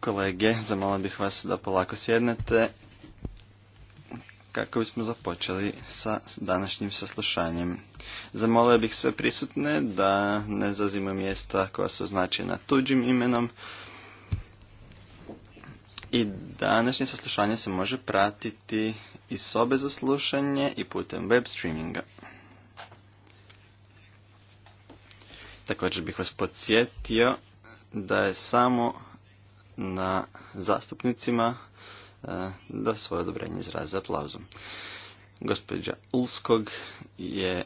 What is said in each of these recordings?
Kolege, zamolio bih vas da polako sjednete kako bismo započeli sa današnjim saslušanjem. Zamolio bih sve prisutne da ne zazimo mjesta koja su označena tuđim imenom i današnje saslušanje se može pratiti iz sobe za slušanje i putem web streaminga. Također bih vas podsjetio da je samo na zastupnicima e, da svoje odobrenje izraze aplauzom. Gospođa Ulskog je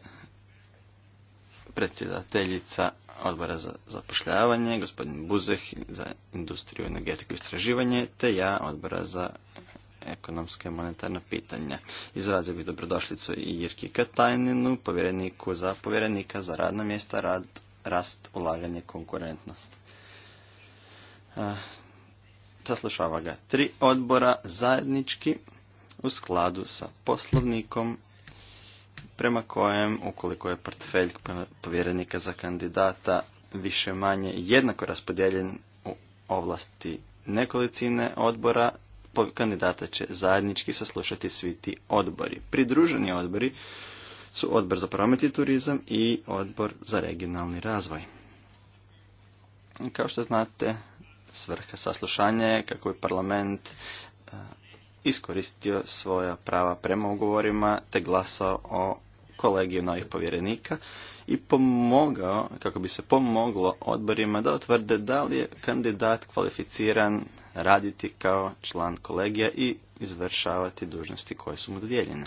predsjedateljica odbora za zapošljavanje, gospodin Buzeh za industriju, energetiku i istraživanje, te ja odbora za ekonomske i monetarne pitanja. Izrazio bih dobrodošlicu i Jirki Katajninu, povjereniku za povjerenika za radna mjesta, rad, rast, ulaganje, konkurentnost. Saslušava ga tri odbora zajednički u skladu sa poslovnikom prema kojem, ukoliko je portfelj povjerenika za kandidata više manje jednako raspodijeljen u ovlasti nekolicine odbora, kandidata će zajednički saslušati svi ti odbori. Pridruženi odbori su odbor za promet i turizam i odbor za regionalni razvoj. Kao što znate, svrha saslušanja je kako je parlament eh, iskoristio svoja prava prema ugovorima te glasao o kolegiju novih povjerenika i pomogao, kako bi se pomoglo odborima da otvrde da li je kandidat kvalificiran raditi kao član kolegija i izvršavati dužnosti koje su mu dodijeljene.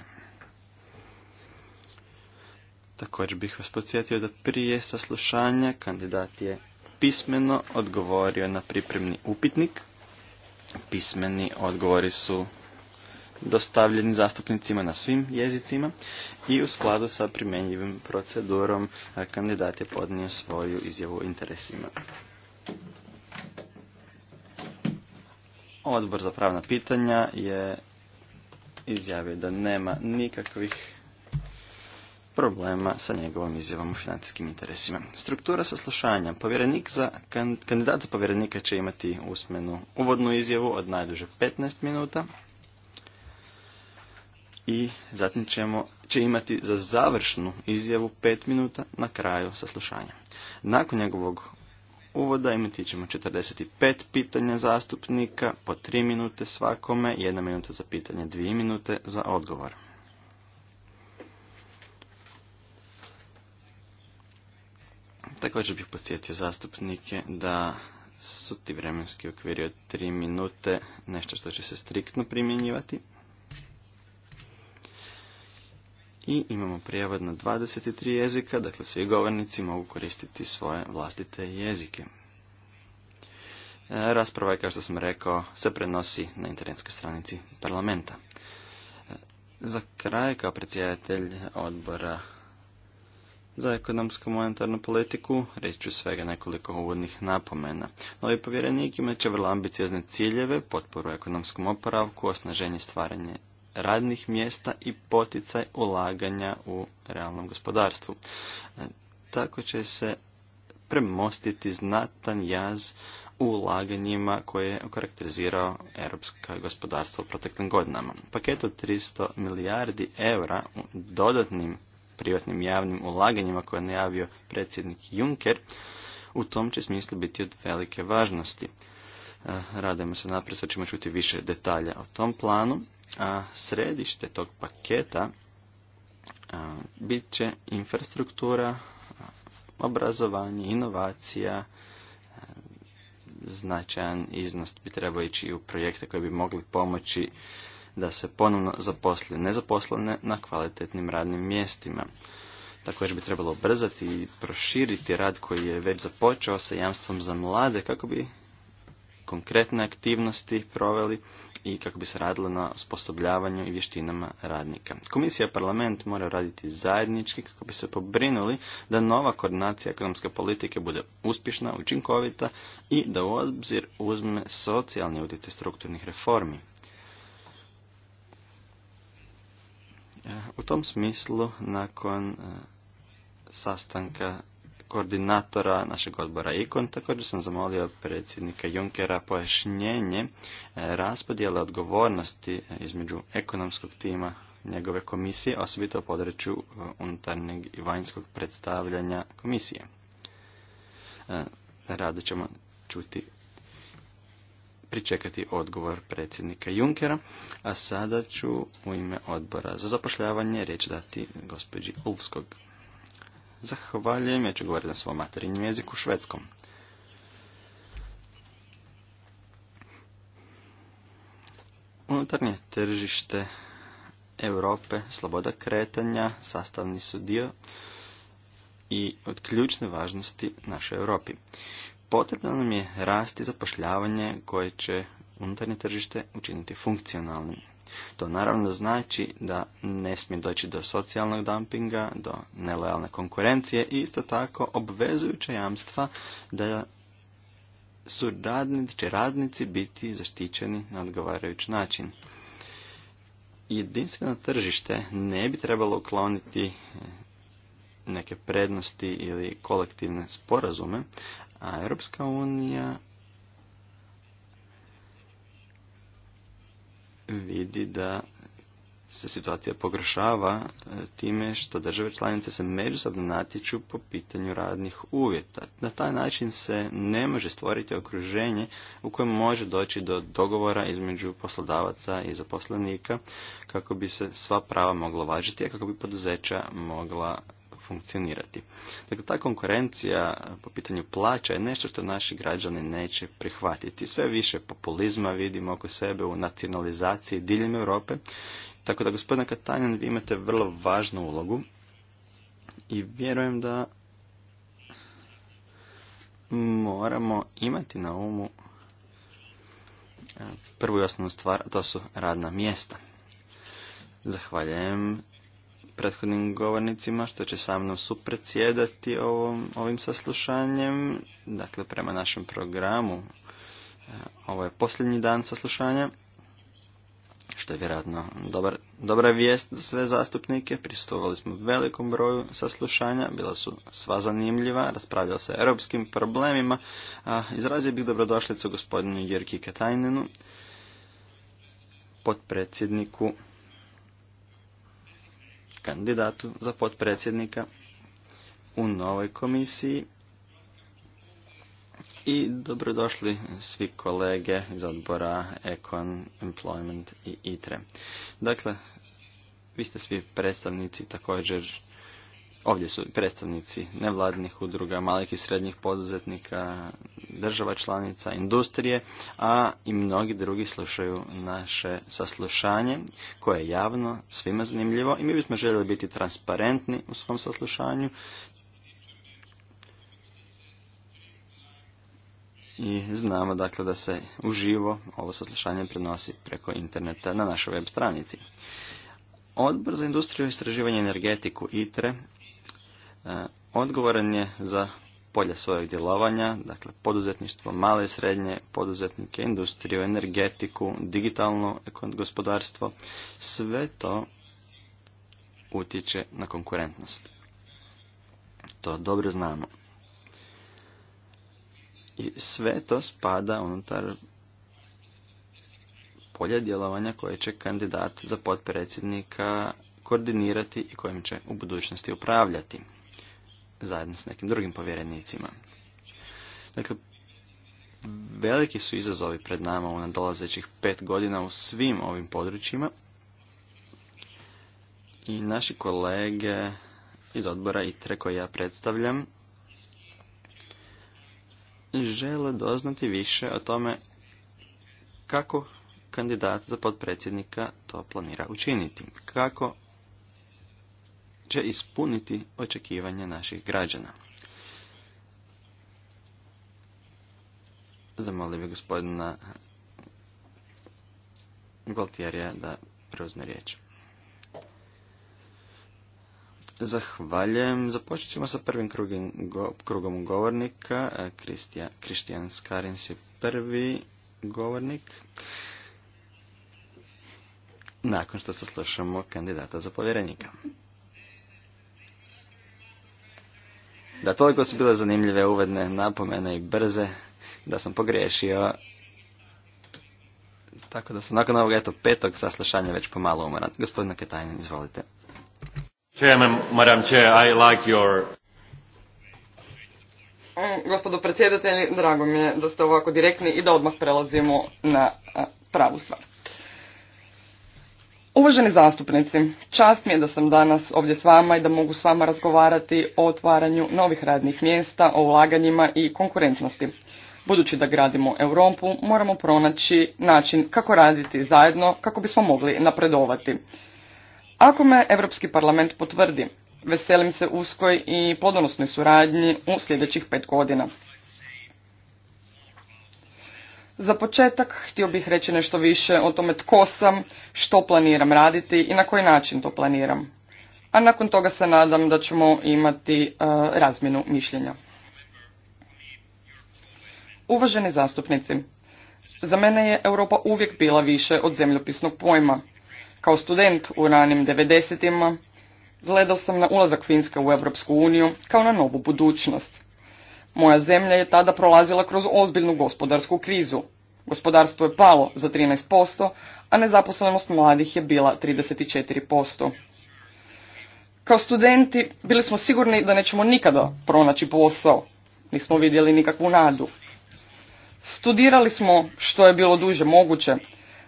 Također bih vas podsjetio da prije saslušanja kandidat je pismeno odgovorio na pripremni upitnik. Pismeni odgovori su dostavljeni zastupnicima na svim jezicima i u skladu sa primjenjivim procedurom kandidat je podnio svoju izjavu o interesima. Odbor za pravna pitanja je izjavio da nema nikakvih problema sa njegovom izjavom u financijskim interesima. Struktura saslušanja. Povjerenik za, kandidat za povjerenika će imati usmenu uvodnu izjavu od najduže 15 minuta i zatim ćemo, će imati za završnu izjavu 5 minuta na kraju saslušanja. Nakon njegovog uvoda imati ćemo 45 pitanja zastupnika, po 3 minute svakome, 1 minuta za pitanje, 2 minute za odgovor. Također bih podsjetio zastupnike da su ti vremenski okviri od 3 minute nešto što će se striktno primjenjivati. I imamo prijevod na 23 jezika, dakle svi govornici mogu koristiti svoje vlastite jezike. E, rasprava je, kao što sam rekao, se prenosi na internetskoj stranici parlamenta. E, za kraj, kao predsjedatelj odbora za ekonomsku monetarnu politiku, reći ću svega nekoliko uvodnih napomena. Novi povjerenik imat će vrlo ambiciozne ciljeve, potporu ekonomskom oporavku, osnaženje stvaranje radnih mjesta i poticaj ulaganja u realnom gospodarstvu. E, tako će se premostiti znatan jaz u ulaganjima koje je okarakterizirao europska gospodarstvo u proteklim godinama. Paket od 300 milijardi eura u dodatnim privatnim javnim ulaganjima koje je najavio predsjednik Juncker, u tom će smislu biti od velike važnosti. E, Radimo se naprijed, sad ćemo čuti više detalja o tom planu, a središte tog paketa e, bit će infrastruktura, e, obrazovanje, inovacija, značajan iznos bi trebao ići u projekte koji bi mogli pomoći da se ponovno zaposli nezaposlene na kvalitetnim radnim mjestima. Također bi trebalo ubrzati i proširiti rad koji je već započeo sa jamstvom za mlade kako bi konkretne aktivnosti proveli i kako bi se radilo na osposobljavanju i vještinama radnika. Komisija i parlament mora raditi zajednički kako bi se pobrinuli da nova koordinacija ekonomske politike bude uspješna, učinkovita i da u obzir uzme socijalni utjecaj strukturnih reformi. U tom smislu, nakon e, sastanka koordinatora našeg odbora IKON, također sam zamolio predsjednika Junkera pojašnjenje e, raspodjela odgovornosti e, između ekonomskog tima njegove komisije, osobito u području unutarnjeg i vanjskog predstavljanja komisije. Rado ćemo čuti pričekati odgovor predsjednika Junkera, a sada ću u ime odbora za zapošljavanje riječ dati gospođi Ulfskog. Zahvaljujem, ja ću govoriti na svom materinjem jeziku švedskom. Unutarnje tržište Europe, sloboda kretanja, sastavni su dio i od ključne važnosti našoj Europi. Potrebno nam je rasti zapošljavanje koje će unutarnje tržište učiniti funkcionalnim. To naravno znači da ne smije doći do socijalnog dumpinga, do nelojalne konkurencije i isto tako obvezujuća jamstva da su radnici, će radnici biti zaštićeni na odgovarajući način. Jedinstveno tržište ne bi trebalo ukloniti neke prednosti ili kolektivne sporazume, a Europska unija vidi da se situacija pogoršava e, time što države članice se međusobno natječu po pitanju radnih uvjeta. Na taj način se ne može stvoriti okruženje u kojem može doći do dogovora između poslodavaca i zaposlenika kako bi se sva prava mogla važiti, a kako bi poduzeća mogla funkcionirati. Dakle, ta konkurencija po pitanju plaća je nešto što naši građani neće prihvatiti. Sve više populizma vidimo oko sebe u nacionalizaciji diljem Europe. Tako da, gospodine Katanjan, vi imate vrlo važnu ulogu i vjerujem da moramo imati na umu e, prvu i osnovnu stvar, a to su radna mjesta. Zahvaljujem prethodnim govornicima što će sa mnom supredsjedati ovom, ovim saslušanjem. Dakle, prema našem programu e, ovo je posljednji dan saslušanja što je vjerojatno dobar, dobra vijest za sve zastupnike. Pristovali smo velikom broju saslušanja, bila su sva zanimljiva, raspravljala se o europskim problemima. A, izrazio bih dobrodošlicu gospodinu Jerki Katajnenu, potpredsjedniku kandidatu za potpredsjednika u novoj komisiji i dobrodošli svi kolege iz odbora Econ, Employment i ITRE. Dakle, vi ste svi predstavnici također Ovdje su predstavnici nevladnih udruga, malih i srednjih poduzetnika, država članica, industrije, a i mnogi drugi slušaju naše saslušanje koje je javno, svima zanimljivo i mi bismo željeli biti transparentni u svom saslušanju. I znamo dakle da se uživo ovo saslušanje prenosi preko interneta na našoj web stranici. Odbor za industriju i istraživanje energetiku ITRE E, odgovoran je za polje svojeg djelovanja, dakle poduzetništvo, male i srednje poduzetnike, industriju, energetiku, digitalno gospodarstvo, sve to utječe na konkurentnost. To dobro znamo. I sve to spada unutar polja djelovanja koje će kandidat za potpredsjednika koordinirati i kojim će u budućnosti upravljati zajedno s nekim drugim povjerenicima. Dakle, veliki su izazovi pred nama u nadolazećih pet godina u svim ovim područjima i naši kolege iz odbora ITRE koje ja predstavljam žele doznati više o tome kako kandidat za potpredsjednika to planira učiniti, kako će ispuniti očekivanja naših građana. Zamolio bi gospodina Gualtierija da preuzme riječ. Zahvaljujem. Započet ćemo sa prvim krugom govornika. Kristijan Skarins je prvi govornik. Nakon što saslušamo kandidata za povjerenika. Da, toliko su bile zanimljive uvedne napomene i brze da sam pogriješio. Tako da sam nakon ovoga, eto, petog saslušanja već pomalo umoran. Gospodine Ketajnin, izvolite. Chairman, I like your... Mm, gospodo predsjedatelji, drago mi je da ste ovako direktni i da odmah prelazimo na pravu stvar. Uvaženi zastupnici, čast mi je da sam danas ovdje s vama i da mogu s vama razgovarati o otvaranju novih radnih mjesta, o ulaganjima i konkurentnosti. Budući da gradimo Europu, moramo pronaći način kako raditi zajedno kako bismo mogli napredovati. Ako me Europski parlament potvrdi, veselim se uskoj i plodonosnoj suradnji u sljedećih pet godina. Za početak htio bih reći nešto više o tome tko sam, što planiram raditi i na koji način to planiram. A nakon toga se nadam da ćemo imati uh, razmjenu mišljenja. Uvaženi zastupnici, za mene je Europa uvijek bila više od zemljopisnog pojma. Kao student u ranim 90 gledao sam na ulazak Finske u Europsku uniju kao na novu budućnost. Moja zemlja je tada prolazila kroz ozbiljnu gospodarsku krizu. Gospodarstvo je palo za 13%, a nezaposlenost mladih je bila 34%. Kao studenti bili smo sigurni da nećemo nikada pronaći posao. Nismo vidjeli nikakvu nadu. Studirali smo što je bilo duže moguće,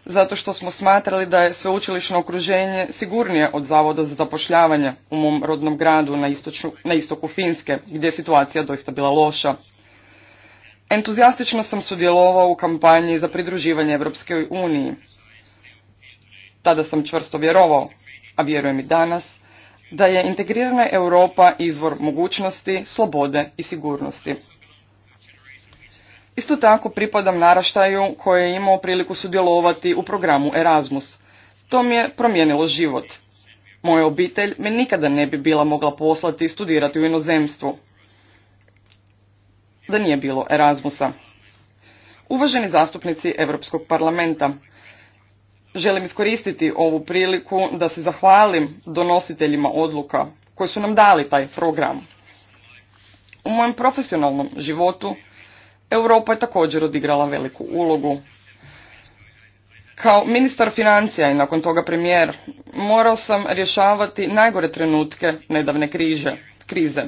zato što smo smatrali da je sveučilišno okruženje sigurnije od Zavoda za zapošljavanje u mom rodnom gradu na, na istoku Finske, gdje je situacija doista bila loša. Entuzijastično sam sudjelovao u kampanji za pridruživanje Europskoj uniji. Tada sam čvrsto vjerovao, a vjerujem i danas, da je integrirana Europa izvor mogućnosti, slobode i sigurnosti. Isto tako pripadam naraštaju koji je imao priliku sudjelovati u programu Erasmus. To mi je promijenilo život. Moja obitelj me nikada ne bi bila mogla poslati i studirati u inozemstvu. Da nije bilo Erasmusa. Uvaženi zastupnici Europskog parlamenta, želim iskoristiti ovu priliku da se zahvalim donositeljima odluka koji su nam dali taj program. U mojem profesionalnom životu Europa je također odigrala veliku ulogu. Kao ministar financija i nakon toga premijer morao sam rješavati najgore trenutke nedavne krize.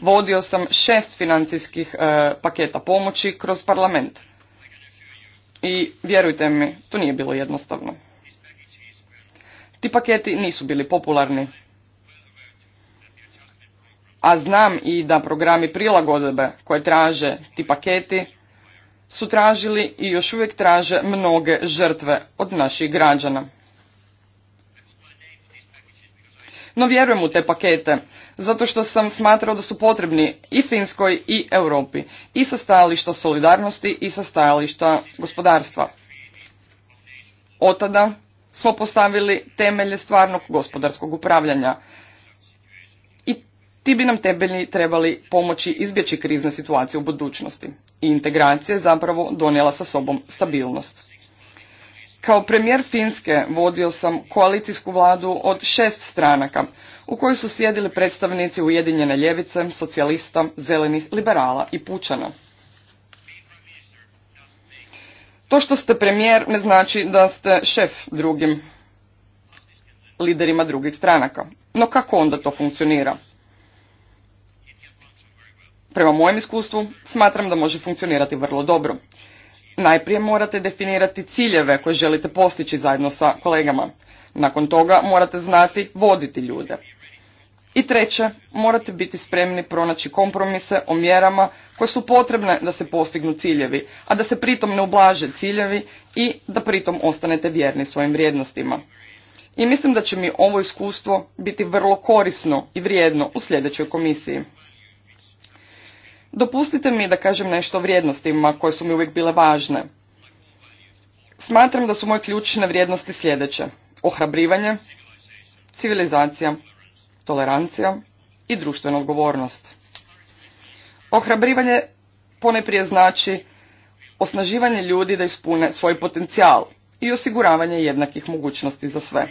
Vodio sam šest financijskih e, paketa pomoći kroz parlament. I vjerujte mi, to nije bilo jednostavno. Ti paketi nisu bili popularni a znam i da programi prilagodbe koje traže ti paketi su tražili i još uvijek traže mnoge žrtve od naših građana. No vjerujem u te pakete, zato što sam smatrao da su potrebni i Finskoj i Europi, i sa stajališta solidarnosti i sa stajališta gospodarstva. Od tada smo postavili temelje stvarnog gospodarskog upravljanja, ti bi nam temelji trebali pomoći izbjeći krizne situacije u budućnosti i integracija je zapravo donijela sa sobom stabilnost. Kao premijer Finske vodio sam koalicijsku vladu od šest stranaka u kojoj su sjedili predstavnici Ujedinjene ljevice, socijalista, zelenih, liberala i pučana. To što ste premijer ne znači da ste šef drugim liderima drugih stranaka. No kako onda to funkcionira? prema mojem iskustvu, smatram da može funkcionirati vrlo dobro. Najprije morate definirati ciljeve koje želite postići zajedno sa kolegama. Nakon toga morate znati voditi ljude. I treće, morate biti spremni pronaći kompromise o mjerama koje su potrebne da se postignu ciljevi, a da se pritom ne ublaže ciljevi i da pritom ostanete vjerni svojim vrijednostima. I mislim da će mi ovo iskustvo biti vrlo korisno i vrijedno u sljedećoj komisiji. Dopustite mi da kažem nešto o vrijednostima koje su mi uvijek bile važne. Smatram da su moje ključne vrijednosti sljedeće. Ohrabrivanje, civilizacija, tolerancija i društvena odgovornost. Ohrabrivanje poneprije znači osnaživanje ljudi da ispune svoj potencijal i osiguravanje jednakih mogućnosti za sve.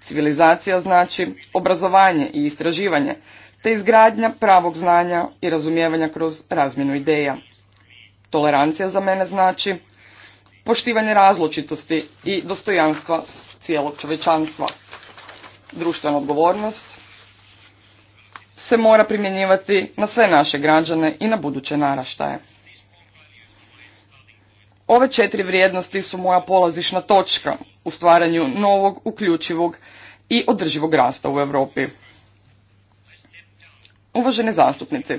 Civilizacija znači obrazovanje i istraživanje te izgradnja pravog znanja i razumijevanja kroz razmjenu ideja. Tolerancija za mene znači poštivanje različitosti i dostojanstva cijelog čovečanstva. Društvena odgovornost se mora primjenjivati na sve naše građane i na buduće naraštaje. Ove četiri vrijednosti su moja polazišna točka u stvaranju novog, uključivog i održivog rasta u Europi. Uvaženi zastupnici,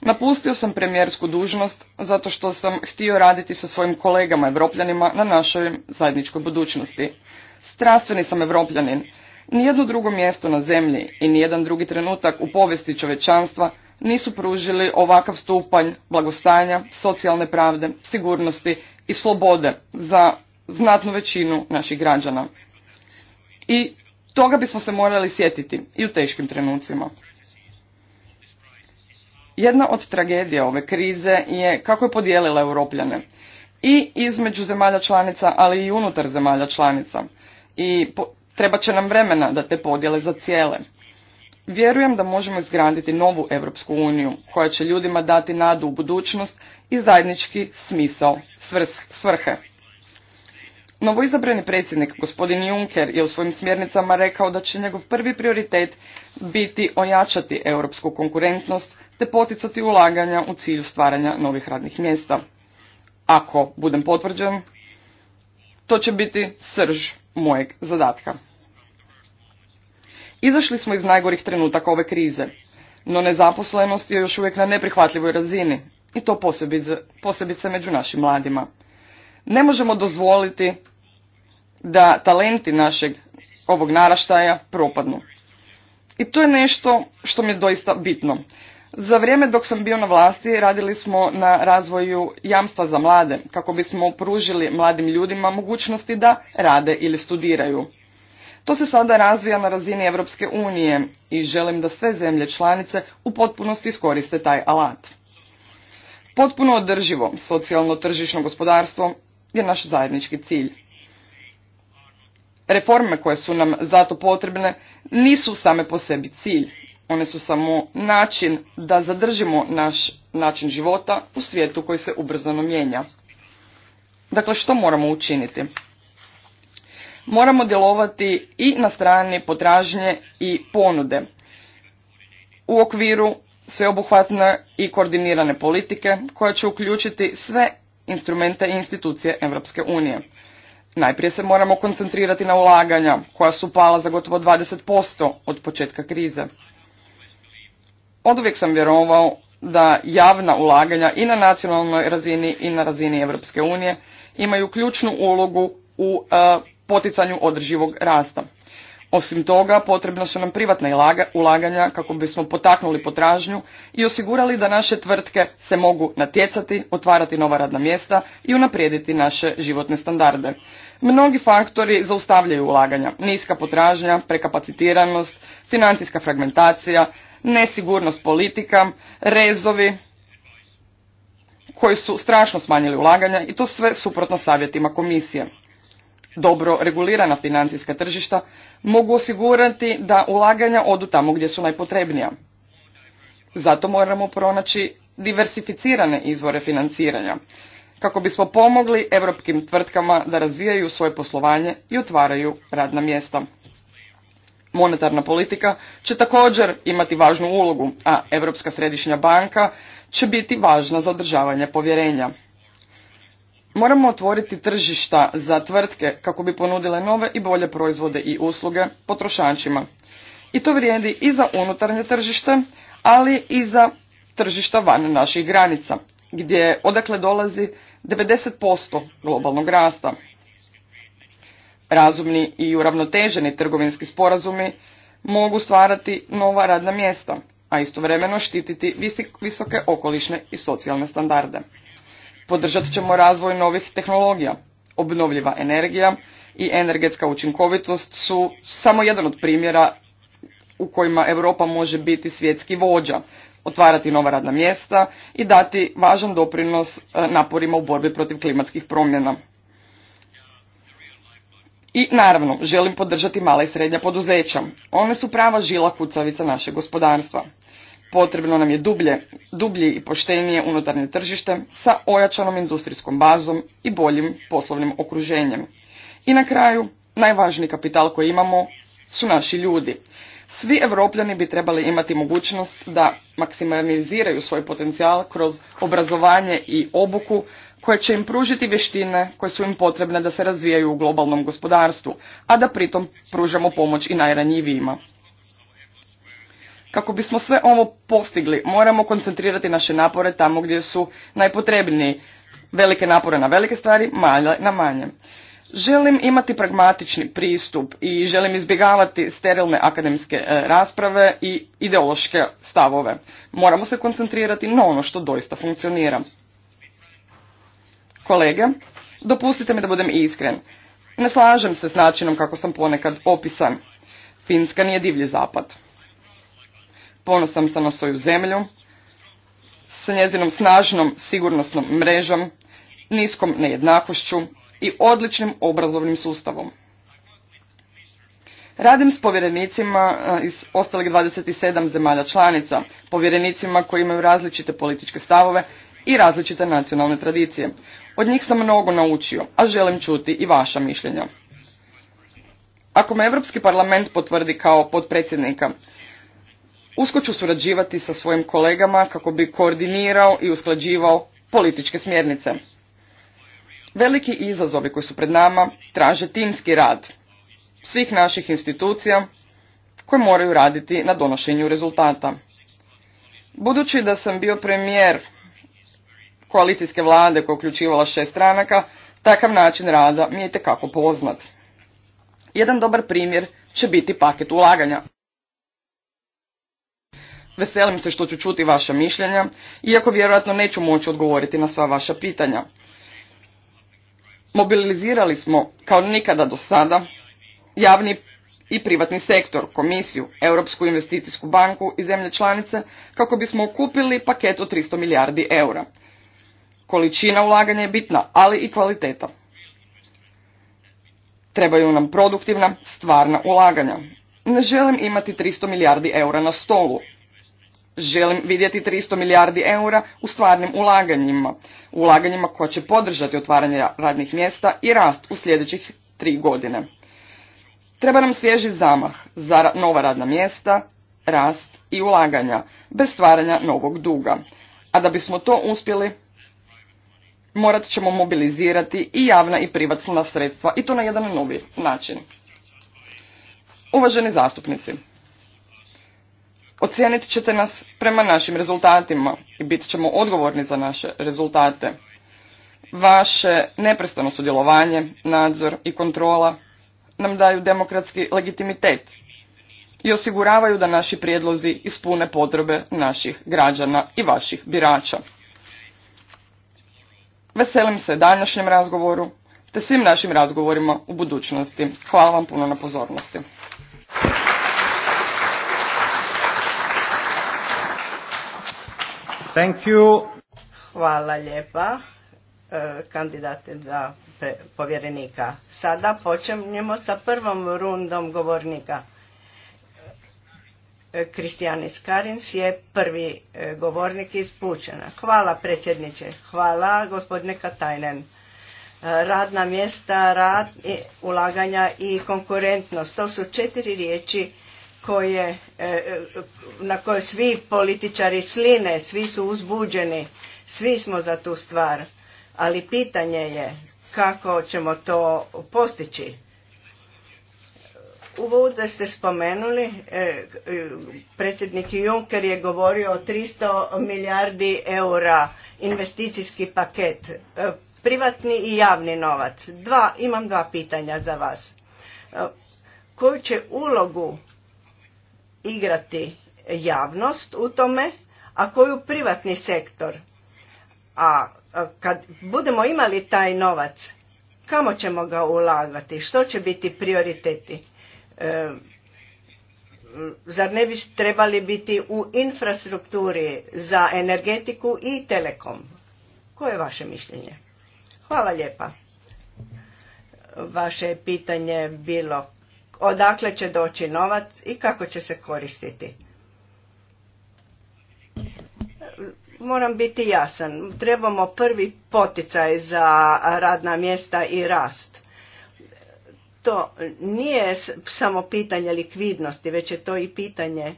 napustio sam premijersku dužnost zato što sam htio raditi sa svojim kolegama evropljanima na našoj zajedničkoj budućnosti. Strastveni sam evropljanin. Nijedno drugo mjesto na zemlji i nijedan drugi trenutak u povijesti čovečanstva nisu pružili ovakav stupanj blagostanja, socijalne pravde, sigurnosti i slobode za znatnu većinu naših građana. I toga bismo se morali sjetiti i u teškim trenucima. Jedna od tragedija ove krize je kako je podijelila europljane i između zemalja članica, ali i unutar zemalja članica. I po, treba će nam vremena da te podjele za cijele. Vjerujem da možemo izgraditi novu Europsku uniju koja će ljudima dati nadu u budućnost i zajednički smisao svrs, svrhe. Novoizabrani predsjednik gospodin Juncker je u svojim smjernicama rekao da će njegov prvi prioritet biti ojačati europsku konkurentnost te poticati ulaganja u cilju stvaranja novih radnih mjesta. Ako budem potvrđen, to će biti srž mojeg zadatka. Izašli smo iz najgorih trenutaka ove krize, no nezaposlenost je još uvijek na neprihvatljivoj razini i to posebice, posebice među našim mladima. Ne možemo dozvoliti da talenti našeg ovog naraštaja propadnu. I to je nešto što mi je doista bitno. Za vrijeme dok sam bio na vlasti radili smo na razvoju jamstva za mlade kako bismo pružili mladim ljudima mogućnosti da rade ili studiraju. To se sada razvija na razini Europske unije i želim da sve zemlje članice u potpunosti iskoriste taj alat. Potpuno održivo socijalno tržišno gospodarstvo je naš zajednički cilj. Reforme koje su nam zato potrebne nisu same po sebi cilj, one su samo način da zadržimo naš način života u svijetu koji se ubrzano mijenja. Dakle, što moramo učiniti? Moramo djelovati i na strani potražnje i ponude u okviru sveobuhvatne i koordinirane politike koja će uključiti sve instrumente i institucije Europske unije. Najprije se moramo koncentrirati na ulaganja koja su pala za gotovo 20% od početka krize uvijek sam vjerovao da javna ulaganja i na nacionalnoj razini i na razini Europske unije imaju ključnu ulogu u e, poticanju održivog rasta. Osim toga, potrebna su nam privatna ulaganja kako bismo potaknuli potražnju i osigurali da naše tvrtke se mogu natjecati, otvarati nova radna mjesta i unaprijediti naše životne standarde. Mnogi faktori zaustavljaju ulaganja, niska potražnja, prekapacitiranost, financijska fragmentacija, nesigurnost politika, rezovi koji su strašno smanjili ulaganja i to sve suprotno savjetima komisije. Dobro regulirana financijska tržišta mogu osigurati da ulaganja odu tamo gdje su najpotrebnija. Zato moramo pronaći diversificirane izvore financiranja kako bismo pomogli europskim tvrtkama da razvijaju svoje poslovanje i otvaraju radna mjesta. Monetarna politika će također imati važnu ulogu, a Europska središnja banka će biti važna za održavanje povjerenja. Moramo otvoriti tržišta za tvrtke kako bi ponudile nove i bolje proizvode i usluge potrošačima. I to vrijedi i za unutarnje tržište, ali i za tržišta van naših granica, gdje odakle dolazi 90% globalnog rasta. Razumni i uravnoteženi trgovinski sporazumi mogu stvarati nova radna mjesta, a istovremeno štititi visoke okolišne i socijalne standarde. Podržat ćemo razvoj novih tehnologija, obnovljiva energija i energetska učinkovitost su samo jedan od primjera u kojima Europa može biti svjetski vođa, otvarati nova radna mjesta i dati važan doprinos e, naporima u borbi protiv klimatskih promjena. I naravno, želim podržati mala i srednja poduzeća. One su prava žila kucavica našeg gospodarstva. Potrebno nam je dublje, dublje i poštenije unutarnje tržište sa ojačanom industrijskom bazom i boljim poslovnim okruženjem. I na kraju, najvažniji kapital koji imamo su naši ljudi. Svi evropljani bi trebali imati mogućnost da maksimaliziraju svoj potencijal kroz obrazovanje i obuku, koje će im pružiti vještine koje su im potrebne da se razvijaju u globalnom gospodarstvu, a da pritom pružamo pomoć i najranjivijima. Kako bismo sve ovo postigli, moramo koncentrirati naše napore tamo gdje su najpotrebniji. Velike napore na velike stvari, manje na manje. Želim imati pragmatični pristup i želim izbjegavati sterilne akademske e, rasprave i ideološke stavove. Moramo se koncentrirati na ono što doista funkcionira kolege, dopustite mi da budem iskren. Ne slažem se s načinom kako sam ponekad opisan. Finska nije divlji zapad. Ponosan sam na svoju zemlju, sa njezinom snažnom sigurnosnom mrežom, niskom nejednakošću i odličnim obrazovnim sustavom. Radim s povjerenicima e, iz ostalih 27 zemalja članica, povjerenicima koji imaju različite političke stavove i različite nacionalne tradicije. Od njih sam mnogo naučio, a želim čuti i vaša mišljenja. Ako me Europski parlament potvrdi kao potpredsjednika, usko ću surađivati sa svojim kolegama kako bi koordinirao i usklađivao političke smjernice. Veliki izazovi koji su pred nama traže timski rad svih naših institucija koje moraju raditi na donošenju rezultata. Budući da sam bio premijer koalicijske vlade koja je uključivala šest stranaka, takav način rada mi je tekako poznat. Jedan dobar primjer će biti paket ulaganja. Veselim se što ću čuti vaša mišljenja, iako vjerojatno neću moći odgovoriti na sva vaša pitanja. Mobilizirali smo, kao nikada do sada, javni i privatni sektor, komisiju, Europsku investicijsku banku i zemlje članice kako bismo okupili paket od 300 milijardi eura. Količina ulaganja je bitna, ali i kvaliteta. Trebaju nam produktivna, stvarna ulaganja. Ne želim imati 300 milijardi eura na stolu. Želim vidjeti 300 milijardi eura u stvarnim ulaganjima. Ulaganjima koja će podržati otvaranje radnih mjesta i rast u sljedećih tri godine. Treba nam svježi zamah za nova radna mjesta, rast i ulaganja, bez stvaranja novog duga. A da bismo to uspjeli, morat ćemo mobilizirati i javna i privatna sredstva i to na jedan novi način. Uvaženi zastupnici, ocijenit ćete nas prema našim rezultatima i bit ćemo odgovorni za naše rezultate. Vaše neprestano sudjelovanje, nadzor i kontrola nam daju demokratski legitimitet i osiguravaju da naši prijedlozi ispune potrebe naših građana i vaših birača. Veselim se današnjem razgovoru te svim našim razgovorima u budućnosti. Hvala vam puno na pozornosti. Thank you. Hvala lijepa e, kandidate za povjerenika. Sada počnemo sa prvom rundom govornika. Kristijanis Karins je prvi e, govornik iz Hvala predsjedniče, hvala gospodine Katajnen. E, radna mjesta, rad, ulaganja i konkurentnost. To su četiri riječi koje, e, na koje svi političari sline, svi su uzbuđeni, svi smo za tu stvar. Ali pitanje je kako ćemo to postići da ste spomenuli, e, e, predsjednik Juncker je govorio o 300 milijardi eura investicijski paket, e, privatni i javni novac. Dva, imam dva pitanja za vas. Koju će ulogu igrati javnost u tome, a koju privatni sektor? A kad budemo imali taj novac, kamo ćemo ga ulagati? Što će biti prioriteti? E, zar ne bi trebali biti u infrastrukturi za energetiku i telekom? Koje je vaše mišljenje? Hvala lijepa. Vaše je pitanje bilo odakle će doći novac i kako će se koristiti. Moram biti jasan. Trebamo prvi poticaj za radna mjesta i rast to nije samo pitanje likvidnosti, već je to i pitanje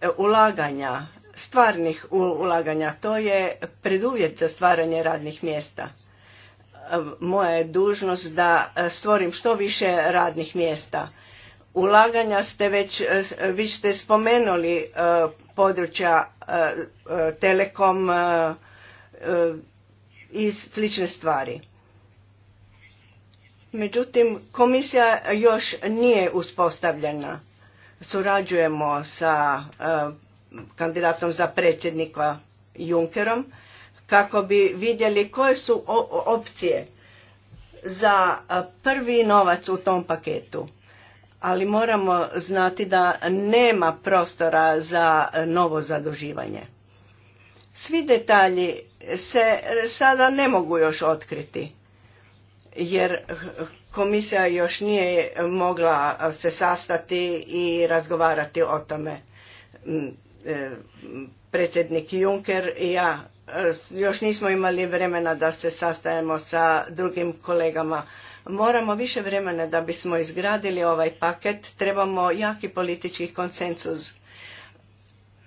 e, ulaganja, stvarnih ulaganja. To je preduvjet za stvaranje radnih mjesta. E, moja je dužnost da e, stvorim što više radnih mjesta. Ulaganja ste već, vi ste spomenuli područja telekom i slične stvari Međutim, komisija još nije uspostavljena. Surađujemo sa e, kandidatom za predsjednika Junkerom kako bi vidjeli koje su opcije za e, prvi novac u tom paketu. Ali moramo znati da nema prostora za e, novo zaduživanje. Svi detalji se sada ne mogu još otkriti jer komisija još nije mogla se sastati i razgovarati o tome. Mm, e, predsjednik Juncker i ja e, još nismo imali vremena da se sastajemo sa drugim kolegama. Moramo više vremena da bismo izgradili ovaj paket, trebamo jaki politički konsensus,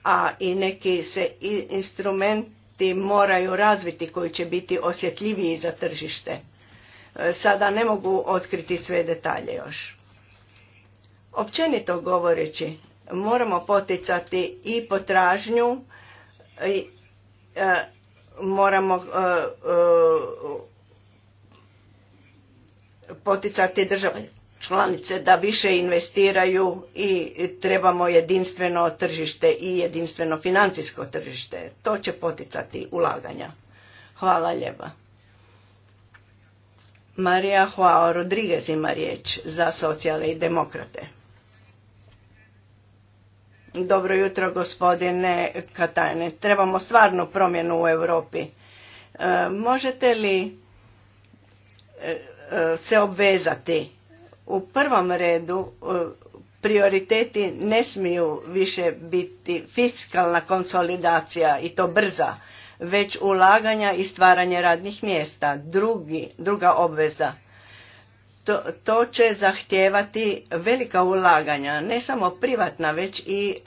a i neki se instrumenti moraju razviti koji će biti osjetljiviji za tržište E, sada ne mogu otkriti sve detalje još. Općenito govoreći, moramo poticati i potražnju, i, e, moramo e, poticati države članice da više investiraju i trebamo jedinstveno tržište i jedinstveno financijsko tržište. To će poticati ulaganja. Hvala lijepa. Marija Joao Rodriguez ima riječ za socijale i demokrate. Dobro jutro gospodine Katajne. Trebamo stvarnu promjenu u Europi. E, možete li e, e, se obvezati? U prvom redu prioriteti ne smiju više biti fiskalna konsolidacija i to brza već ulaganja i stvaranje radnih mjesta. Drugi, druga obveza. To, to će zahtijevati velika ulaganja, ne samo privatna, već i e,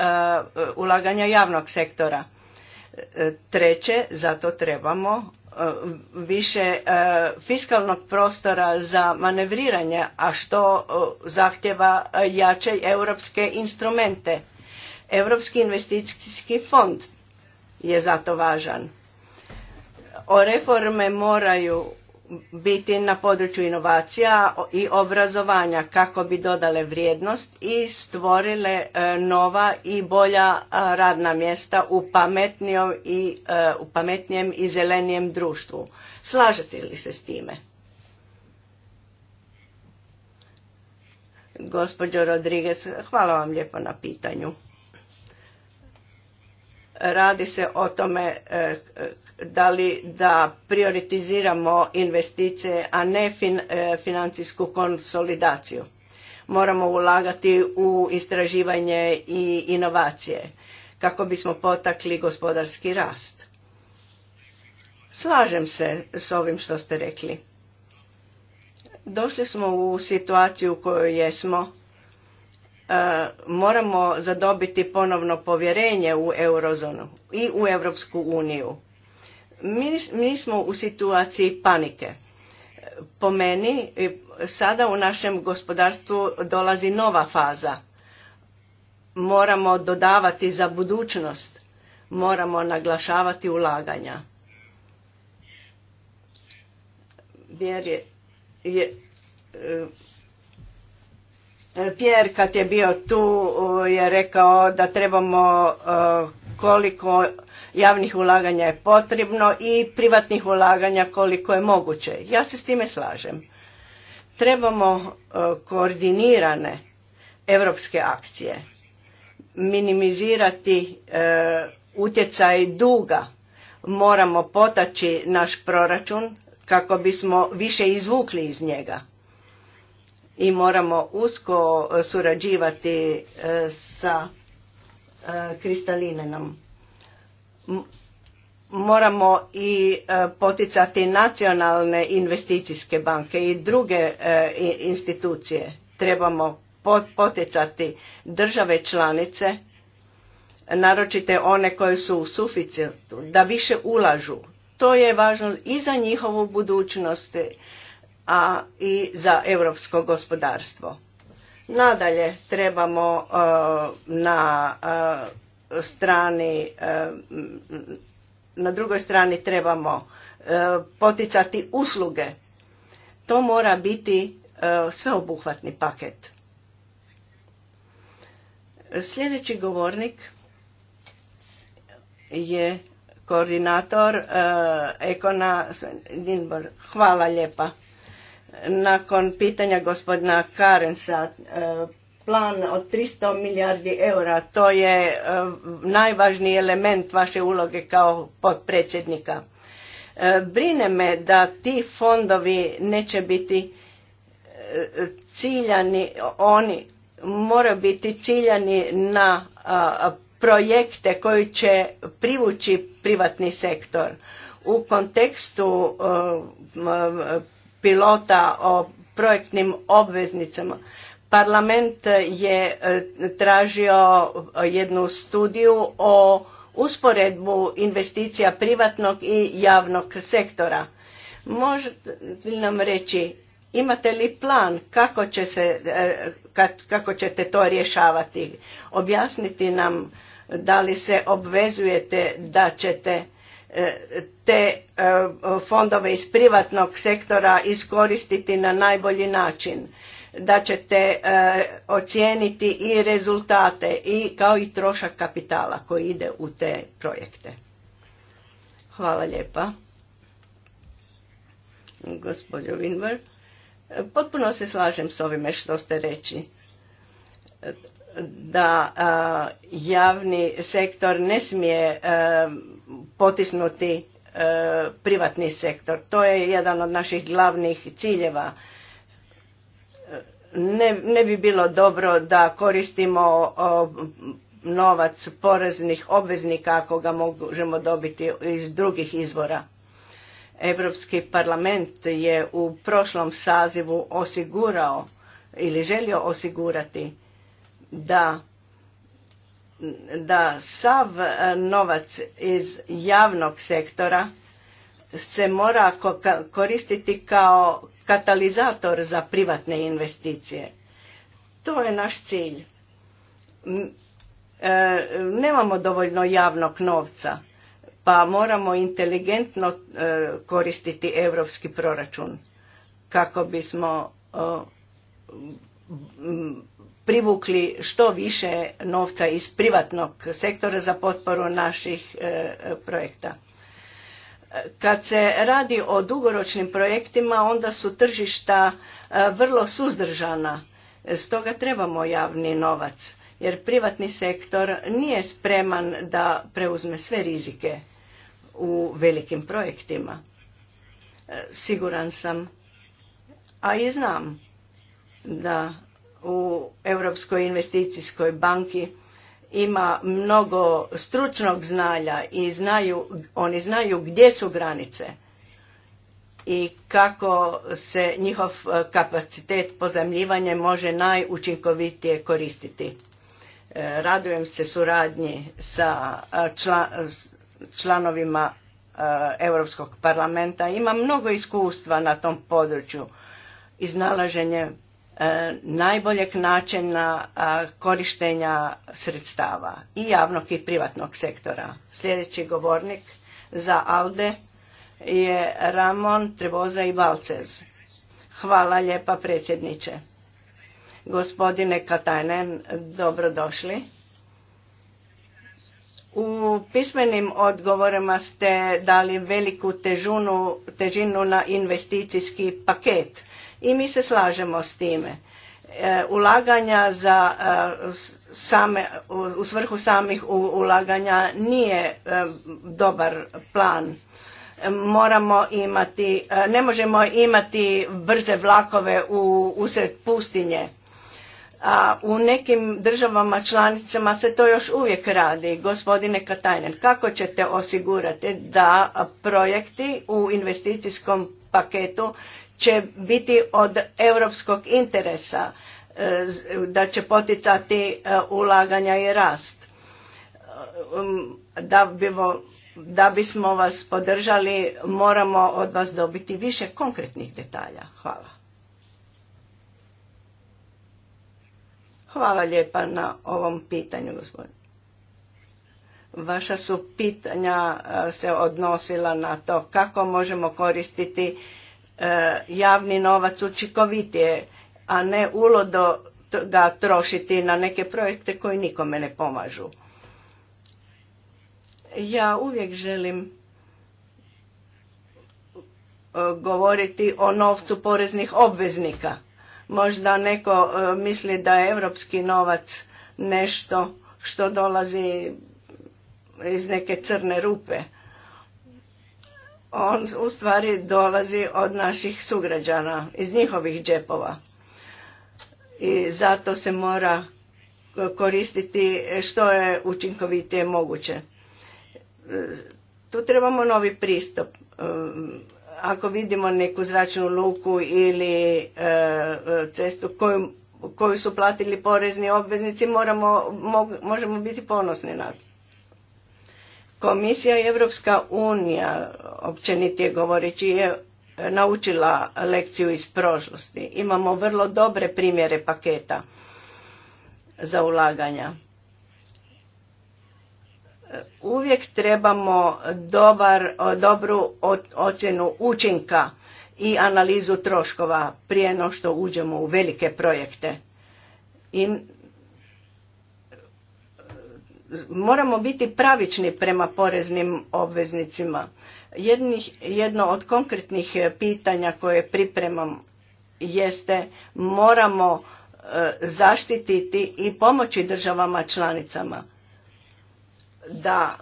ulaganja javnog sektora. E, treće, zato trebamo e, više fiskalnog prostora za manevriranje, a što zahtjeva jače europske instrumente. Europski investicijski fond je zato važan. O reforme moraju biti na području inovacija i obrazovanja kako bi dodale vrijednost i stvorile e, nova i bolja e, radna mjesta u i e, u pametnijem i zelenijem društvu. Slažete li se s time? Gospođo Rodriguez, hvala vam lijepo na pitanju. Radi se o tome da li da prioritiziramo investicije, a ne fin, e, financijsku konsolidaciju. Moramo ulagati u istraživanje i inovacije kako bismo potakli gospodarski rast. Slažem se s ovim što ste rekli. Došli smo u situaciju u kojoj jesmo. E, moramo zadobiti ponovno povjerenje u eurozonu i u Europsku uniju mi smo u situaciji panike. Po meni e, sada u našem gospodarstvu dolazi nova faza. Moramo dodavati za budućnost, moramo naglašavati ulaganja. Jer je, e, kad je bio tu je rekao da trebamo e, koliko javnih ulaganja je potrebno i privatnih ulaganja koliko je moguće. Ja se s time slažem. Trebamo e, koordinirane europske akcije, minimizirati e, utjecaj duga, moramo potaći naš proračun kako bismo više izvukli iz njega i moramo usko e, surađivati sa kristalinenom moramo i e, poticati nacionalne investicijske banke i druge e, institucije. Trebamo poticati države članice, naročite one koje su u suficitu, da više ulažu. To je važno i za njihovu budućnost, a i za europsko gospodarstvo. Nadalje trebamo e, na strani e, na drugoj strani trebamo e, poticati usluge to mora biti e, sveobuhvatni paket sljedeći govornik je koordinator Ekona Dinbor. Hvala lijepa. Nakon pitanja gospodina Karensa plan od 300 milijardi eura, to je e, najvažniji element vaše uloge kao potpredsjednika. E, brine me da ti fondovi neće biti e, ciljani, oni moraju biti ciljani na projekte koji će privući privatni sektor. U kontekstu pilota o projektnim obveznicama Parlament je e, tražio e, jednu studiju o usporedbu investicija privatnog i javnog sektora. Možete li nam reći imate li plan kako, će se, e, kako ćete to rješavati? Objasniti nam da li se obvezujete da ćete te fondove iz privatnog sektora iskoristiti na najbolji način da ćete e, ocijeniti i rezultate i kao i trošak kapitala koji ide u te projekte. Hvala lijepa. Gospodin Winberg. Potpuno se slažem s ovime što ste reći. Da e, javni sektor ne smije e, potisnuti privatni sektor. To je jedan od naših glavnih ciljeva ne, ne bi bilo dobro da koristimo o, novac poreznih obveznika ako ga možemo dobiti iz drugih izvora. Europski parlament je u prošlom sazivu osigurao ili želio osigurati da da sav novac iz javnog sektora se mora koristiti kao katalizator za privatne investicije. To je naš cilj. E, nemamo dovoljno javnog novca, pa moramo inteligentno e, koristiti europski proračun kako bismo privukli što više novca iz privatnog sektora za potporu naših e, projekta. Kad se radi o dugoročnim projektima, onda su tržišta e, vrlo suzdržana. Stoga trebamo javni novac, jer privatni sektor nije spreman da preuzme sve rizike u velikim projektima. E, siguran sam, a i znam da u Europskoj investicijskoj banki ima mnogo stručnog znanja i znaju, oni znaju gdje su granice i kako se njihov e, kapacitet pozemljivanja može najučinkovitije koristiti. E, radujem se suradnji sa e, članovima Europskog parlamenta. Ima mnogo iskustva na tom području iznalaženje E, najboljeg načina korištenja sredstava i javnog i privatnog sektora. Sljedeći govornik za ALDE je Ramon Trevoza i Valcez. Hvala lijepa predsjedniče. Gospodine Katajnen, dobrodošli. U pismenim odgovorima ste dali veliku težunu, težinu na investicijski paket i mi se slažemo s time. E, ulaganja za e, same, u svrhu samih ulaganja nije e, dobar plan. Moramo imati, ne možemo imati brze vlakove u, usred pustinje. A u nekim državama članicama se to još uvijek radi. Gospodine Katajnen, kako ćete osigurati da projekti u investicijskom paketu će biti od europskog interesa, e, da će poticati e, ulaganja i rast. E, um, da, da bismo vas podržali moramo od vas dobiti više konkretnih detalja. Hvala. Hvala lijepa na ovom pitanju, gospodine. Vaša su pitanja se odnosila na to kako možemo koristiti E, javni novac učinkovitije, a ne ulodo da trošiti na neke projekte koji nikome ne pomažu. Ja uvijek želim e, govoriti o novcu poreznih obveznika. Možda neko e, misli da je europski novac nešto što dolazi iz neke crne rupe on u stvari dolazi od naših sugrađana, iz njihovih džepova. I zato se mora koristiti što je učinkovitije moguće. Tu trebamo novi pristup. Ako vidimo neku zračnu luku ili e, cestu koju, su platili porezni obveznici, možemo biti ponosni na to Komisija i Europska unija, općenitije govoreći, je naučila lekciju iz prošlosti. Imamo vrlo dobre primjere paketa za ulaganja. Uvijek trebamo dobar, dobru ocjenu učinka i analizu troškova prije no što uđemo u velike projekte. I moramo biti pravični prema poreznim obveznicima. Jednih, jedno od konkretnih e, pitanja koje pripremam jeste moramo e, zaštititi i pomoći državama članicama da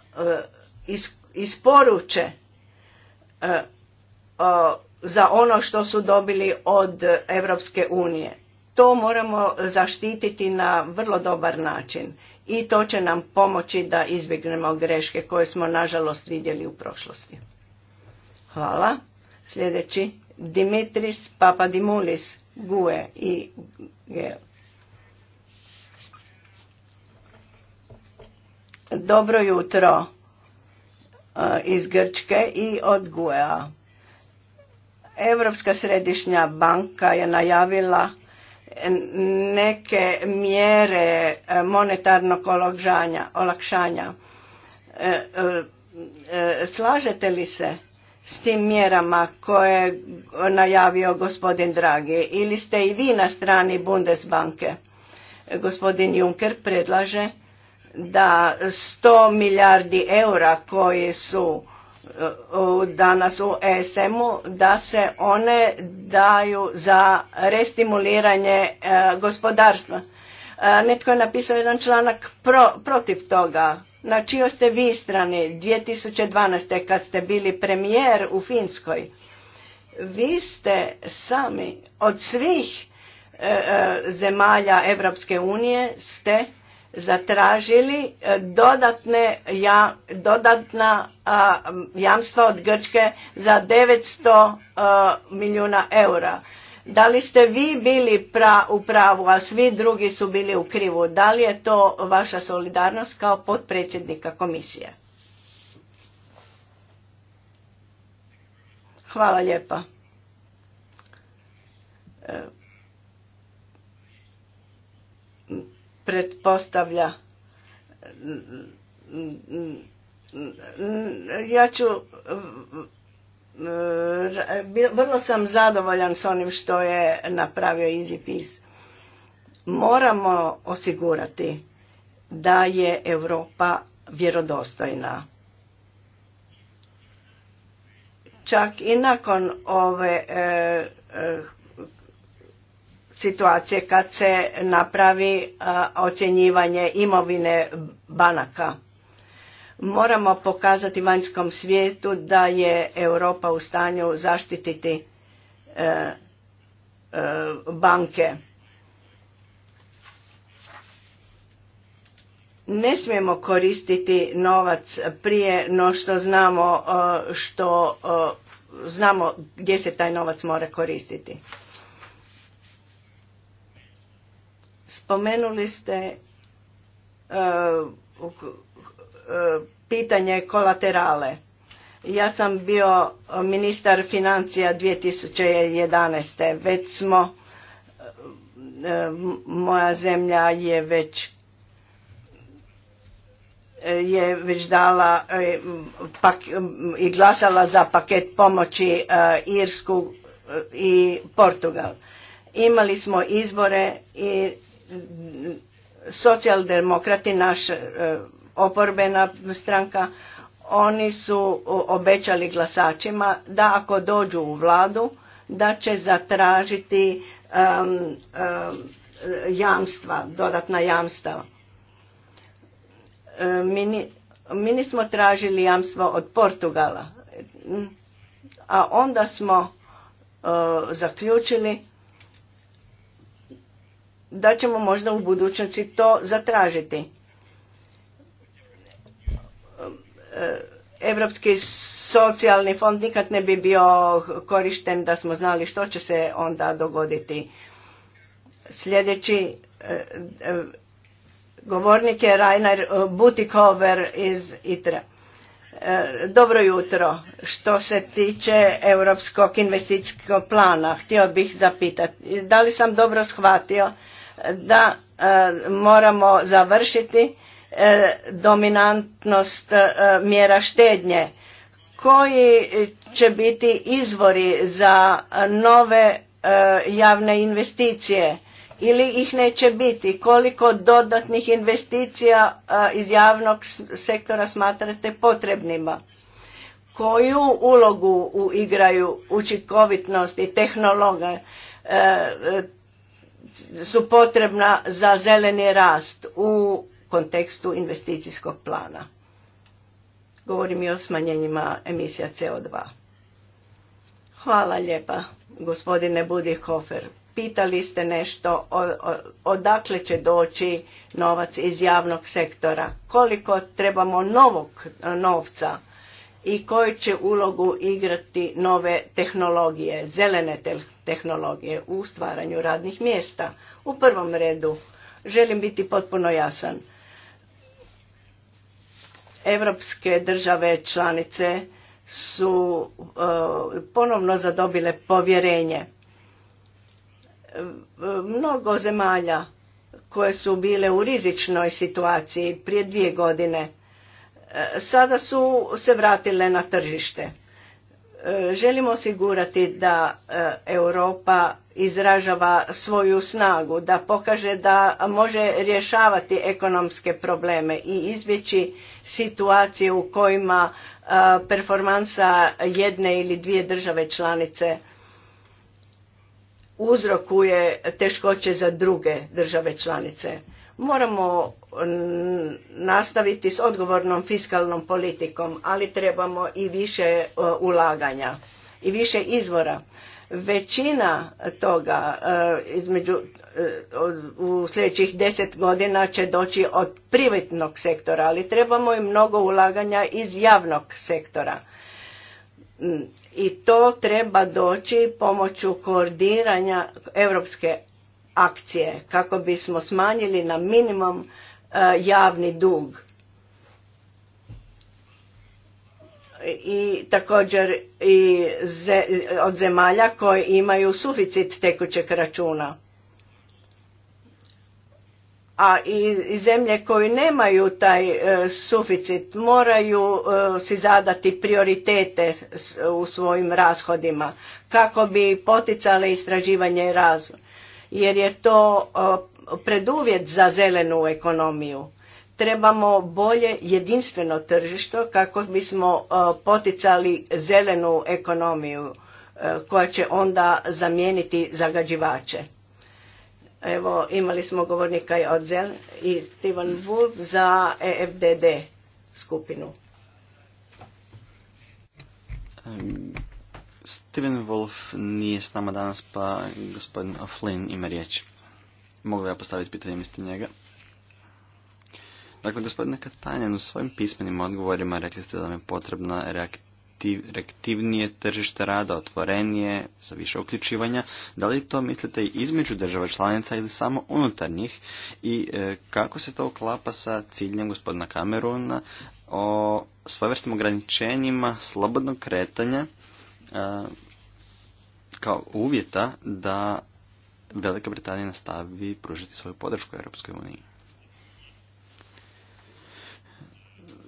e, isporuče za ono što su dobili od Europske unije. To moramo zaštititi na vrlo dobar način i to će nam pomoći da izbjegnemo greške koje smo nažalost vidjeli u prošlosti. Hvala. Sljedeći, Dimitris Papadimulis, GUE i GEL. Dobro jutro uh, iz Grčke i od GUE-a. Europska središnja banka je najavila neke mjere e, monetarnog olakšanja. E, e, slažete li se s tim mjerama koje je najavio gospodin Dragi ili ste i vi na strani Bundesbanke? Gospodin Juncker predlaže da 100 milijardi eura koji su danas u ESM-u da se one daju za restimuliranje e, gospodarstva. E, netko je napisao jedan članak protiv toga. Na čijoj ste vi strani 2012. kad ste bili premijer u Finskoj? Vi ste sami od svih e, zemalja Evropske unije ste zatražili e, dodatne, ja, dodatna jamstva od Grčke za 900 e, milijuna eura. Da li ste vi bili u pravu, a svi drugi su bili u krivu? Da li je to vaša solidarnost kao potpredsjednika komisije? Hvala lijepa. E, pretpostavlja. Ja ću vrlo sam zadovoljan s onim što je napravio Peace. Moramo osigurati da je Europa vjerodostojna. Čak i nakon ove e, e situacije kad se napravi e, ocjenjivanje imovine banaka. Moramo pokazati vanjskom svijetu da je Europa u stanju zaštititi e, e, banke. Ne smijemo koristiti novac prije no što znamo što znamo gdje se taj novac mora koristiti. Spomenuli ste e, e, pitanje kolaterale. Ja sam bio ministar financija 2011. Već smo, e, moja zemlja je već je već dala pak, i glasala za paket pomoći Irsku i Portugal. Imali smo izbore i socijaldemokrati, naš e, oporbena stranka, oni su obećali glasačima da ako dođu u vladu da će zatražiti jamstva, dodatna jamstva. E, mi, mi nismo tražili jamstvo od Portugala, a onda smo uh, zaključili da ćemo možda u budućnosti to zatražiti. Europski socijalni fond nikad ne bi bio korišten da smo znali što će se onda dogoditi. Sljedeći e, e, govornik je Rainer Butikover iz ITRE. E, dobro jutro. Što se tiče Europskog investicijskog plana, htio bih zapitati, da li sam dobro shvatio da e, moramo završiti e, dominantnost e, mjera štednje koji će biti izvori za nove javne investicije ili ih neće biti koliko dodatnih investicija iz javnog sektora smatrate potrebnima koju ulogu igraju učinkovitnost i tehnologa su potrebna za zeleni rast u kontekstu investicijskog plana. Govorim i o smanjenjima emisija CO2. Hvala lijepa, gospodine Budihofer. Pitali ste nešto o, odakle će doći novac iz javnog sektora, koliko trebamo novog novca i koju će ulogu igrati nove tehnologije, zelene te tehnologije u stvaranju radnih mjesta. U prvom redu želim biti potpuno jasan. Europske države članice su e, ponovno zadobile povjerenje. E, mnogo zemalja koje su bile u rizičnoj situaciji prije dvije godine, e, sada su se vratile na tržište. E, želimo osigurati da e, Europa izražava svoju snagu, da pokaže da može rješavati ekonomske probleme i izbjeći situacije u kojima e, performansa jedne ili dvije države članice uzrokuje teškoće za druge države članice Moramo nastaviti s odgovornom fiskalnom politikom, ali trebamo i više e, ulaganja i više izvora. Većina toga e, između, e, u sljedećih deset godina će doći od privatnog sektora, ali trebamo i mnogo ulaganja iz javnog sektora. Mm, I to treba doći pomoću koordiniranja europske akcije kako bismo smanjili na minimum e, javni dug. i također i od zemalja koje imaju suficit tekućeg računa. A i zemlje koje nemaju taj e, suficit moraju e, si zadati prioritete u svojim rashodima kako bi poticale istraživanje i razvoj jer je to e, preduvjet za zelenu ekonomiju. Trebamo bolje jedinstveno tržišto kako bismo e, poticali zelenu ekonomiju e, koja će onda zamijeniti zagađivače. Evo, imali smo govornika i od Zel i Steven Wolf za EFDD skupinu. Steven Wolf nije s nama danas, pa gospodin Flynn ima riječ. Mogu ja postaviti pitanje mjesto njega? Dakle, gospodine Katanjan, u svojim pismenim odgovorima rekli ste da vam je potrebna reaktiv, reaktivnije tržište rada, otvorenije, sa više uključivanja. Da li to mislite i između država članica ili samo unutar njih? I e, kako se to uklapa sa ciljem gospodina Kameruna o svojvrstvim ograničenjima slobodnog kretanja E, kao uvjeta da Velika Britanija nastavi pružiti svoju podršku Europskoj uniji.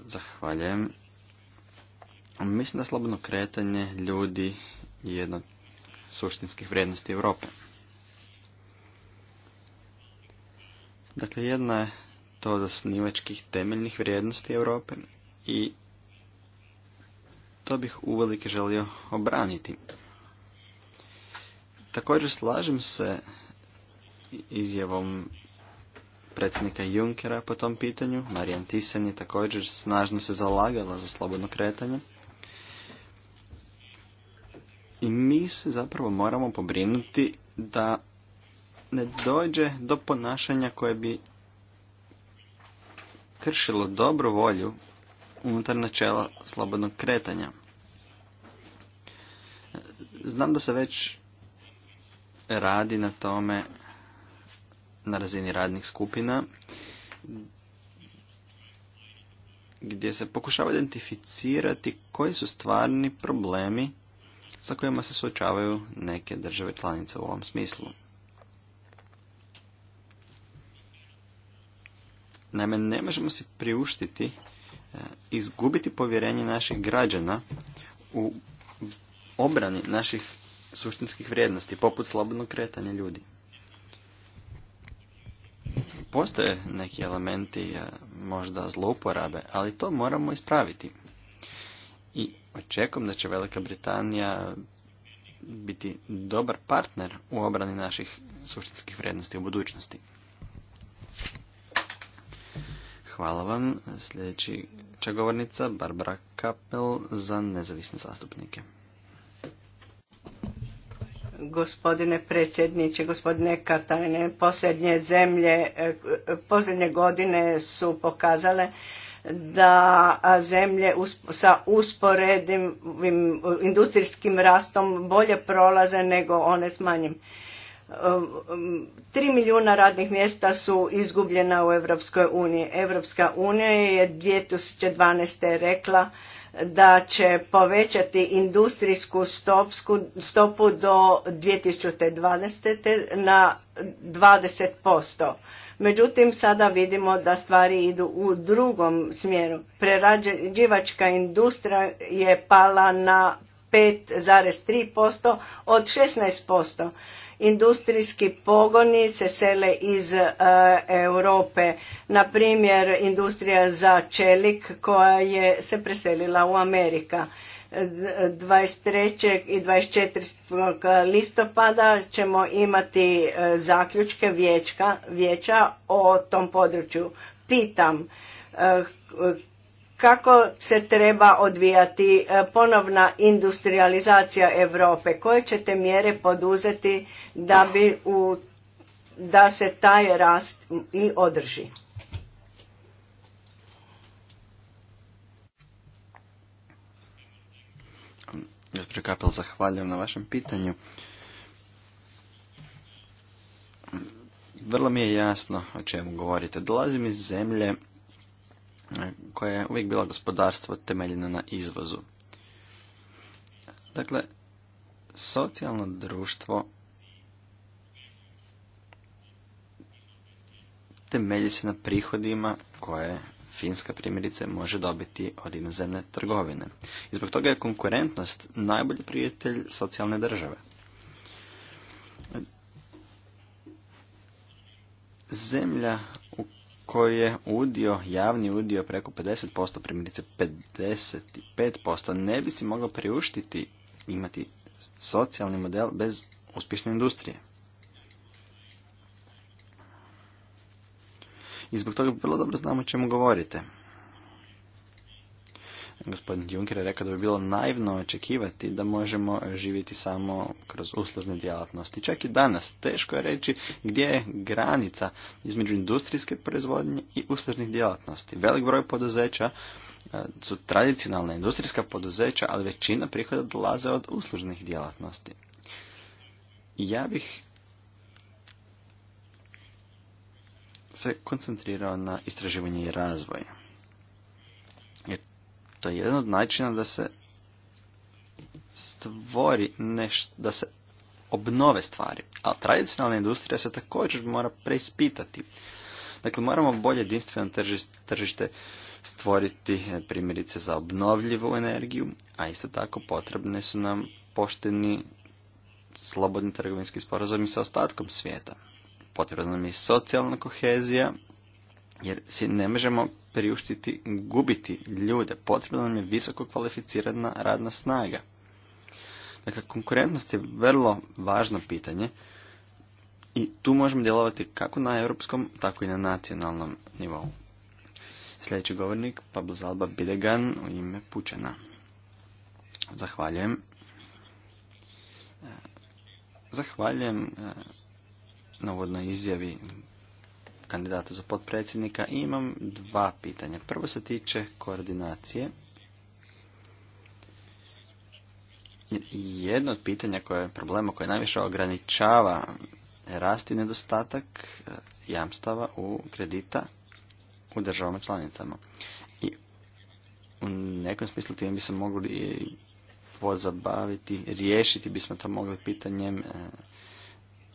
Zahvaljujem. Mislim da slobodno kretanje ljudi je jedna od suštinskih vrijednosti Europe. Dakle, jedna je to od osnivačkih temeljnih vrijednosti Europe i to bih uvelike želio obraniti. Također slažem se izjavom predsjednika Junkera po tom pitanju. Marijan Tisen je također snažno se zalagala za slobodno kretanje. I mi se zapravo moramo pobrinuti da ne dođe do ponašanja koje bi kršilo dobru volju unutar načela slobodnog kretanja. Znam da se već radi na tome na razini radnih skupina gdje se pokušava identificirati koji su stvarni problemi sa kojima se suočavaju neke države članice u ovom smislu. Naime, ne možemo si priuštiti izgubiti povjerenje naših građana u obrani naših suštinskih vrijednosti, poput slobodnog kretanja ljudi. Postoje neki elementi e, možda zlouporabe, ali to moramo ispraviti. I očekujem da će Velika Britanija biti dobar partner u obrani naših suštinskih vrijednosti u budućnosti. Hvala vam. Sljedeći Barbara Kapel za nezavisne zastupnike. Gospodine predsjedniče, gospodine Katarine, posljednje zemlje, eh, posljednje godine su pokazale da zemlje sa usporedim industrijskim rastom bolje prolaze nego one s manjim tri milijuna radnih mjesta su izgubljena u Europskoj uniji. Europska unija je 2012. rekla da će povećati industrijsku stopu do 2020. na 20%. Međutim, sada vidimo da stvari idu u drugom smjeru. Prerađivačka industrija je pala na 5,3% od 16%. Industrijski pogoni se sele iz e, Europe, na primjer industrija za čelik koja je se preselila u Amerika. 23. i 24. listopada ćemo imati e, zaključke vijeća o tom području. Pitam e, kako se treba odvijati e, ponovna industrializacija Europe, koje ćete mjere poduzeti da bi u da se taj rast i održi. Gospodin Kapel, zahvaljujem na vašem pitanju. Vrlo mi je jasno o čemu govorite. Dolazim iz zemlje koja je uvijek bila gospodarstvo temeljeno na izvozu. Dakle, socijalno društvo temelji se na prihodima koje Finska primjerice može dobiti od inozemne trgovine. I zbog toga je konkurentnost najbolji prijatelj socijalne države. Zemlja koji je udio, javni udio preko 50%, primjerice 55%, ne bi si mogao priuštiti imati socijalni model bez uspješne industrije. I zbog toga vrlo dobro znamo o čemu govorite. Gospodin Juncker je rekao da bi bilo naivno očekivati da možemo živjeti samo kroz uslužne djelatnosti. Čak i danas teško je reći gdje je granica između industrijske proizvodnje i uslužnih djelatnosti. Velik broj poduzeća e, su tradicionalna industrijska poduzeća, ali većina prihoda dolaze od uslužnih djelatnosti. Ja bih se koncentrirao na istraživanje i razvoj. To je jedan od načina da se stvori nešto, da se obnove stvari. A tradicionalna industrija se također mora preispitati. Dakle, moramo bolje jedinstveno tržište stvoriti e, primjerice za obnovljivu energiju, a isto tako potrebne su nam pošteni slobodni trgovinski sporazumi sa ostatkom svijeta. Potrebna nam je socijalna kohezija, jer si ne možemo priuštiti gubiti ljude. Potrebna nam je visoko kvalificirana radna snaga. Dakle, konkurentnost je vrlo važno pitanje i tu možemo djelovati kako na europskom, tako i na nacionalnom nivou. Sljedeći govornik, Pablo Zalba Bidegan u ime Pučena. Zahvaljujem. Zahvaljujem eh, na uvodnoj izjavi kandidatu za potpredsjednika i imam dva pitanja. Prvo se tiče koordinacije. Jedno od pitanja koje je problema koje najviše ograničava rasti nedostatak eh, jamstava u kredita u državama članicama. I u nekom smislu time bi se mogli pozabaviti, riješiti bismo to mogli pitanjem eh,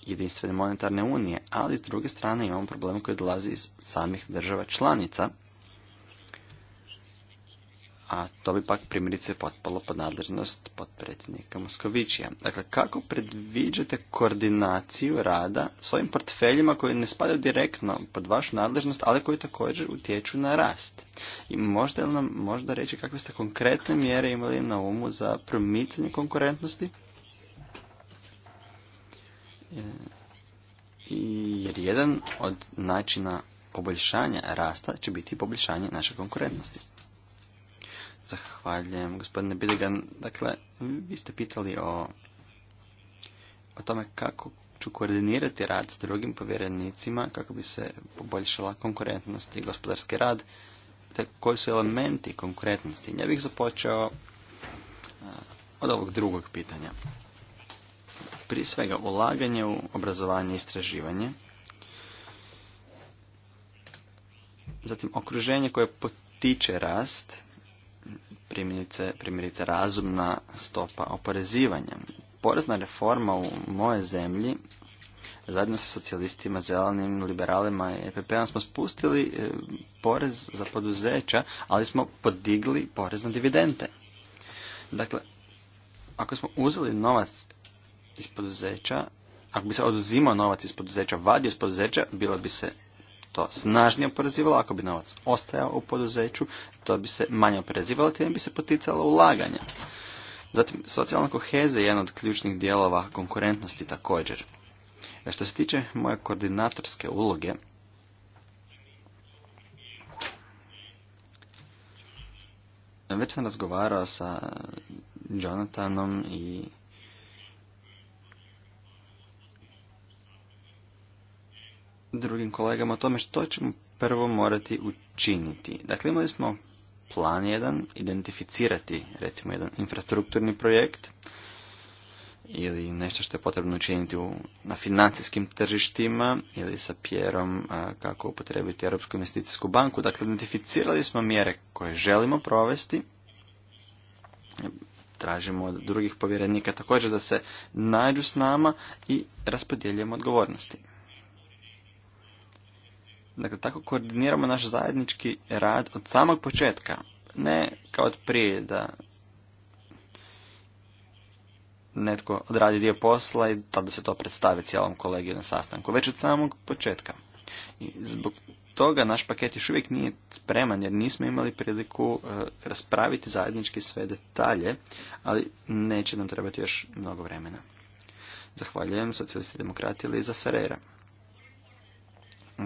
jedinstvene monetarne unije, ali s druge strane imamo problem koji dolazi iz samih država članica, a to bi pak primjerice potpalo pod nadležnost potpredsjednika Moskovićija. Dakle, kako predviđate koordinaciju rada svojim portfeljima koji ne spadaju direktno pod vašu nadležnost, ali koji također utječu na rast? I možda li nam možda reći kakve ste konkretne mjere imali na umu za promicanje konkurentnosti? jer jedan od načina poboljšanja rasta će biti poboljšanje naše konkurentnosti. Zahvaljujem, gospodine Bidegan. Dakle, vi ste pitali o, o tome kako ću koordinirati rad s drugim povjerenicima kako bi se poboljšala konkurentnost i gospodarski rad, te koji su elementi konkurentnosti. Ja bih započeo od ovog drugog pitanja. Prije svega ulaganje u obrazovanje i istraživanje. Zatim okruženje koje potiče rast, primjerice, primjerice razumna stopa oporezivanja. Porezna reforma u moje zemlji zajedno sa socijalistima, zelenim, liberalima i EPP-om smo spustili e, porez za poduzeća, ali smo podigli porez na dividende. Dakle, ako smo uzeli novac iz poduzeća, ako bi se oduzimao novac iz poduzeća, vadio iz poduzeća, bilo bi se to snažnije oporezivalo, ako bi novac ostajao u poduzeću, to bi se manje oporezivalo, time bi se poticalo ulaganja. Zatim, socijalna kohezija je jedan od ključnih dijelova konkurentnosti također. A e, što se tiče moje koordinatorske uloge, već sam razgovarao sa Jonathanom i drugim kolegama o tome što ćemo prvo morati učiniti. Dakle, imali smo plan jedan, identificirati recimo jedan infrastrukturni projekt ili nešto što je potrebno učiniti u, na financijskim tržištima ili sa pjerom kako upotrebiti Europsku investicijsku banku. Dakle, identificirali smo mjere koje želimo provesti. Tražimo od drugih povjerenika također da se nađu s nama i raspodjeljujemo odgovornosti. Dakle, tako koordiniramo naš zajednički rad od samog početka. Ne kao od prije da netko odradi dio posla i tada se to predstavi cijelom kolegiju na sastanku, već od samog početka. I zbog toga naš paket još uvijek nije spreman jer nismo imali priliku e, raspraviti zajednički sve detalje, ali neće nam trebati još mnogo vremena. Zahvaljujem socijalisti demokrati Liza Ferreira.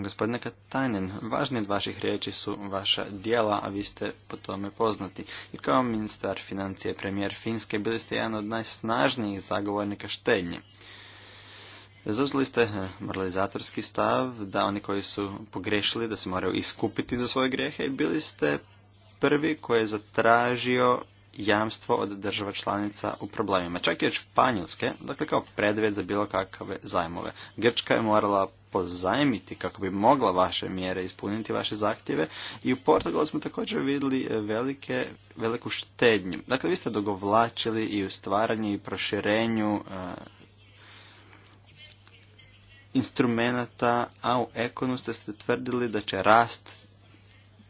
Gospodine Katajnen, važni od vaših riječi su vaša dijela, a vi ste po tome poznati. I kao ministar financije premijer Finske bili ste jedan od najsnažnijih zagovornika štednje. Zauzeli ste eh, moralizatorski stav da oni koji su pogrešili da se moraju iskupiti za svoje grehe, i bili ste prvi koji je zatražio jamstvo od država članica u problemima. Čak i od Španjolske, dakle kao predved za bilo kakve zajmove. Grčka je morala pozajmiti kako bi mogla vaše mjere ispuniti vaše zahtjeve i u Portugalu smo također vidjeli e, velike, veliku štednju. Dakle, vi ste dogovlačili i u stvaranju i proširenju e, instrumenata, a u ekonu ste tvrdili da će rast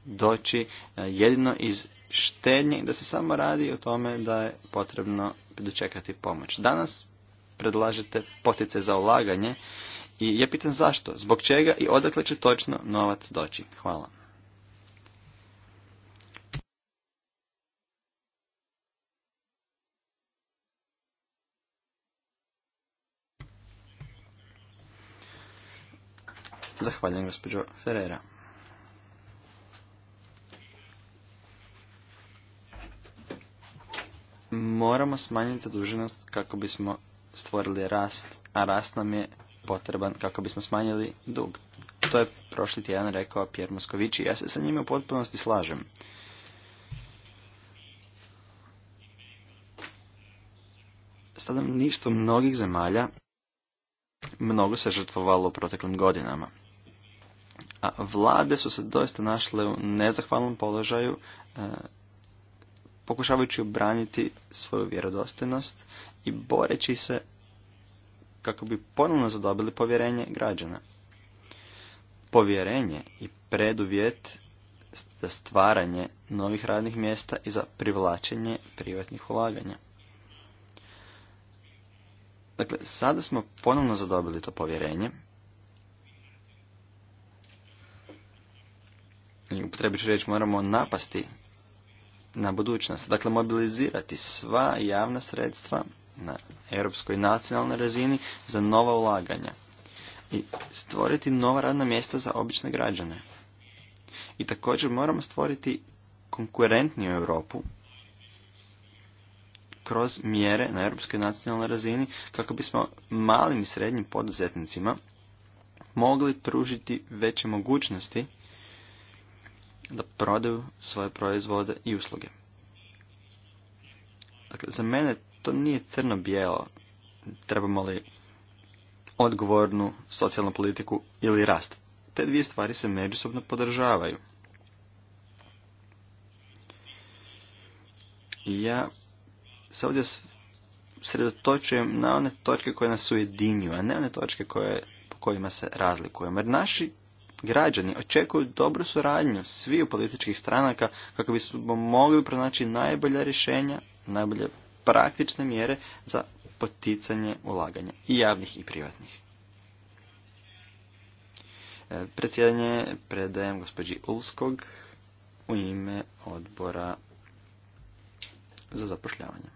doći e, jedino iz štednje i da se samo radi o tome da je potrebno dočekati pomoć. Danas predlažete potice za ulaganje i ja pitam zašto, zbog čega i odakle će točno novac doći. Hvala. Zahvaljujem gospođo Ferreira. moramo smanjiti zaduženost kako bismo stvorili rast, a rast nam je potreban kako bismo smanjili dug. To je prošli tjedan rekao Pjer Moskovići i ja se sa njime u potpunosti slažem. Stanovništvo mnogih zemalja mnogo se žrtvovalo u proteklim godinama. A vlade su se doista našle u nezahvalnom položaju, e, pokušavajući obraniti svoju vjerodostojnost i boreći se kako bi ponovno zadobili povjerenje građana. Povjerenje i preduvjet za stvaranje novih radnih mjesta i za privlačenje privatnih ulaganja. Dakle, sada smo ponovno zadobili to povjerenje. I reći, moramo napasti na budućnost. Dakle, mobilizirati sva javna sredstva na europskoj nacionalnoj razini za nova ulaganja i stvoriti nova radna mjesta za obične građane. I također moramo stvoriti konkurentniju Europu kroz mjere na europskoj nacionalnoj razini kako bismo malim i srednjim poduzetnicima mogli pružiti veće mogućnosti da prodaju svoje proizvode i usluge. Dakle, za mene to nije crno-bijelo. Trebamo li odgovornu socijalnu politiku ili rast. Te dvije stvari se međusobno podržavaju. I ja se ovdje sredotočujem na one točke koje nas ujedinju, a ne one točke koje, po kojima se razlikujemo. Jer naši građani očekuju dobru suradnju sviju političkih stranaka kako bismo mogli pronaći najbolja rješenja, najbolje praktične mjere za poticanje ulaganja i javnih i privatnih. E, predsjedanje predajem gospođi Ulskog u ime odbora za zapošljavanje.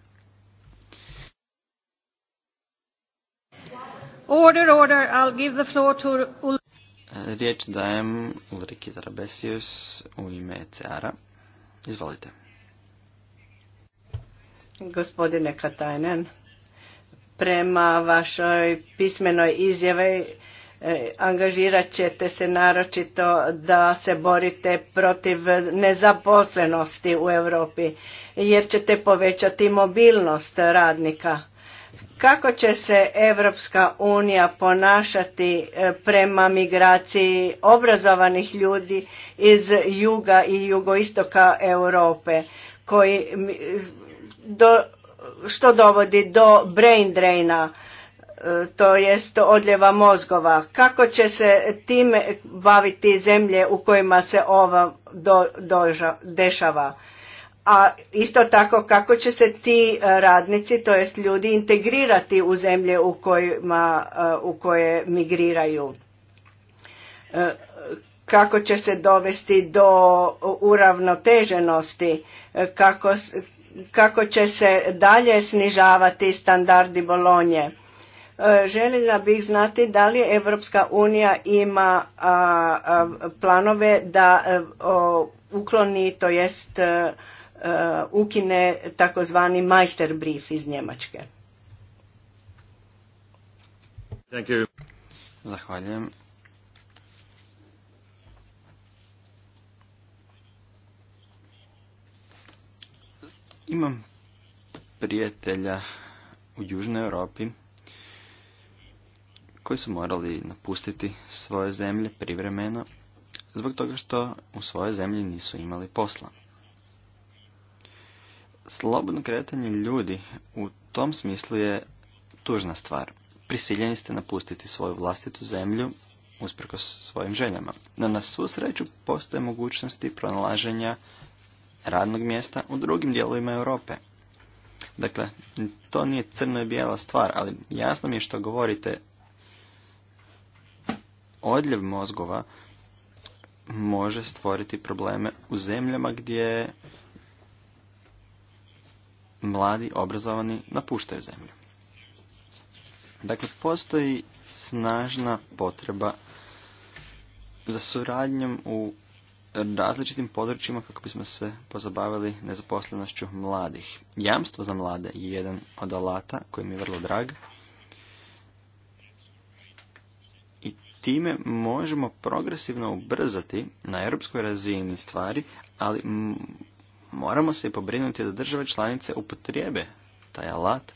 Order, order, I'll give the floor to Riječ dajem Ulriki Zarabesius u ime cr Izvolite. Gospodine Katajnen, prema vašoj pismenoj izjave angažirat ćete se naročito da se borite protiv nezaposlenosti u Europi jer ćete povećati mobilnost radnika kako će se Evropska unija ponašati e, prema migraciji obrazovanih ljudi iz juga i jugoistoka Europe koji do, što dovodi do brain draina, e, to jest odljeva mozgova. Kako će se time baviti zemlje u kojima se ova do, dešava? a isto tako kako će se ti e, radnici, to jest ljudi, integrirati u zemlje u, kojima, e, u koje migriraju. E, kako će se dovesti do uravnoteženosti, kako, kako će se dalje snižavati standardi Bolonje. Željela bih znati da li Evropska unija ima planove da ukloni, to jest Uh, ukine takozvani majster brief iz Njemačke. Thank you. Zahvaljujem. Imam prijatelja u Južnoj Europi koji su morali napustiti svoje zemlje privremeno zbog toga što u svojoj zemlji nisu imali posla slobodno kretanje ljudi u tom smislu je tužna stvar. Prisiljeni ste napustiti svoju vlastitu zemlju usprkos svojim željama. No na svu sreću postoje mogućnosti pronalaženja radnog mjesta u drugim dijelovima Europe. Dakle, to nije crno i bijela stvar, ali jasno mi je što govorite. Odljev mozgova može stvoriti probleme u zemljama gdje mladi, obrazovani napuštaju zemlju. Dakle, postoji snažna potreba za suradnjom u različitim područjima kako bismo se pozabavili nezaposlenošću mladih. Jamstvo za mlade je jedan od alata koji mi je vrlo drag. I time možemo progresivno ubrzati na europskoj razini stvari, ali moramo se pobrinuti da države članice upotrijebe taj alat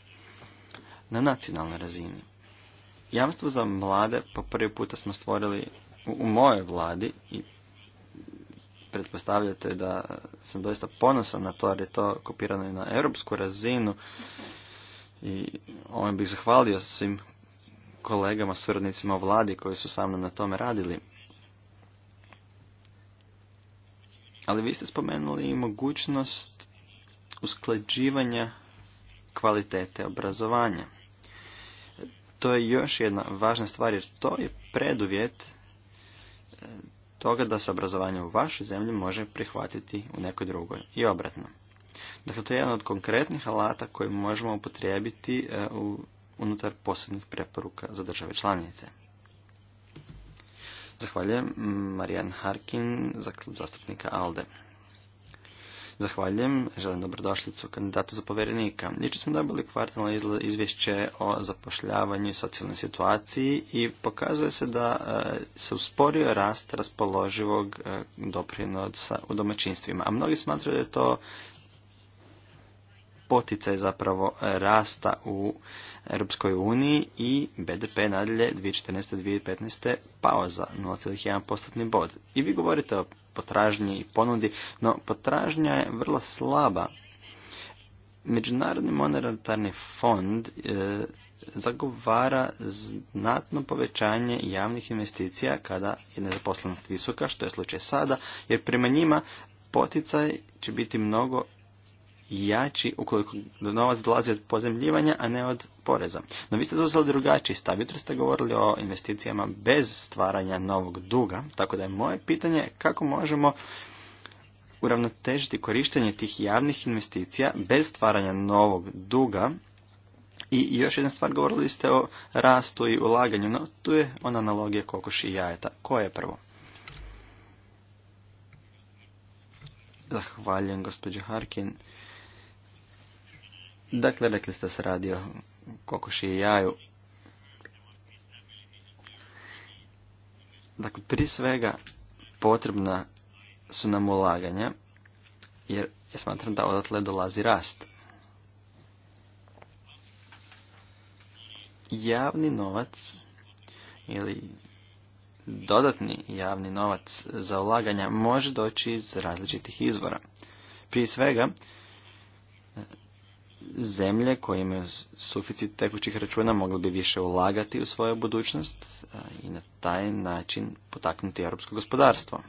na nacionalnoj razini. Jamstvo za mlade po prvi puta smo stvorili u, u mojoj vladi i pretpostavljate da sam doista ponosan na to jer je to kopirano i na europsku razinu i ovim bih zahvalio svim kolegama, suradnicima u vladi koji su sa mnom na tome radili. Ali vi ste spomenuli i mogućnost usklađivanja kvalitete obrazovanja. To je još jedna važna stvar jer to je preduvjet e, toga da se obrazovanje u vašoj zemlji može prihvatiti u nekoj drugoj i obratno. Dakle, to je jedan od konkretnih alata koji možemo upotrijebiti e, unutar posebnih preporuka za države članice. Zahvaljujem. Marijan Harkin, zastupnika ALDE. Zahvaljujem, želim dobrodošlicu kandidatu za povjerenika. Jučer smo dobili kvartalno izvješće o zapošljavanju i socijalnoj situaciji i pokazuje se da e, se usporio rast raspoloživog e, doprinosa u domaćinstvima, a mnogi smatraju da je to poticaj zapravo rasta u Europskoj uniji i BDP nadalje 2014-2015 pao za 0,1% bod. I vi govorite o potražnji i ponudi, no potražnja je vrlo slaba. Međunarodni monetarni fond e, zagovara znatno povećanje javnih investicija kada je nezaposlenost visoka, što je slučaj sada, jer prema njima poticaj će biti mnogo jači ukoliko novac dolazi od pozemljivanja, a ne od poreza. No vi ste zauzeli drugačiji stav. Jutro ste govorili o investicijama bez stvaranja novog duga, tako da je moje pitanje kako možemo uravnotežiti korištenje tih javnih investicija bez stvaranja novog duga. I još jedna stvar, govorili ste o rastu i ulaganju, no tu je ona analogija kokoši i jajeta. Koje je prvo? Zahvaljujem, gospođo Harkin. Dakle, rekli ste se radi o kokoši i jaju. Dakle, prije svega potrebna su nam ulaganja, jer ja smatram da odatle dolazi rast. Javni novac ili dodatni javni novac za ulaganja može doći iz različitih izvora. Prije svega, zemlje koje imaju suficit tekućih računa mogli bi više ulagati u svoju budućnost e, i na taj način potaknuti europsko gospodarstvo.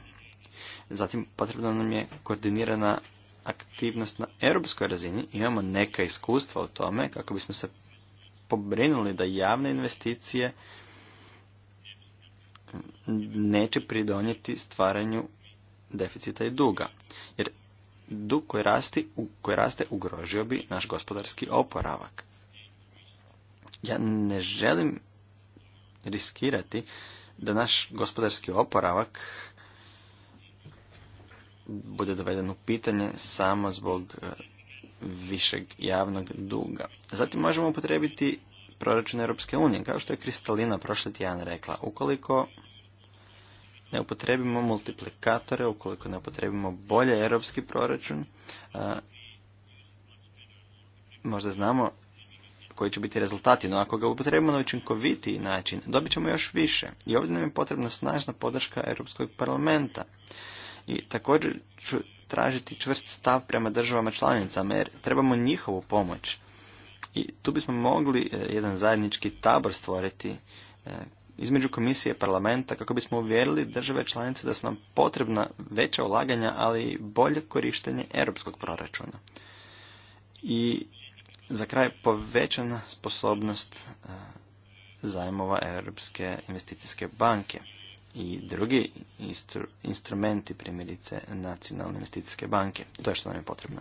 Zatim potrebna nam je koordinirana aktivnost na europskoj razini. Imamo neka iskustva u tome kako bismo se pobrinuli da javne investicije neće pridonijeti stvaranju deficita i duga. Jer dug koji, rasti, koji raste ugrožio bi naš gospodarski oporavak. Ja ne želim riskirati da naš gospodarski oporavak bude doveden u pitanje samo zbog e, višeg javnog duga. Zatim možemo upotrebiti proračun Europske unije, kao što je Kristalina prošli tjedan rekla. Ukoliko ne upotrebimo multiplikatore, ukoliko ne upotrebimo bolje europski proračun, možda znamo koji će biti rezultati, no ako ga upotrebimo na učinkovitiji način, dobit ćemo još više. I ovdje nam je potrebna snažna podrška Europskog parlamenta. I također ću tražiti čvrst stav prema državama članicama, jer trebamo njihovu pomoć. I tu bismo mogli e, jedan zajednički tabor stvoriti e, između komisije i parlamenta kako bismo uvjerili države članice da su nam potrebna veća ulaganja, ali i bolje korištenje europskog proračuna. I za kraj povećana sposobnost e, zajmova Europske investicijske banke i drugi instrumenti, primjerice Nacionalne investicijske banke. To je što nam je potrebno.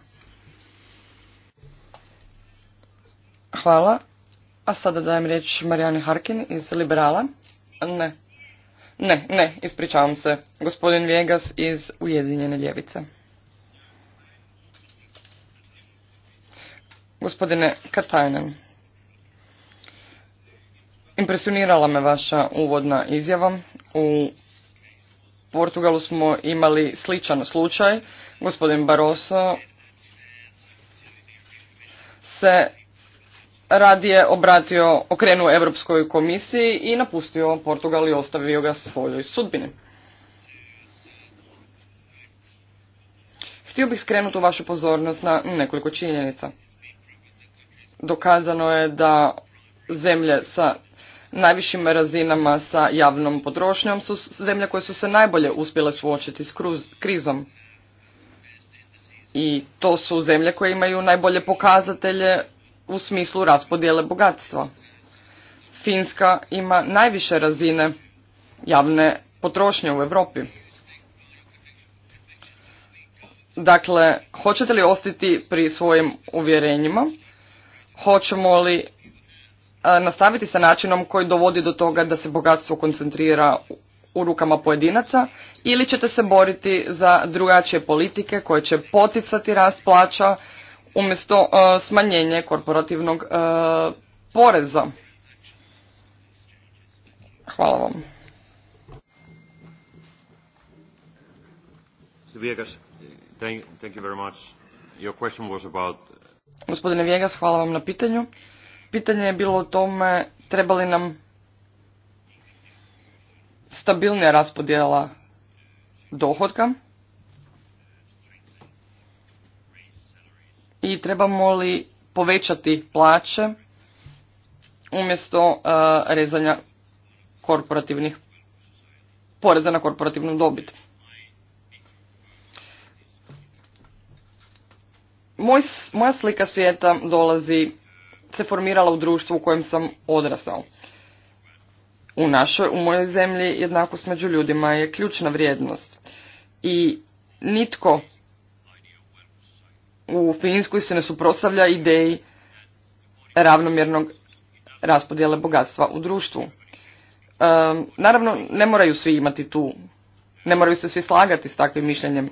Hvala. A sada dajem riječ Marijani Harkin iz Liberala. Ne. Ne, ne, ispričavam se. Gospodin Vegas iz Ujedinjene ljevice. Gospodine Katajnen, impresionirala me vaša uvodna izjava. U Portugalu smo imali sličan slučaj. Gospodin Barroso se radije obratio, okrenuo Europskoj komisiji i napustio Portugal i ostavio ga svojoj sudbini. Htio bih skrenuti vašu pozornost na nekoliko činjenica. Dokazano je da zemlje sa najvišim razinama sa javnom potrošnjom su zemlje koje su se najbolje uspjele suočiti s krizom. I to su zemlje koje imaju najbolje pokazatelje u smislu raspodjele bogatstva. Finska ima najviše razine javne potrošnje u Europi. Dakle, hoćete li ostati pri svojim uvjerenjima? Hoćemo li e, nastaviti sa načinom koji dovodi do toga da se bogatstvo koncentrira u rukama pojedinaca ili ćete se boriti za drugačije politike koje će poticati rast plaća, umjesto e, smanjenje korporativnog e, poreza. Hvala vam. Gospodine Vjegas, hvala vam na pitanju. Pitanje je bilo o tome treba li nam stabilnija raspodjela dohodka. i trebamo li povećati plaće umjesto uh, rezanja korporativnih poreza na korporativnu dobit. moja slika svijeta dolazi, se formirala u društvu u kojem sam odrastao. U našoj, u mojoj zemlji jednakost među ljudima je ključna vrijednost. I nitko u Finskoj se ne suprotstavlja ideji ravnomjernog raspodjele bogatstva u društvu. Naravno, ne moraju svi imati tu, ne moraju se svi slagati s takvim mišljenjem,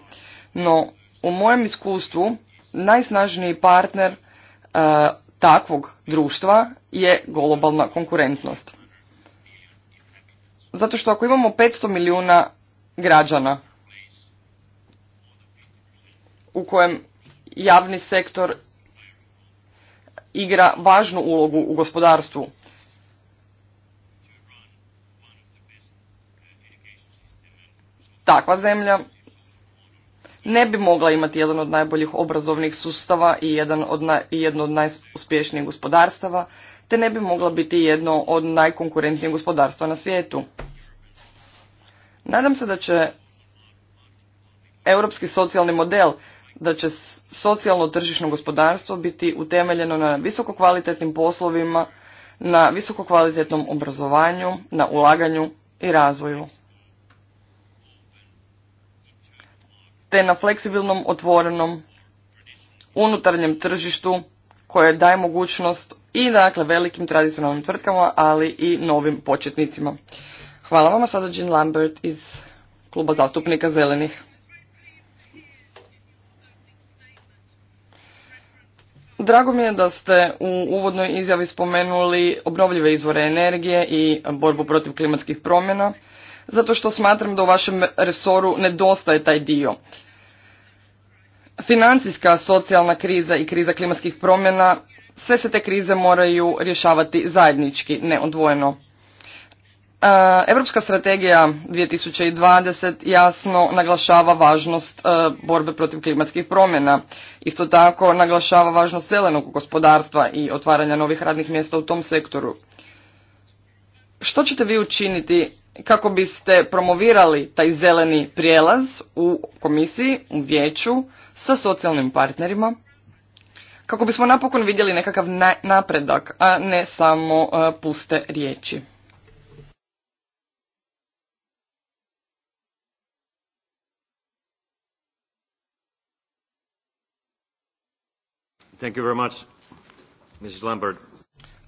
no u mojem iskustvu najsnažniji partner e, takvog društva je globalna konkurentnost. Zato što ako imamo 500 milijuna građana u kojem javni sektor igra važnu ulogu u gospodarstvu. Takva zemlja ne bi mogla imati jedan od najboljih obrazovnih sustava i, jedan jedno od najuspješnijih gospodarstava, te ne bi mogla biti jedno od najkonkurentnijih gospodarstva na svijetu. Nadam se da će europski socijalni model da će socijalno tržišno gospodarstvo biti utemeljeno na visokokvalitetnim poslovima, na visokokvalitetnom obrazovanju, na ulaganju i razvoju. Te na fleksibilnom, otvorenom, unutarnjem tržištu koje daje mogućnost i dakle velikim tradicionalnim tvrtkama, ali i novim početnicima. Hvala vam, sada Jean Lambert iz kluba zastupnika Zelenih. Drago mi je da ste u uvodnoj izjavi spomenuli obnovljive izvore energije i borbu protiv klimatskih promjena, zato što smatram da u vašem resoru nedostaje taj dio. Financijska, socijalna kriza i kriza klimatskih promjena, sve se te krize moraju rješavati zajednički, ne odvojeno. Europska strategija 2020 jasno naglašava važnost e, borbe protiv klimatskih promjena. Isto tako naglašava važnost zelenog gospodarstva i otvaranja novih radnih mjesta u tom sektoru. Što ćete vi učiniti kako biste promovirali taj zeleni prijelaz u komisiji, u vijeću, sa socijalnim partnerima? Kako bismo napokon vidjeli nekakav napredak, a ne samo e, puste riječi.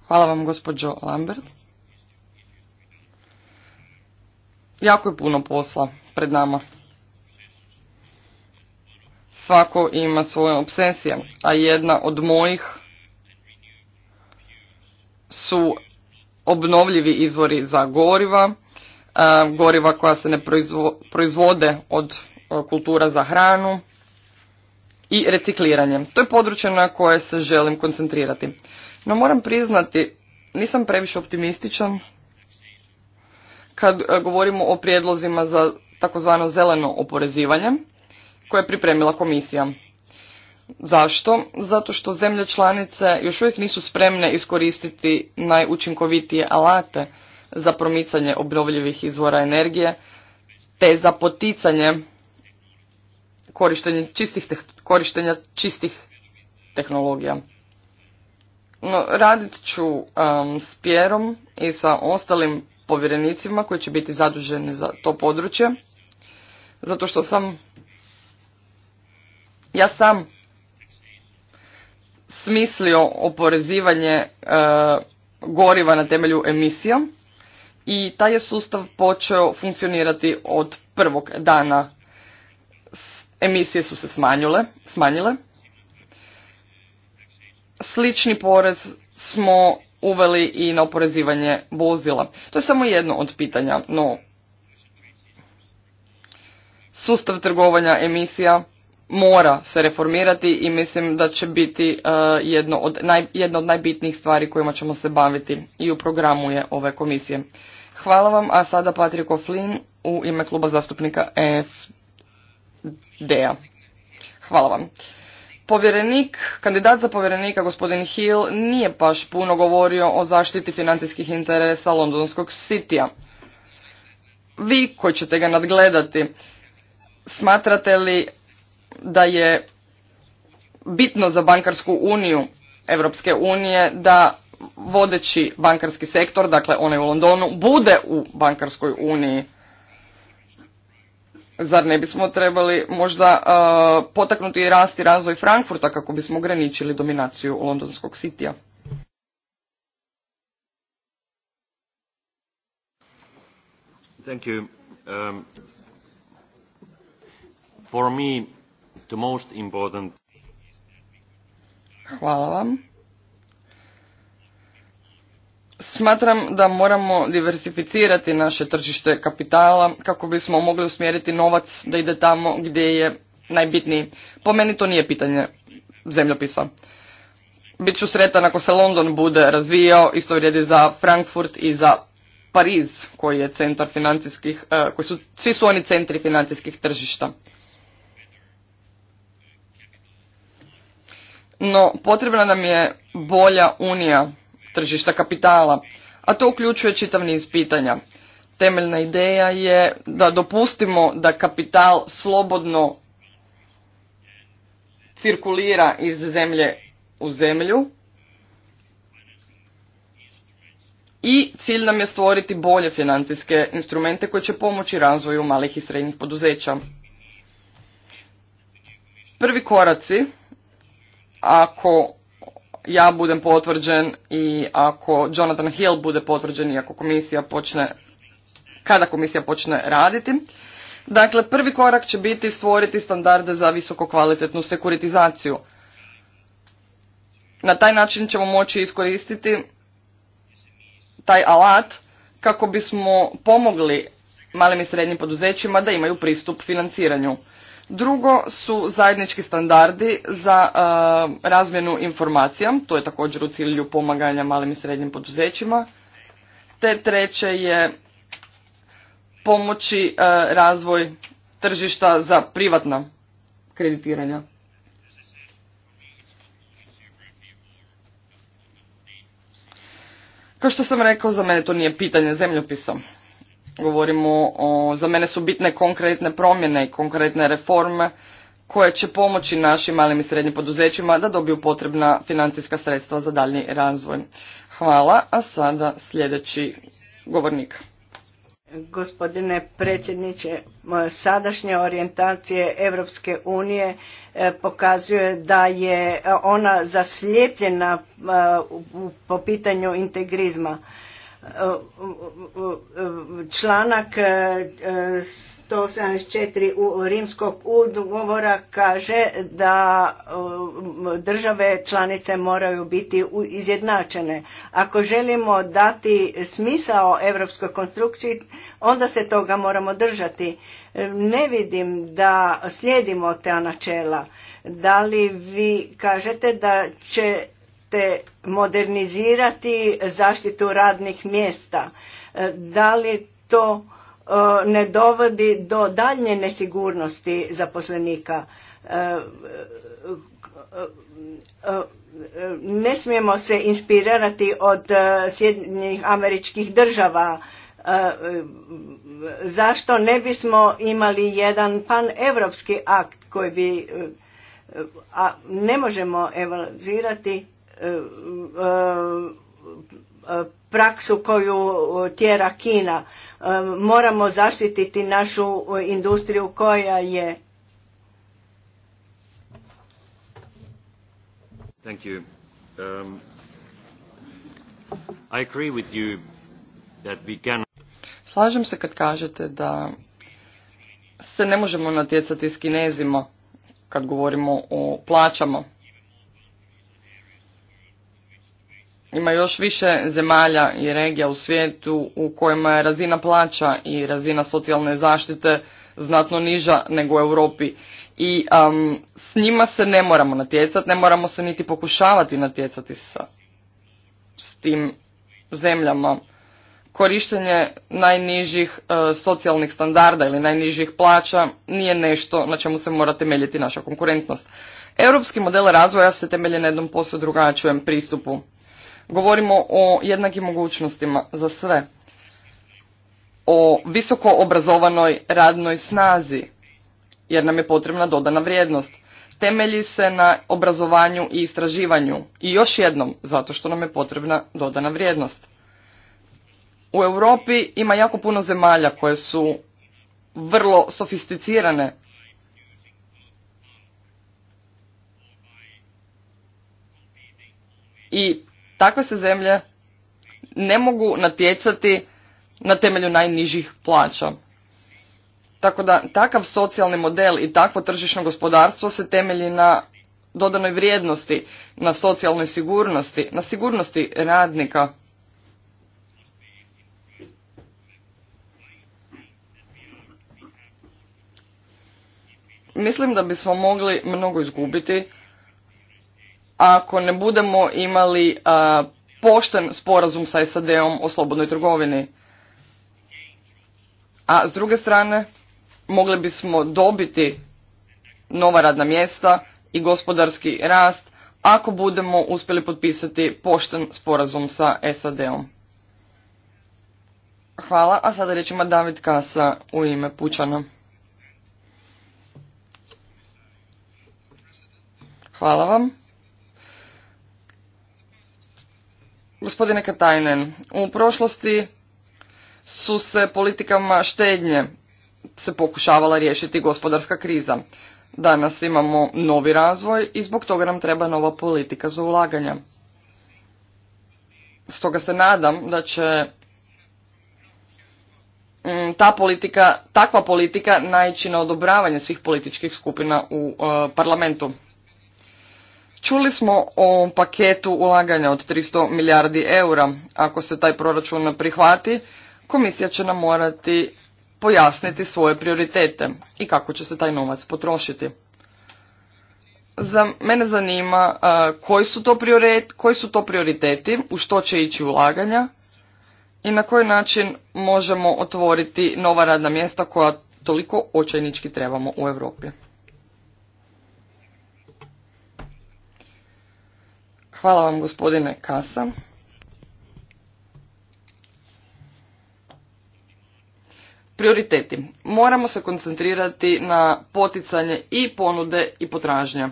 Hvala vam, gospođo Lambert. Jako je puno posla pred nama. Svako ima svoje obsesije, a jedna od mojih su obnovljivi izvori za goriva, e, goriva koja se ne proizvode od e, kultura za hranu, i recikliranje. To je područje na koje se želim koncentrirati. No moram priznati, nisam previše optimističan kad e, govorimo o prijedlozima za takozvano zeleno oporezivanje koje je pripremila komisija. Zašto? Zato što zemlje članice još uvijek nisu spremne iskoristiti najučinkovitije alate za promicanje obnovljivih izvora energije te za poticanje korištenje čistih, korištenja čistih tehnologija. No, radit ću um, s Pjerom i sa ostalim povjerenicima koji će biti zaduženi za to područje, zato što sam ja sam smislio oporezivanje uh, goriva na temelju emisija i taj je sustav počeo funkcionirati od prvog dana emisije su se smanjile, smanjile. Slični porez smo uveli i na oporezivanje vozila. To je samo jedno od pitanja, no sustav trgovanja emisija mora se reformirati i mislim da će biti e, jedno od naj, jedna od najbitnijih stvari kojima ćemo se baviti i u programu je ove komisije. Hvala vam, a sada Patriko Oflin u ime kluba zastupnika EF Dea. Hvala vam. Povjerenik, kandidat za povjerenika gospodin Hill nije baš puno govorio o zaštiti financijskih interesa londonskog sitija. Vi koji ćete ga nadgledati, smatrate li da je bitno za bankarsku uniju Europske unije da vodeći bankarski sektor, dakle onaj u Londonu, bude u bankarskoj uniji? Zar ne bismo trebali možda e, potaknuti i rasti razvoj Frankfurta kako bismo ograničili dominaciju londonskog sitija? Um, Hvala vam. Smatram da moramo diversificirati naše tržište kapitala kako bismo mogli usmjeriti novac da ide tamo gdje je najbitniji. Po meni to nije pitanje zemljopisa. Biću sretan ako se London bude razvijao, isto vrijedi za Frankfurt i za Pariz koji je centar financijskih, e, koji su, svi su oni centri financijskih tržišta. No potrebna nam je bolja unija tržišta kapitala, a to uključuje čitav niz pitanja. Temeljna ideja je da dopustimo da kapital slobodno cirkulira iz zemlje u zemlju i cilj nam je stvoriti bolje financijske instrumente koji će pomoći razvoju malih i srednjih poduzeća. Prvi koraci, ako ja budem potvrđen i ako Jonathan Hill bude potvrđen i ako komisija počne, kada komisija počne raditi. Dakle, prvi korak će biti stvoriti standarde za visoko kvalitetnu sekuritizaciju. Na taj način ćemo moći iskoristiti taj alat kako bismo pomogli malim i srednjim poduzećima da imaju pristup financiranju. Drugo su zajednički standardi za e, razmjenu informacija, to je također u cilju pomaganja malim i srednjim poduzećima. Te treće je pomoći e, razvoj tržišta za privatna kreditiranja. Kao što sam rekao, za mene to nije pitanje zemljopisa. Govorimo o, za mene su bitne konkretne promjene, i konkretne reforme koje će pomoći našim malim i srednjim poduzećima da dobiju potrebna financijska sredstva za daljnji razvoj. Hvala, a sada sljedeći govornik. Gospodine predsjedniče, sadašnje orijentacije Europske unije e, pokazuje da je ona zaslijepljena e, po pitanju integrizma članak 174 e, e, u rimskog ugovora kaže da e, države članice moraju biti izjednačene. Ako želimo dati smisao europskoj konstrukciji, onda se toga moramo držati. Ne vidim da slijedimo ta načela. Da li vi kažete da će te modernizirati zaštitu radnih mjesta? E, da li to e, ne dovodi do daljnje nesigurnosti zaposlenika? E, ne smijemo se inspirirati od Sjedinjenih američkih država. Zašto ne bismo imali jedan pan-evropski akt koji bi a ne možemo evoluzirati praksu koju tjera Kina. Moramo zaštititi našu industriju koja je Thank you. Um, I agree with you that we can... Slažem se kad kažete da se ne možemo natjecati s kinezima kad govorimo o plaćama Ima još više zemalja i regija u svijetu u kojima je razina plaća i razina socijalne zaštite znatno niža nego u Europi. I s njima se ne moramo natjecati, ne moramo se niti pokušavati natjecati sa s tim zemljama. Korištenje najnižih e, socijalnih standarda ili najnižih plaća nije nešto na čemu se mora temeljiti naša konkurentnost. Europski model razvoja se temelje na jednom posve drugačijem pristupu. Govorimo o jednakim mogućnostima za sve, o visoko obrazovanoj radnoj snazi, jer nam je potrebna dodana vrijednost. Temelji se na obrazovanju i istraživanju i još jednom zato što nam je potrebna dodana vrijednost. U Europi ima jako puno zemalja koje su vrlo sofisticirane i takve se zemlje ne mogu natjecati na temelju najnižih plaća. Tako da takav socijalni model i takvo tržišno gospodarstvo se temelji na dodanoj vrijednosti, na socijalnoj sigurnosti, na sigurnosti radnika. Mislim da bismo mogli mnogo izgubiti ako ne budemo imali pošten sporazum sa SAD-om o slobodnoj trgovini. A s druge strane, mogli bismo dobiti nova radna mjesta i gospodarski rast ako budemo uspjeli potpisati pošten sporazum sa SAD-om. Hvala, a sada riječ ima David Kasa u ime Pučana. Hvala vam. Gospodine Katajnen, u prošlosti su se politikama štednje se pokušavala riješiti gospodarska kriza. Danas imamo novi razvoj i zbog toga nam treba nova politika za ulaganja. Stoga se nadam da će mm, ta politika, takva politika naići na odobravanje svih političkih skupina u e, parlamentu. Čuli smo o paketu ulaganja od 300 milijardi eura. Ako se taj proračun prihvati, komisija će nam morati pojasniti svoje prioritete i kako će se taj novac potrošiti. Za mene zanima e, koji su, to koji su to prioriteti, u što će ići ulaganja i na koji način možemo otvoriti nova radna mjesta koja toliko očajnički trebamo u Europi. Hvala vam gospodine Kasa. Prioriteti. Moramo se koncentrirati na poticanje i ponude i potražnja,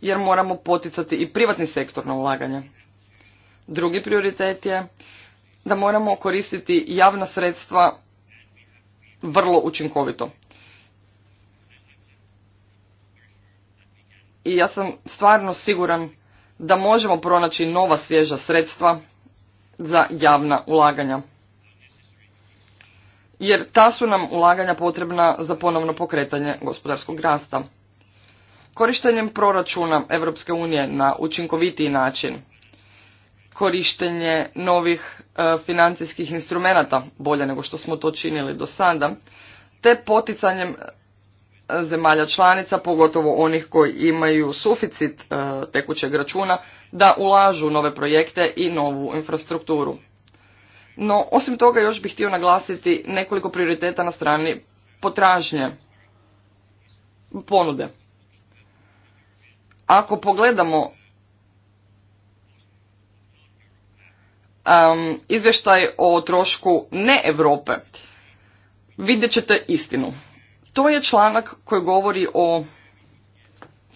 jer moramo poticati i privatni sektor na ulaganje. Drugi prioritet je da moramo koristiti javna sredstva vrlo učinkovito. I ja sam stvarno siguran da možemo pronaći nova svježa sredstva za javna ulaganja. Jer ta su nam ulaganja potrebna za ponovno pokretanje gospodarskog rasta. Korištenjem proračuna Europske unije na učinkovitiji način, korištenje novih e, financijskih instrumenata bolje nego što smo to činili do sada, te poticanjem zemalja članica, pogotovo onih koji imaju suficit e, tekućeg računa, da ulažu nove projekte i novu infrastrukturu. No, osim toga još bih htio naglasiti nekoliko prioriteta na strani potražnje, ponude. Ako pogledamo um, izvještaj o trošku ne Europe, vidjet ćete istinu. To je članak koji govori o,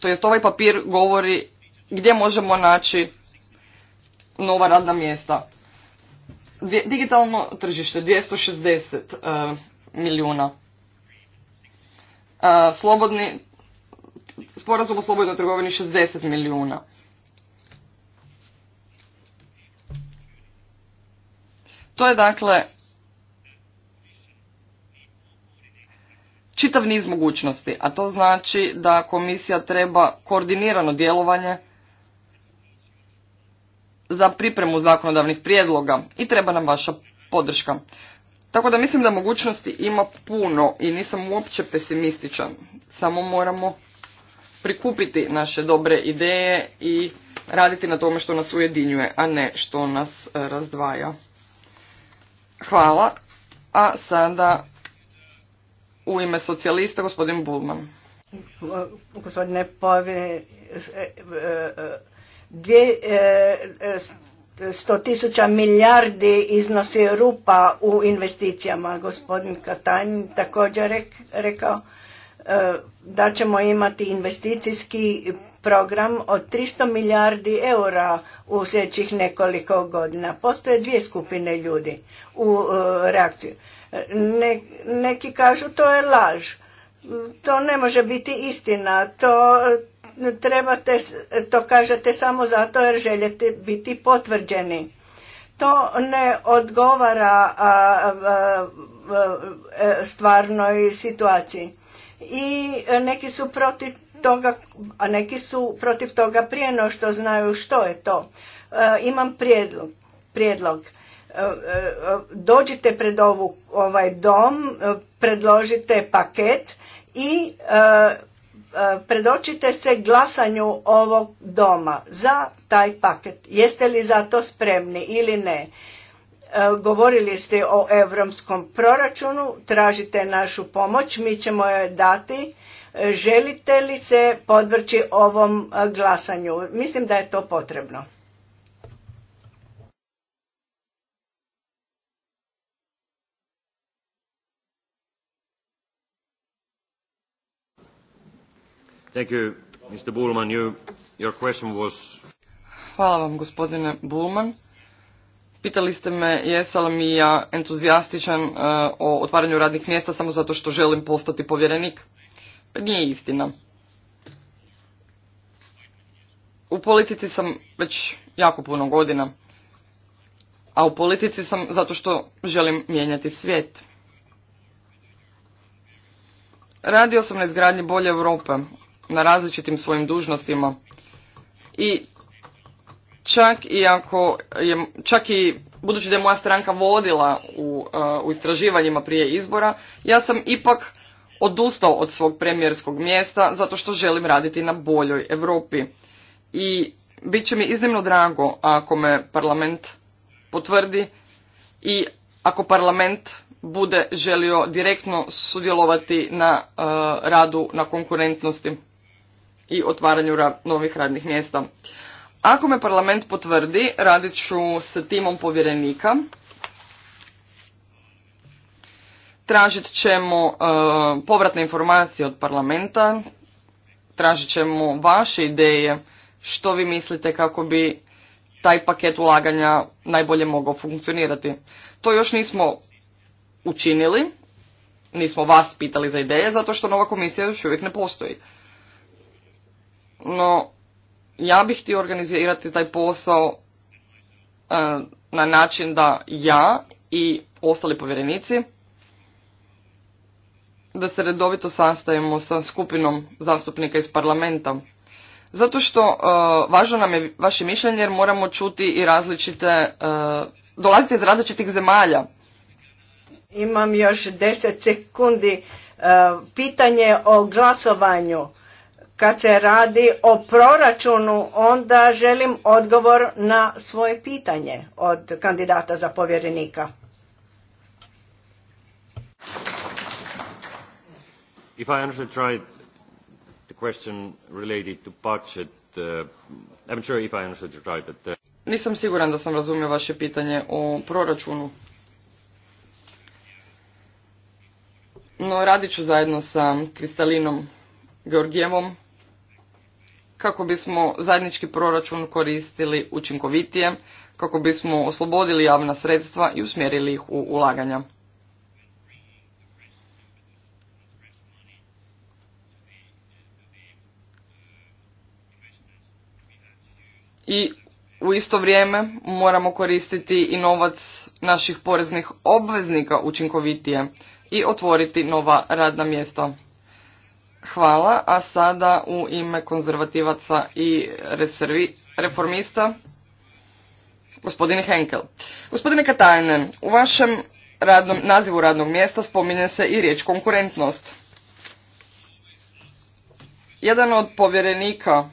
to jest ovaj papir govori gdje možemo naći nova radna mjesta. Digitalno tržište 260 e, milijuna. E, slobodni, sporazum o slobodnoj trgovini 60 milijuna. To je dakle čitav niz mogućnosti, a to znači da komisija treba koordinirano djelovanje za pripremu zakonodavnih prijedloga i treba nam vaša podrška. Tako da mislim da mogućnosti ima puno i nisam uopće pesimističan. Samo moramo prikupiti naše dobre ideje i raditi na tome što nas ujedinjuje, a ne što nas e, razdvaja. Hvala. A sada u ime socijalista, gospodin Bulman. Gospodine dvije, e, e, sto tisuća milijardi iznosi rupa u investicijama. Gospodin Katajn također rekao e, da ćemo imati investicijski program od 300 milijardi eura u sljedećih nekoliko godina. Postoje dvije skupine ljudi u reakciju. Ne, neki kažu to je laž. To ne može biti istina. To e, trebate, to kažete samo zato jer želite biti potvrđeni. To ne odgovara e, stvarnoj situaciji. I neki su protiv toga, a neki su protiv toga prije no što znaju što je to. E, imam prijedlog. prijedlog E, e, e, dođite pred ovu, ovaj dom, predložite paket i predočite se glasanju ovog doma za taj paket. Jeste li za to spremni ili ne? Govorili ste o evropskom proračunu, tražite našu pomoć, mi ćemo je dati. Želite li se podvrći ovom glasanju? Mislim da je to potrebno. Hvala vam, gospodine Bulman. Pitali ste me jesam li ja entuzijastičan e, o otvaranju radnih mjesta samo zato što želim postati povjerenik. Pa nije istina. U politici sam već jako puno godina. A u politici sam zato što želim mijenjati svijet. Radio sam na izgradnji bolje Europe, na različitim svojim dužnostima i čak i ako je, čak i budući da je moja stranka vodila u, e, u istraživanjima prije izbora ja sam ipak odustao od svog premijerskog mjesta zato što želim raditi na boljoj Europi i bit će mi iznimno drago ako me parlament potvrdi i ako parlament bude želio direktno sudjelovati na e, radu na konkurentnosti i otvaranju ra novih radnih mjesta. Ako me parlament potvrdi, radit ću sa timom povjerenika. Tražit ćemo e, povratne informacije od parlamenta, tražit ćemo vaše ideje što vi mislite kako bi taj paket ulaganja najbolje mogao funkcionirati. To još nismo učinili, nismo vas pitali za ideje, zato što nova komisija još uvijek ne postoji. No, ja bih htio organizirati taj posao e, na način da ja i ostali povjerenici da se redovito sastavimo sa skupinom zastupnika iz parlamenta. Zato što e, važno nam je vaše mišljenje jer moramo čuti i različite, e, dolazite iz različitih zemalja. Imam još deset sekundi. pitanje o glasovanju. Kad se radi o proračunu, onda želim odgovor na svoje pitanje od kandidata za povjerenika. Nisam siguran da sam razumio vaše pitanje o proračunu. No, radit ću zajedno sa Kristalinom Georgijevom kako bismo zajednički proračun koristili učinkovitije, kako bismo oslobodili javna sredstva i usmjerili ih u ulaganja. I u isto vrijeme moramo koristiti i novac naših poreznih obveznika učinkovitije i otvoriti nova radna mjesta. Hvala, a sada u ime konzervativaca i reformista, gospodin Henkel. Gospodine Katajnen, u vašem radnom, nazivu radnog mjesta spominje se i riječ konkurentnost. Jedan od povjerenika,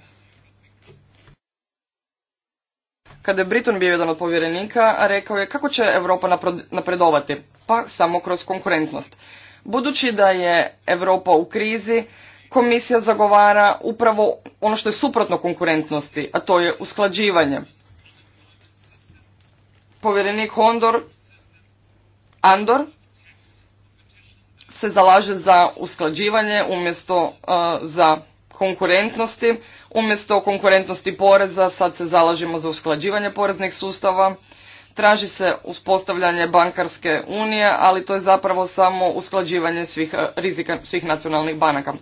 kada je Briton bio jedan od povjerenika, rekao je kako će Europa napredovati? Pa samo kroz konkurentnost. Budući da je Europa u krizi, komisija zagovara upravo ono što je suprotno konkurentnosti, a to je usklađivanje. Povjerenik Hondor, Andor se zalaže za usklađivanje umjesto uh, za konkurentnosti. Umjesto konkurentnosti poreza sad se zalažemo za usklađivanje poreznih sustava Traži se uspostavljanje bankarske unije, ali to je zapravo samo usklađivanje svih eh, rizika svih nacionalnih banaka.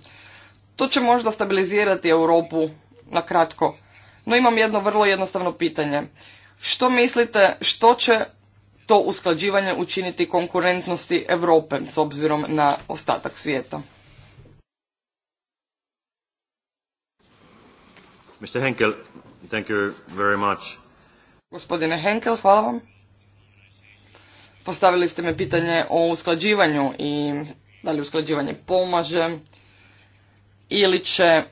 To će možda stabilizirati Europu na kratko. No imam jedno vrlo jednostavno pitanje. Što mislite što će to usklađivanje učiniti konkurentnosti Europe s obzirom na ostatak svijeta? Mr. Henkel, thank you very much. Gospodine Henkel, hvala vam. Postavili ste me pitanje o usklađivanju i da li usklađivanje pomaže ili će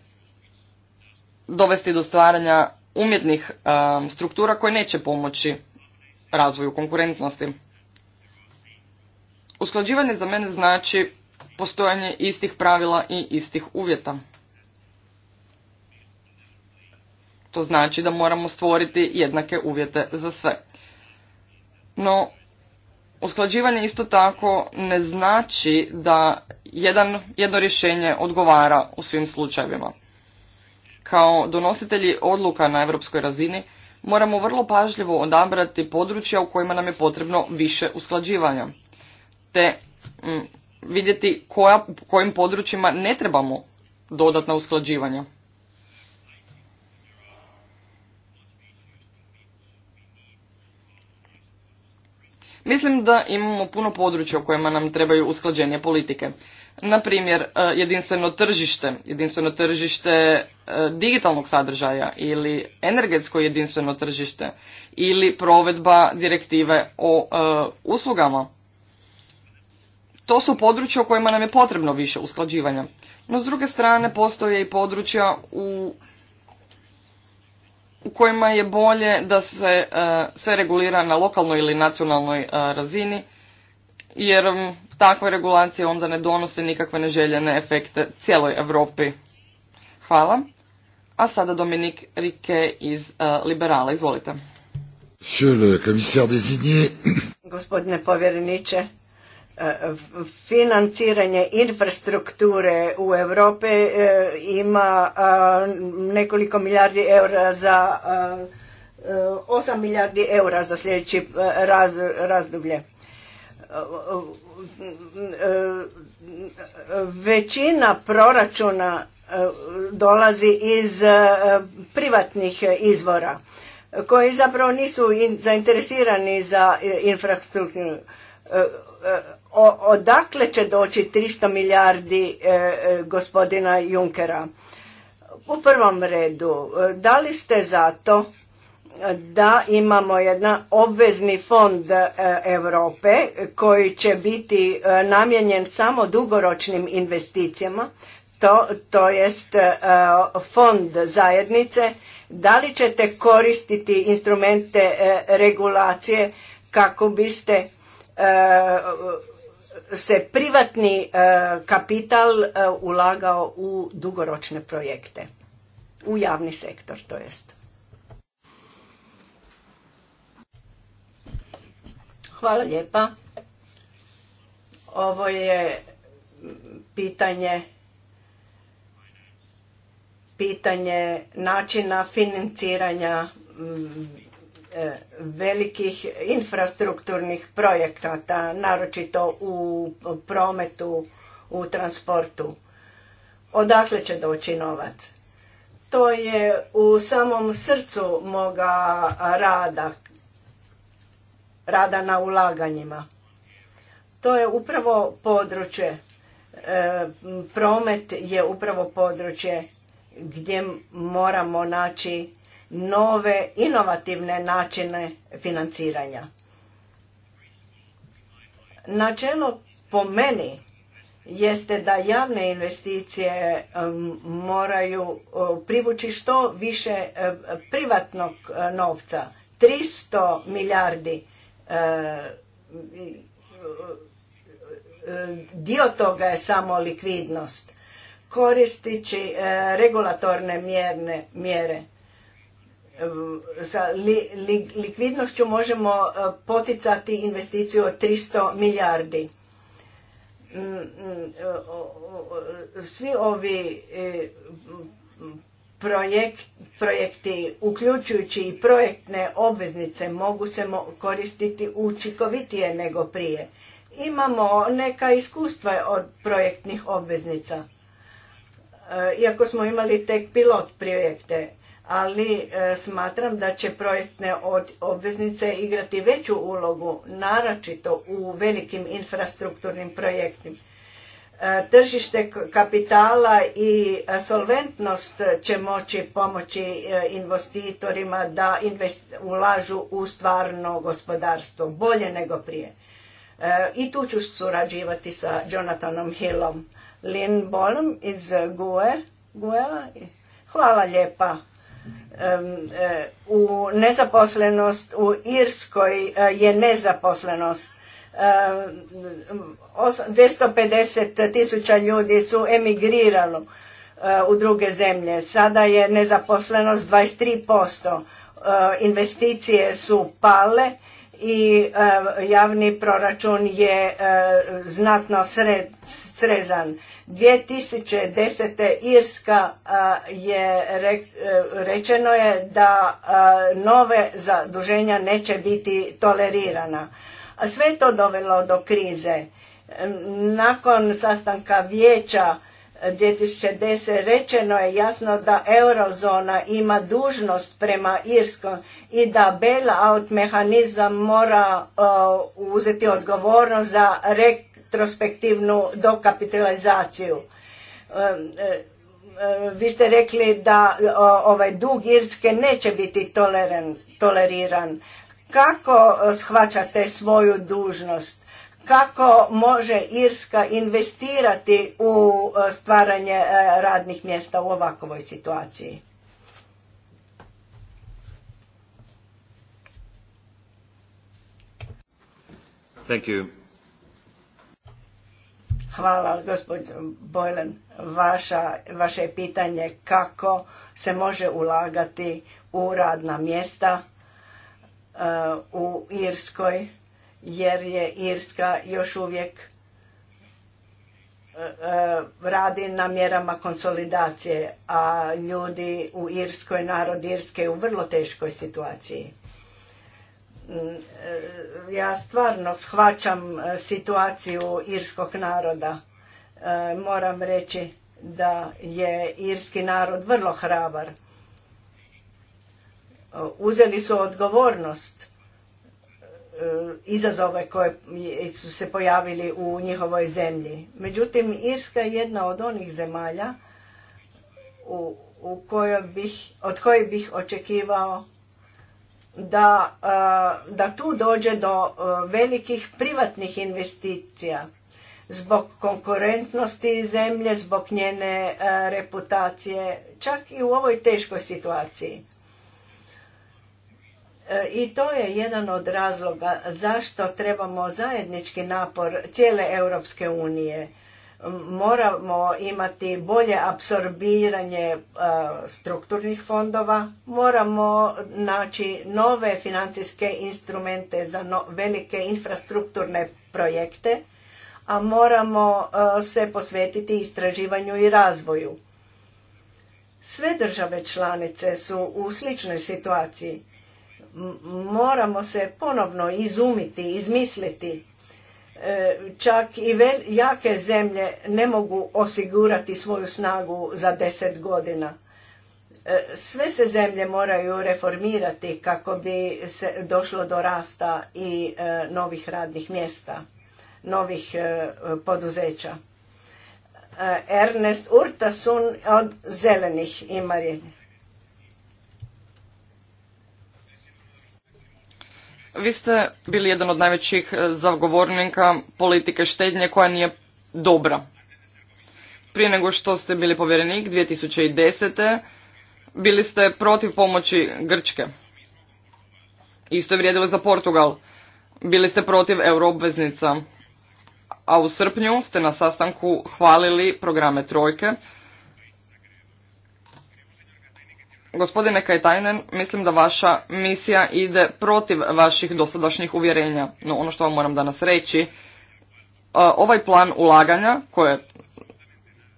dovesti do stvaranja umjetnih um, struktura koje neće pomoći razvoju konkurentnosti. Usklađivanje za mene znači postojanje istih pravila i istih uvjeta. To znači da moramo stvoriti jednake uvjete za sve. No, usklađivanje isto tako ne znači da jedan, jedno rješenje odgovara u svim slučajevima. Kao donositelji odluka na europskoj razini moramo vrlo pažljivo odabrati područja u kojima nam je potrebno više usklađivanja, te mm, vidjeti koja, kojim područjima ne trebamo dodatna usklađivanja. Mislim da imamo puno područja u kojima nam trebaju usklađenje politike. Na primjer, e, jedinstveno tržište, jedinstveno tržište e, digitalnog sadržaja ili energetsko jedinstveno tržište ili provedba direktive o e, uslugama. To su područja u kojima nam je potrebno više usklađivanja. No s druge strane postoje i područja u u kojima je bolje da se e, sve regulira na lokalnoj ili nacionalnoj e, razini jer takve regulacije onda ne donose nikakve neželjene efekte cijeloj Europi. Hvala. A sada Dominik Rike iz e, Liberala. Izvolite. Gospodine povjereniče, financiranje infrastrukture u Europi e, ima e, nekoliko milijardi eura za 8 e, milijardi eura za sljedeći razdoblje. Većina proračuna dolazi iz privatnih izvora koji zapravo nisu zainteresirani za infrastrukturu odakle će doći 300 milijardi e, e, gospodina Junkera? U prvom redu, e, da li ste zato da imamo jedan obvezni fond Europe koji će biti namijenjen samo dugoročnim investicijama, to, to jest fond zajednice, da li ćete koristiti instrumente regulacije kako biste se privatni e, kapital e, ulagao u dugoročne projekte, u javni sektor to jest. Hvala lijepa. Ovo je pitanje pitanje načina financiranja E, velikih infrastrukturnih projekata, naročito u prometu, u transportu. Odakle će doći novac? To je u samom srcu moga rada, rada na ulaganjima. To je upravo područje, e, promet je upravo područje gdje moramo naći nove inovativne načine financiranja. Načelo po meni jeste da javne investicije moraju privući što više privatnog e, novca. 300 milijardi e, e, dio toga je samo likvidnost koristići regulatorne mjerne, mjere sa likvidnošću možemo e, poticati investiciju od 300 milijardi. Mm, mm, e, svi ovi e, projekt, projekti, uključujući i projektne obveznice, mogu se koristiti učinkovitije nego prije. Imamo neka iskustva od projektnih obveznica. Iako smo imali tek pilot projekte, ali e, smatram da će projektne obveznice igrati veću ulogu, naročito u velikim infrastrukturnim projektima. E, tržište kapitala i e, solventnost će moći pomoći investitorima da ulažu u stvarno gospodarstvo bolje nego prije. I tu ću surađivati sa Jonathanom Hillom. Lynn Bolm iz GUE. Hvala lijepa E, u nezaposlenost u Irskoj e, je nezaposlenost. 250 tisuća ljudi su emigriralo e, u druge zemlje. Sada je nezaposlenost 23%. Investicije su pale i javni proračun je znatno srezan. 2010. Irska je e, rečeno je da nove zaduženja neće biti tolerirana. Sve to dovelo do krize. Nakon sastanka vijeća 2010. rečeno je jasno da eurozona ima dužnost prema Irskom i da bailout mehanizam mora uzeti odgovornost za retrospektivnu dokapitalizaciju. Um, um, um, vi ste rekli da ovaj dug Irske neće biti toleriran. Kako shvaćate svoju dužnost? Kako može Irska investirati u stvaranje e, radnih mjesta u ovakvoj situaciji? Thank you. Hvala, gospođo Bojlen. vaše pitanje kako se može ulagati u radna mjesta e, u Irskoj, jer je Irska još uvijek e, e, radi na mjerama konsolidacije, a ljudi u Irskoj, narod Irske je u vrlo teškoj situaciji. Mm, e, ja stvarno shvaćam e, situaciju irskog naroda. E, moram reći da je irski narod vrlo hrabar. Uzeli su odgovornost izazove koje su se pojavili u njihovoj zemlji. Međutim, Irska je jedna od onih zemalja u, bih, od kojih bih očekivao da, eh, da tu dođe do eh, velikih privatnih investicija zbog konkurentnosti zemlje, zbog njene eh, reputacije, čak i u ovoj teškoj situaciji. I to je jedan od razloga zašto trebamo zajednički napor cijele Europske unije moramo imati bolje apsorbiranje e, strukturnih fondova, moramo naći nove financijske instrumente za velike infrastrukturne projekte, a moramo e, se posvetiti istraživanju i razvoju. Sve države članice su u sličnoj situaciji. Moramo se ponovno izumiti, izmisliti E, čak i jake zemlje ne mogu osigurati svoju snagu za deset godina. E, sve se zemlje moraju reformirati kako bi se došlo do rasta i e, novih radnih mjesta, novih poduzeća. Ernest Urtasun od Zelenih ima vi ste bili jedan od najvećih e, zagovornika politike štednje koja nije dobra. Prije nego što ste bili povjerenik 2010. bili ste protiv pomoći Grčke. Isto je vrijedilo za Portugal. Bili ste protiv euroobveznica. A u srpnju ste na sastanku hvalili programe Trojke Gospodine Kajtajnen, mislim da vaša misija ide protiv vaših dosadašnjih uvjerenja. No ono što vam moram danas reći, e, ovaj plan ulaganja koje,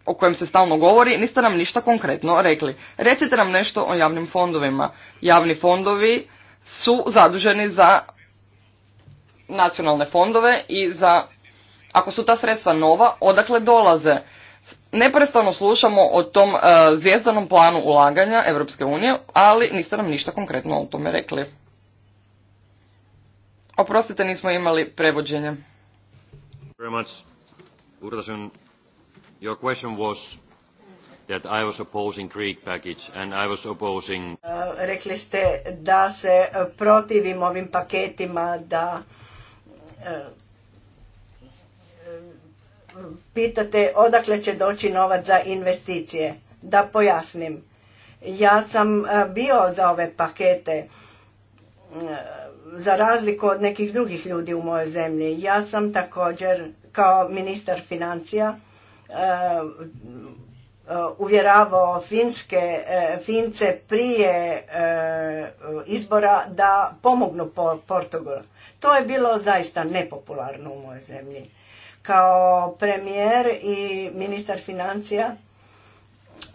o kojem se stalno govori, niste nam ništa konkretno rekli. Recite nam nešto o javnim fondovima. Javni fondovi su zaduženi za nacionalne fondove i za, ako su ta sredstva nova, odakle dolaze? neprestano slušamo o tom uh, zvijezdanom planu ulaganja Europske unije, ali niste nam ništa konkretno o tome rekli. Oprostite, nismo imali prevođenje. Very much. your question was rekli ste da se protivim ovim paketima, da... E, pitate odakle će doći novac za investicije. Da pojasnim. Ja sam e, bio za ove pakete e, za razliku od nekih drugih ljudi u mojoj zemlji. Ja sam također kao ministar financija e, uvjeravao finske, fince prije izbora da pomognu Portugal. To je bilo zaista nepopularno u mojoj zemlji. Kao premijer i ministar financija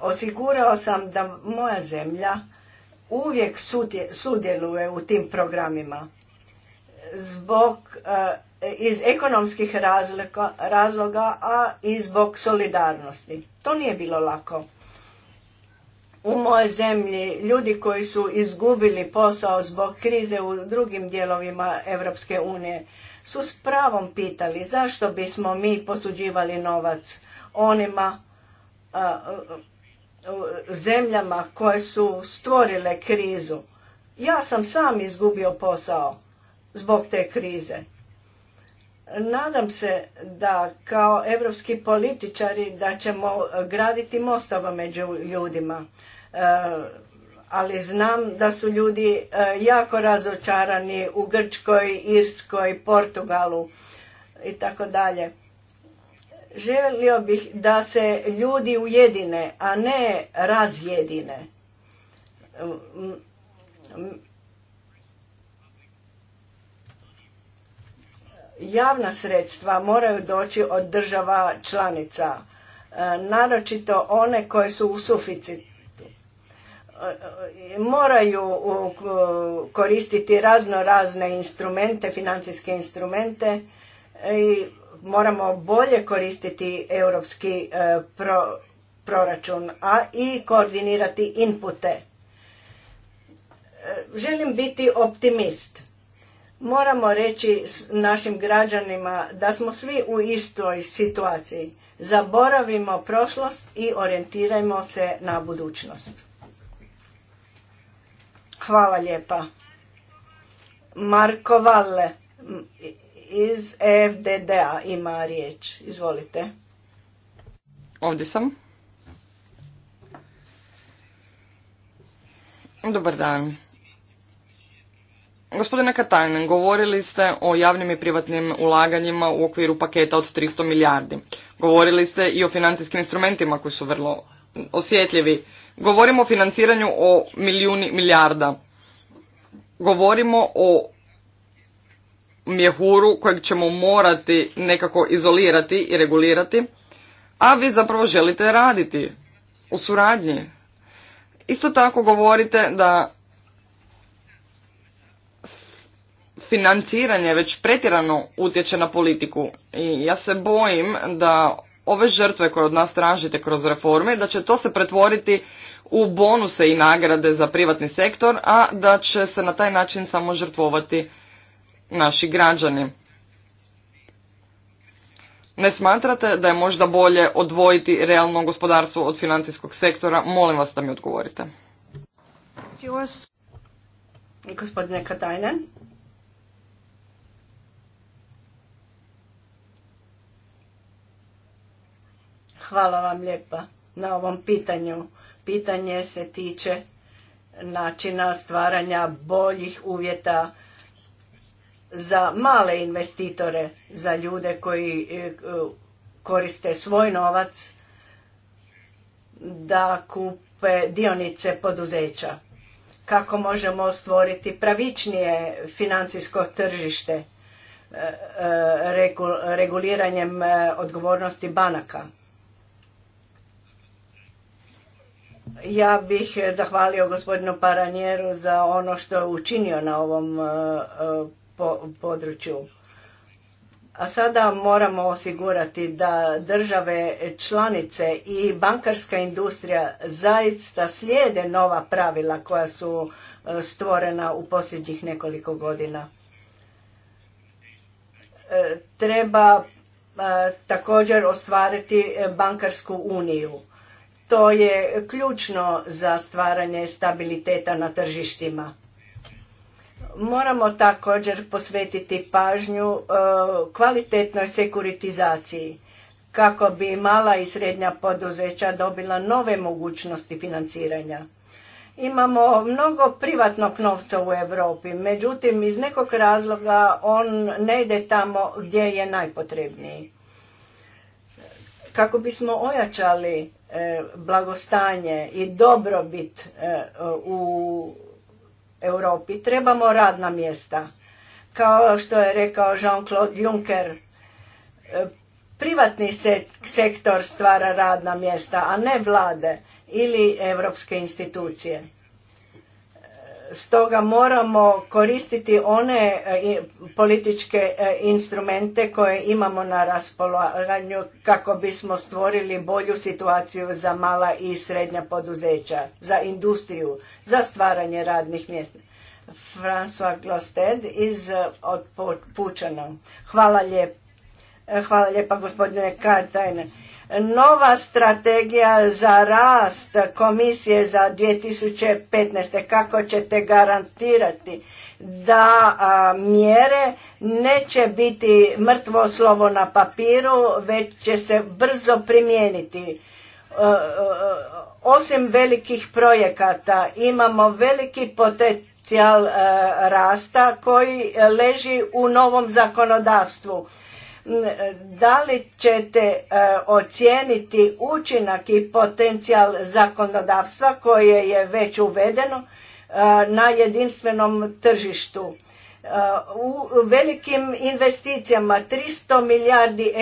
osigurao sam da moja zemlja uvijek sudjeluje u tim programima. Zbog eh, iz ekonomskih razloga, a i zbog solidarnosti. To nije bilo lako. U mojoj zemlji ljudi koji su izgubili posao zbog krize u drugim dijelovima Europske unije su s pravom pitali zašto bismo mi posuđivali novac onima zemljama koje su stvorile krizu. Ja sam sam izgubio posao zbog te krize. Nadam se da kao evropski političari da ćemo graditi mostova među ljudima. E, ali znam da su ljudi e, jako razočarani u Grčkoj, Irskoj, Portugalu i tako dalje. Želio bih da se ljudi ujedine, a ne razjedine. Javna sredstva moraju doći od država članica, e, naročito one koje su u suficitu moraju koristiti razno razne instrumente, financijske instrumente e, i moramo bolje koristiti europski e, proračun, a i koordinirati inpute. E, želim biti optimist. Moramo reći našim građanima da smo svi u istoj situaciji. Zaboravimo prošlost i orijentirajmo se na budućnost. Hvala lijepa. Marko Valle iz FDDA ima riječ. Izvolite. Ovdje sam. Dobar dan. Gospodine Katajnen, govorili ste o javnim i privatnim ulaganjima u okviru paketa od 300 milijardi. Govorili ste i o financijskim instrumentima koji su vrlo osjetljivi Govorimo o financiranju o milijuni milijarda. Govorimo o mjehuru kojeg ćemo morati nekako izolirati i regulirati, a vi zapravo želite raditi u suradnji. Isto tako govorite da financiranje već pretjerano utječe na politiku i ja se bojim da ove žrtve koje od nas tražite kroz reforme, da će to se pretvoriti u bonuse i nagrade za privatni sektor, a da će se na taj način samo žrtvovati naši građani. Ne smatrate da je možda bolje odvojiti realno gospodarstvo od financijskog sektora? Molim vas da mi odgovorite. Gospodine Katajnen. Hvala vam lijepa na ovom pitanju pitanje se tiče načina stvaranja boljih uvjeta za male investitore, za ljude koji e, koriste svoj novac da kupe dionice poduzeća. Kako možemo stvoriti pravičnije financijsko tržište e, e, reguliranjem odgovornosti banaka? Ja bih zahvalio gospodinu Paranjeru za ono što je učinio na ovom e, e, području. A sada moramo osigurati da države članice i bankarska industrija zaista slijede nova pravila koja su e, stvorena u posljednjih nekoliko godina. Treba također ostvariti bankarsku uniju to je ključno za stvaranje stabiliteta na tržištima. Moramo također posvetiti pažnju e, kvalitetnoj sekuritizaciji kako bi mala i srednja poduzeća dobila nove mogućnosti financiranja. Imamo mnogo privatnog novca u Europi, međutim iz nekog razloga on ne ide tamo gdje je najpotrebniji kako bismo ojačali e, blagostanje i dobrobit e, u Europi trebamo radna mjesta. Kao što je rekao Jean-Claude Juncker, e, privatni sektor stvara radna mjesta, a ne vlade ili europske institucije. Stoga moramo koristiti one e, političke e, instrumente koje imamo na raspolaganju kako bismo stvorili bolju situaciju za mala i srednja poduzeća, za industriju, za stvaranje radnih mjesta. François Glosted iz e, Pučana. Hvala lijepa. Hvala lijepa gospodine Kartajne Nova strategija za rast komisije za 2015. kako ćete garantirati da mjere neće biti mrtvo slovo na papiru, već će se brzo primijeniti. E, e, osim velikih projekata imamo veliki potencijal e, rasta koji leži u novom zakonodavstvu da li ćete e, ocijeniti učinak i potencijal zakonodavstva koje je već uvedeno e, na jedinstvenom tržištu? E, u velikim investicijama 300 milijardi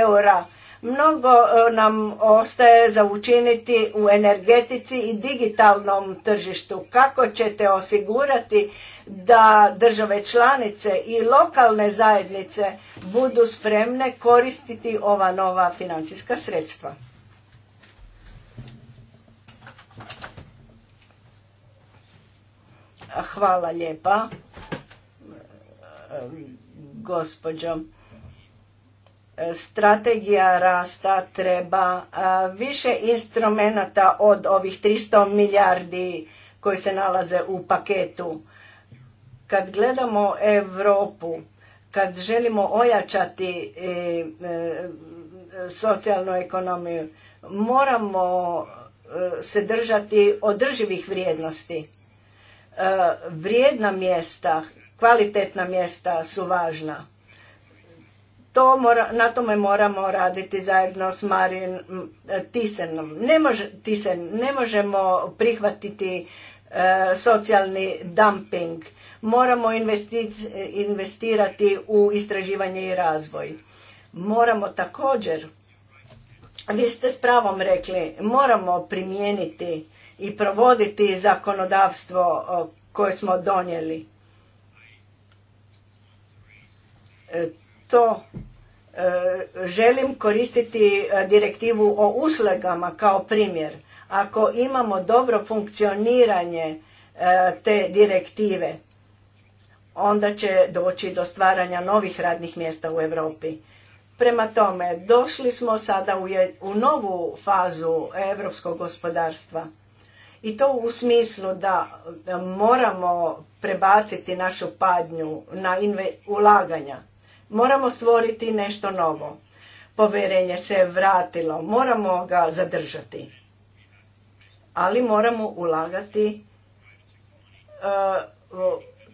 eura mnogo nam ostaje za učiniti u energetici i digitalnom tržištu. Kako ćete osigurati da države članice i lokalne zajednice budu spremne koristiti ova nova financijska sredstva. Hvala lijepa, gospođo. Strategija rasta treba više instrumenata od ovih 300 milijardi koji se nalaze u paketu kad gledamo Europu, kad želimo ojačati e, e, socijalnu ekonomiju, moramo e, se držati održivih vrijednosti. Vrijedna mjesta, kvalitetna mjesta su važna. To na tome moramo raditi zajedno s Marin Tisenom. Ne, ne možemo prihvatiti socijalni dumping Moramo investirati u istraživanje i razvoj. Moramo također, vi ste s pravom rekli, moramo primijeniti i provoditi zakonodavstvo koje smo donijeli. E, to e, želim koristiti e, direktivu o uslegama kao primjer. Ako imamo dobro funkcioniranje te direktive, onda će doći do stvaranja novih radnih mjesta u Europi. Prema tome, došli smo sada u, novu fazu europskog gospodarstva i to u smislu da moramo prebaciti našu padnju na ulaganja. Moramo stvoriti nešto novo. Poverenje se vratilo, moramo ga zadržati. Ali moramo ulagati e,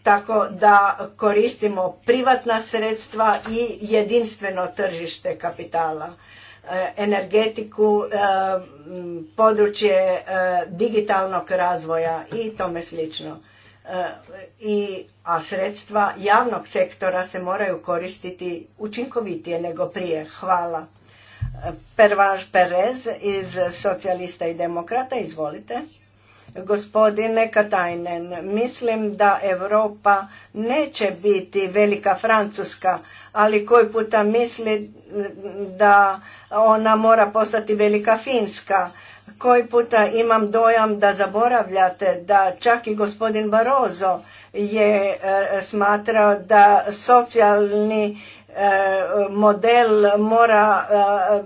tako da koristimo privatna sredstva i jedinstveno tržište kapitala e, energetiku, e, područje e, digitalnog razvoja i tome slično. I, a sredstva javnog sektora se moraju koristiti učinkovitije nego prije. Hvala. Pervaš Perez iz Socijalista i Demokrata, izvolite. Gospodine Katajnen, mislim da Europa neće biti velika Francuska, ali koji puta misli da ona mora postati velika Finska. Koji puta imam dojam da zaboravljate da čak i gospodin Barozo je e, smatrao da socijalni E, model mora e,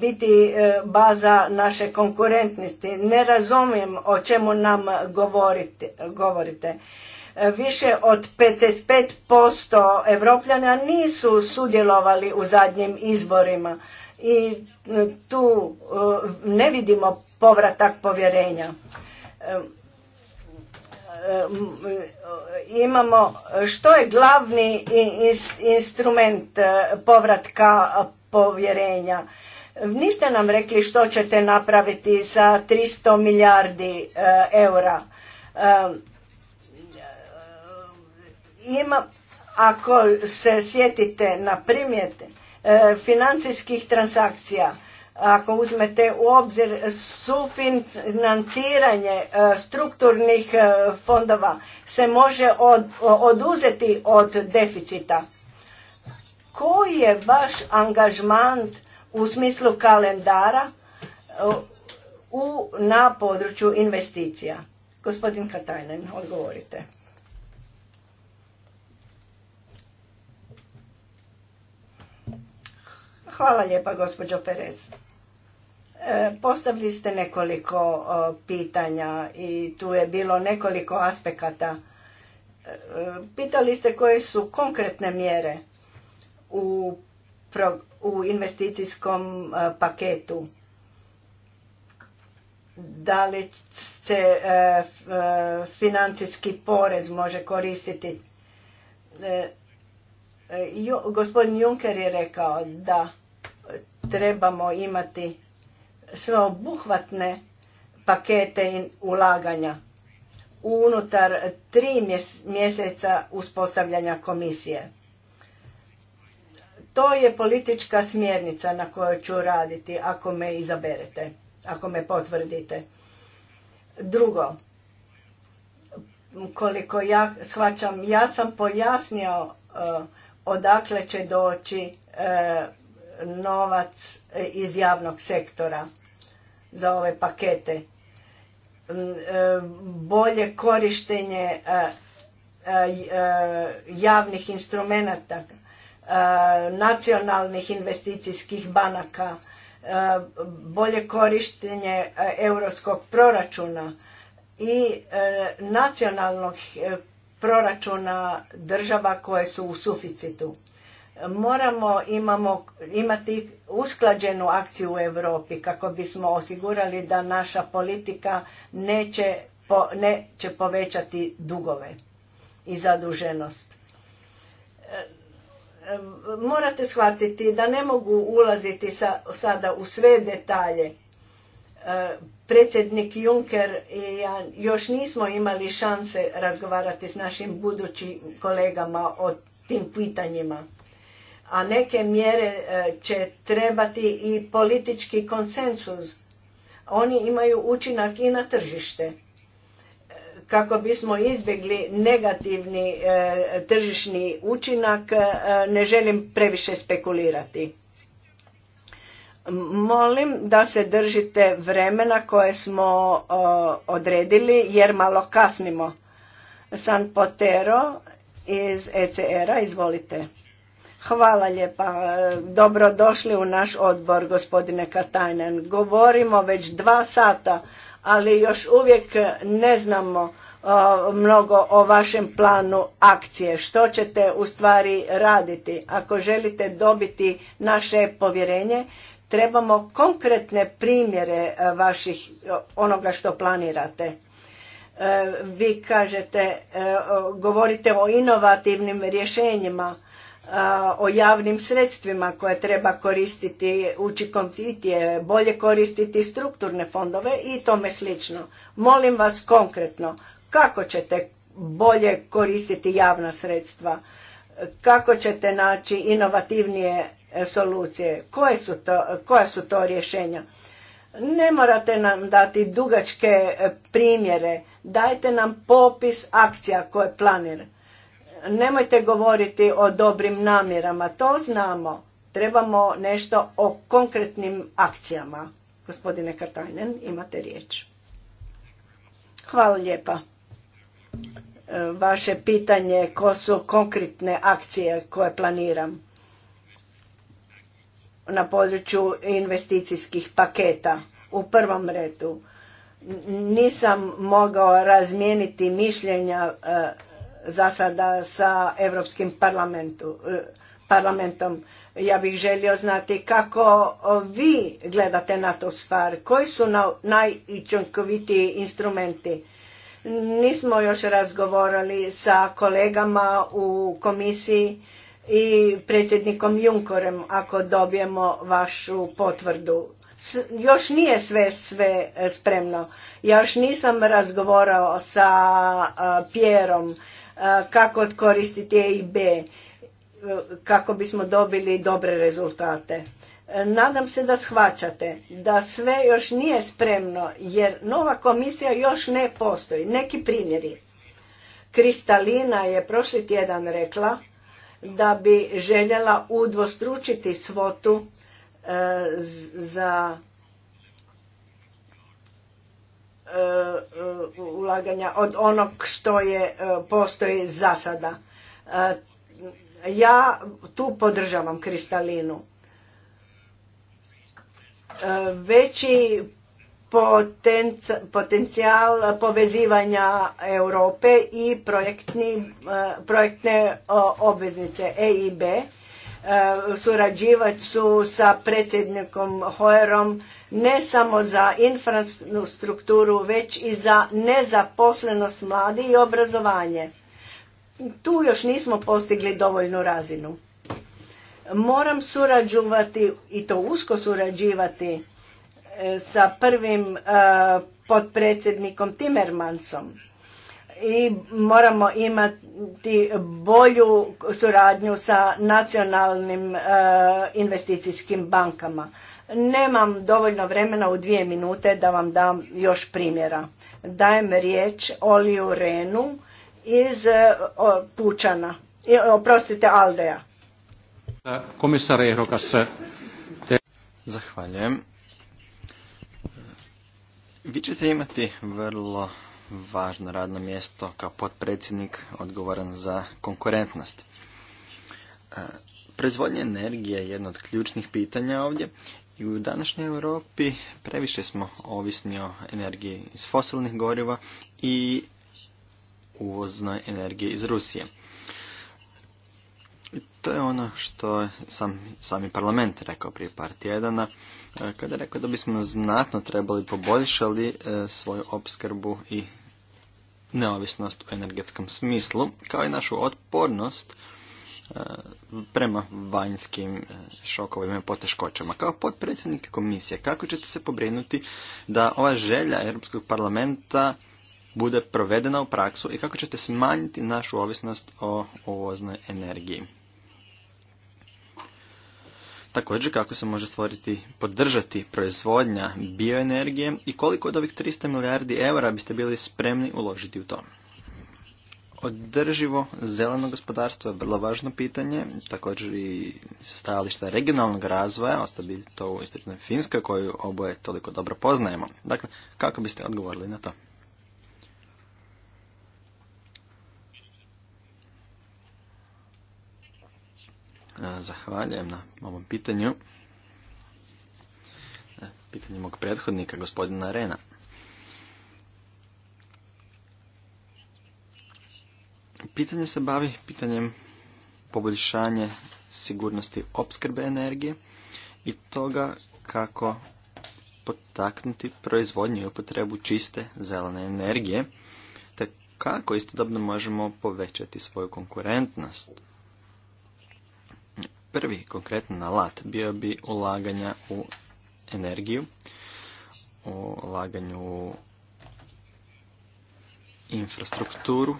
biti e, baza naše konkurentnosti. Ne razumijem o čemu nam govorite. Više od 55% Evropljana nisu sudjelovali u zadnjim izborima i tu ne vidimo povratak povjerenja. E, e, imamo što je glavni instrument e, povratka povjerenja. Niste nam rekli što ćete napraviti sa 300 milijardi eura. Ima, ako se sjetite na primjete financijskih transakcija, ako uzmete u obzir sufinanciranje e, strukturnih e, fondova se može oduzeti od deficita. Koji je vaš angažman u smislu kalendara e, u, na području investicija? Gospodin Katajnen, odgovorite. Hvala lijepa, gospođo Perez. E, postavili ste nekoliko e, pitanja i tu je bilo nekoliko aspekata. E, pitali ste koje su konkretne mjere u, u investicijskom paketu. Da li se financijski porez može koristiti? Gospodin Juncker je rekao da trebamo imati sveobuhvatne pakete ulaganja unutar tri mjeseca uspostavljanja komisije. To je politička smjernica na kojoj ću raditi ako me izaberete, ako me potvrdite. Drugo, koliko ja shvaćam, ja sam pojasnio eh, odakle će doći eh, novac iz javnog sektora za ove pakete. Mm, e, bolje korištenje e, e, javnih instrumenata, nacionalnih investicijskih banaka, bolje korištenje europskog proračuna i nacionalnog proračuna država koje su u suficitu moramo imamo, imati usklađenu akciju u Europi kako bismo osigurali da naša politika neće, povećati dugove i zaduženost. E, e, morate shvatiti da ne mogu ulaziti sada u sve detalje. E, predsjednik Juncker i ja još nismo imali šanse razgovarati s našim budućim kolegama o tim pitanjima a neke mjere e, će trebati i politički konsensus. Oni imaju učinak i na tržište. E, kako bismo izbjegli negativni e, tržišni učinak, ne želim previše spekulirati. Molim da se držite vremena koje smo odredili jer malo kasnimo. San Potero iz ECR-a, izvolite. Hvala lijepa. E, dobrodošli u naš odbor, gospodine Katajnen. Govorimo već dva sata, ali još uvijek ne znamo e, mnogo o vašem planu akcije. Što ćete u stvari raditi? Ako želite dobiti naše povjerenje, trebamo konkretne primjere e, vaših, onoga što planirate. Vi kažete, govorite o inovativnim rješenjima o javnim sredstvima koje treba koristiti učinkovitije, bolje koristiti strukturne fondove i tome slično. Molim vas konkretno kako ćete bolje koristiti javna sredstva, kako ćete naći inovativnije e, solucije, su to, koja su to rješenja. Ne morate nam dati dugačke e, primjere, dajte nam popis akcija koje planirate Nemojte govoriti o dobrim namjerama, to znamo. Trebamo nešto o konkretnim akcijama. Gospodine Katajnen, imate riječ. Hvala lijepa. E, vaše pitanje ko su konkretne akcije koje planiram na području investicijskih paketa u prvom redu. Nisam mogao razmijeniti mišljenja e, zasada sada sa Europskim eh, parlamentom. Ja bih želio znati kako vi gledate na to stvar, koji su najčunkovitiji instrumenti. Nismo još razgovorali sa kolegama u komisiji i predsjednikom Junkorem ako dobijemo vašu potvrdu. još nije sve sve eh, spremno. Ja još nisam razgovorao sa a, eh, Pjerom kako koristiti e i B, e, kako bismo dobili dobre rezultate. E, nadam se da shvaćate da sve još nije spremno jer nova komisija još ne postoji. Neki primjeri. Kristalina je prošli tjedan rekla da bi željela udvostručiti svotu za E, e, ulaganja od onog što je e, postoji za sada. Ja tu podržavam kristalinu. Veći potencijal povezivanja Europe i projektne obveznice EIB surađivat su sa predsjednikom Hoerom ne samo za infrastrukturu, već i za nezaposlenost mladi i obrazovanje. Tu još nismo postigli dovoljnu razinu. Moram surađivati i to usko surađivati e, sa prvim e, potpredsjednikom Timmermansom i moramo imati bolju suradnju sa nacionalnim e, investicijskim bankama Nemam dovoljno vremena u dvije minute da vam dam još primjera. Dajem riječ Oliju Renu iz e, Pučana, oprostite Aldeja. E, komisar e, Te... Zahvaljujem. Vi ćete imati vrlo važno radno mjesto kao potpredsjednik odgovoran za konkurentnost. proizvodnje energije je jedno od ključnih pitanja ovdje i u današnjoj Europi previše smo ovisni o energiji iz fosilnih goriva i uvoznoj energiji iz Rusije. to je ono što sam sami parlament rekao prije par tjedana, e, kada je rekao da bismo znatno trebali poboljšali e, svoju opskrbu i neovisnost u energetskom smislu, kao i našu otpornost E, prema vanjskim e, šokovima i poteškoćama. Kao potpredsjednik komisije, kako ćete se pobrinuti da ova želja Europskog parlamenta bude provedena u praksu i kako ćete smanjiti našu ovisnost o uvoznoj energiji? Također kako se može stvoriti, podržati proizvodnja bioenergije i koliko od ovih 300 milijardi eura biste bili spremni uložiti u to. Održivo zeleno gospodarstvo je vrlo važno pitanje, također i sa stajališta regionalnog razvoja, ostavi to u istočnoj Finskoj koju oboje toliko dobro poznajemo. Dakle, kako biste odgovorili na to? E, zahvaljujem na ovom pitanju. E, pitanje mog prethodnika, gospodina Rena. Pitanje se bavi pitanjem poboljšanje sigurnosti opskrbe energije i toga kako potaknuti proizvodnju i upotrebu čiste zelene energije, te kako istodobno možemo povećati svoju konkurentnost. Prvi konkretan alat bio bi ulaganja u energiju, ulaganju u infrastrukturu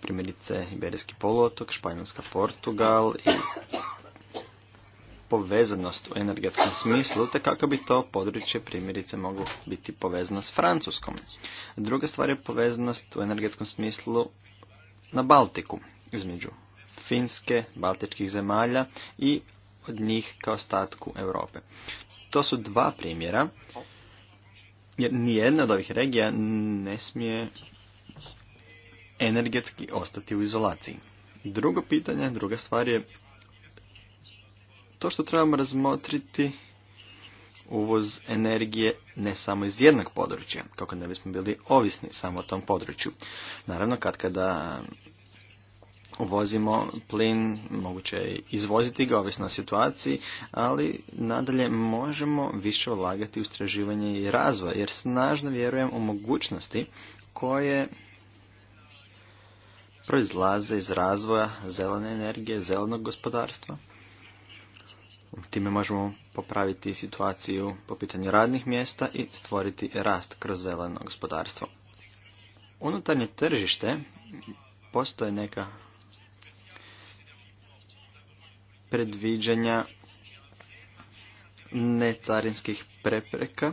primjerice Iberijski poluotok, Španjolska, Portugal i povezanost u energetskom smislu, te kako bi to područje primjerice moglo biti povezano s Francuskom. Druga stvar je povezanost u energetskom smislu na Baltiku, između Finske, Baltičkih zemalja i od njih kao ostatku Europe. To su dva primjera, jer nijedna od ovih regija ne smije energetski ostati u izolaciji. Drugo pitanje, druga stvar je to što trebamo razmotriti uvoz energije ne samo iz jednog područja, kako ne bismo bili ovisni samo o tom području. Naravno, kad kada uvozimo plin, moguće je izvoziti ga, ovisno o situaciji, ali nadalje možemo više ulagati u istraživanje i razvoj, jer snažno vjerujem u mogućnosti koje proizlaze iz razvoja zelene energije, zelenog gospodarstva. Time možemo popraviti situaciju po pitanju radnih mjesta i stvoriti rast kroz zeleno gospodarstvo. Unutarnje tržište postoje neka predviđanja netarinskih prepreka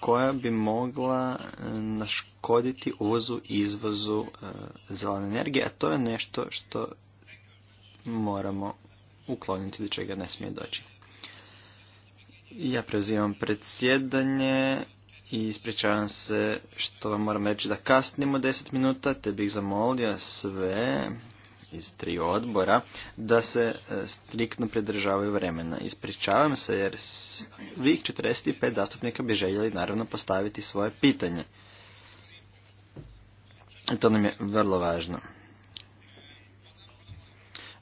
koja bi mogla e, naškoditi uvozu i izvozu e, zelene energije, a to je nešto što moramo ukloniti do čega ne smije doći. Ja preuzimam predsjedanje i ispričavam se što vam moram reći da kasnimo 10 minuta, te bih zamolio sve iz tri odbora da se e, striktno pridržavaju vremena. Ispričavam se jer svih 45 zastupnika bi željeli naravno postaviti svoje pitanje. E, to nam je vrlo važno.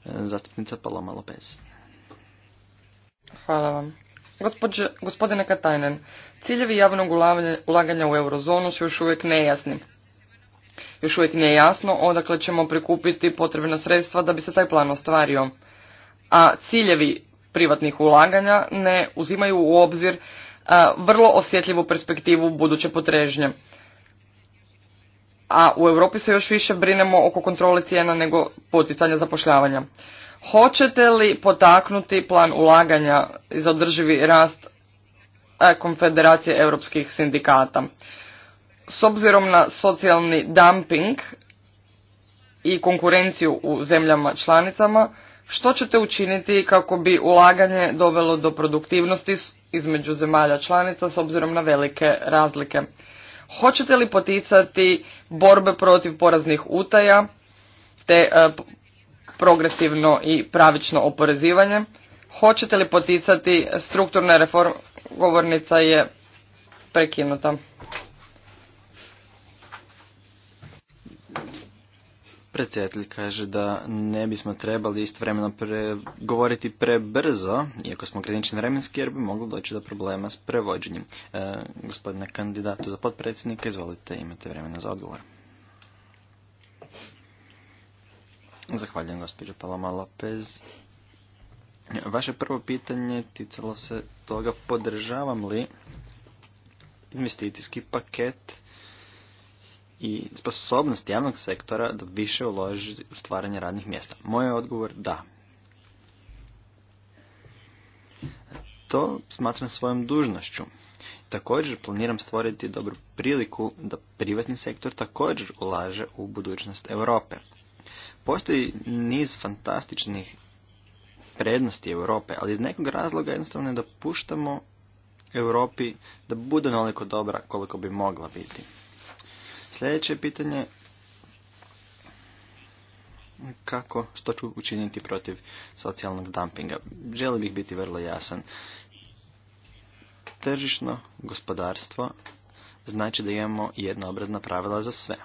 E, zastupnica Paloma Lopez. Hvala vam. gospodine Katajnen, ciljevi javnog ulaganja u eurozonu su još uvijek nejasni još uvijek nije jasno odakle ćemo prikupiti potrebna sredstva da bi se taj plan ostvario. A ciljevi privatnih ulaganja ne uzimaju u obzir vrlo osjetljivu perspektivu buduće potrežnje. A u Europi se još više brinemo oko kontrole cijena nego poticanja zapošljavanja. Hoćete li potaknuti plan ulaganja za održivi rast Konfederacije europskih sindikata? S obzirom na socijalni dumping i konkurenciju u zemljama članicama, što ćete učiniti kako bi ulaganje dovelo do produktivnosti između zemalja članica s obzirom na velike razlike? Hoćete li poticati borbe protiv poraznih utaja te e, progresivno i pravično oporezivanje? Hoćete li poticati strukturne reforme? Govornica je prekinuta. Predsjedatelj kaže da ne bismo trebali istovremeno pre, govoriti prebrzo, iako smo ograničeni vremenski, jer bi moglo doći do problema s prevođenjem. E, gospodine kandidatu za potpredsjednika, izvolite, imate vremena za odgovor. Zahvaljujem, gospođo Paloma Lopez. Vaše prvo pitanje ticalo se toga podržavam li investicijski paket i sposobnost javnog sektora da više uloži u stvaranje radnih mjesta? Moj je odgovor da. To smatram svojom dužnošću. Također planiram stvoriti dobru priliku da privatni sektor također ulaže u budućnost Europe. Postoji niz fantastičnih prednosti Europe, ali iz nekog razloga jednostavno ne dopuštamo Europi da bude naliko dobra koliko bi mogla biti. Sljedeće pitanje kako, što ću učiniti protiv socijalnog dumpinga. Želim bih biti vrlo jasan. Tržišno gospodarstvo znači da imamo jednoobrazna pravila za sve.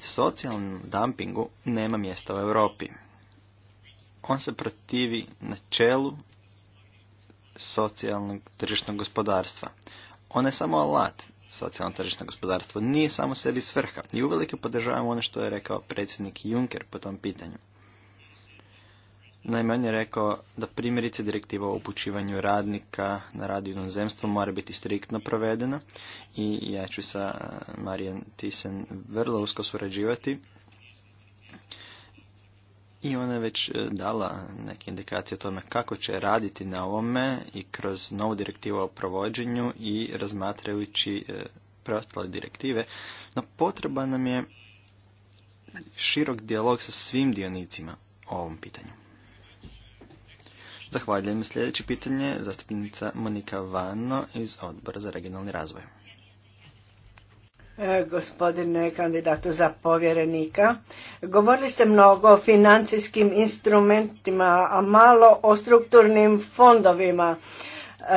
Socijalnom dumpingu nema mjesta u Europi. On se protivi načelu socijalnog tržišnog gospodarstva. On je samo alat, socijalno tržišno gospodarstvo nije samo sebi svrha i uvelike podržavam ono što je rekao predsjednik Juncker po tom pitanju. Najmanje je rekao da primjerice direktiva o upućivanju radnika na radu inozemstvu mora biti striktno provedena i ja ću sa eh, Marijan Tisen vrlo usko surađivati i ona je već e, dala neke indikacije o tome kako će raditi na ovome i kroz novu direktivu o provođenju i razmatrajući e, preostale direktive, no potreba nam je širok dijalog sa svim dionicima o ovom pitanju. Zahvaljujem. Sljedeće pitanje zastupnica Monika Vano iz Odbora za regionalni razvoj. E, gospodine kandidatu za povjerenika. Govorili ste mnogo o financijskim instrumentima, a malo o strukturnim fondovima. E,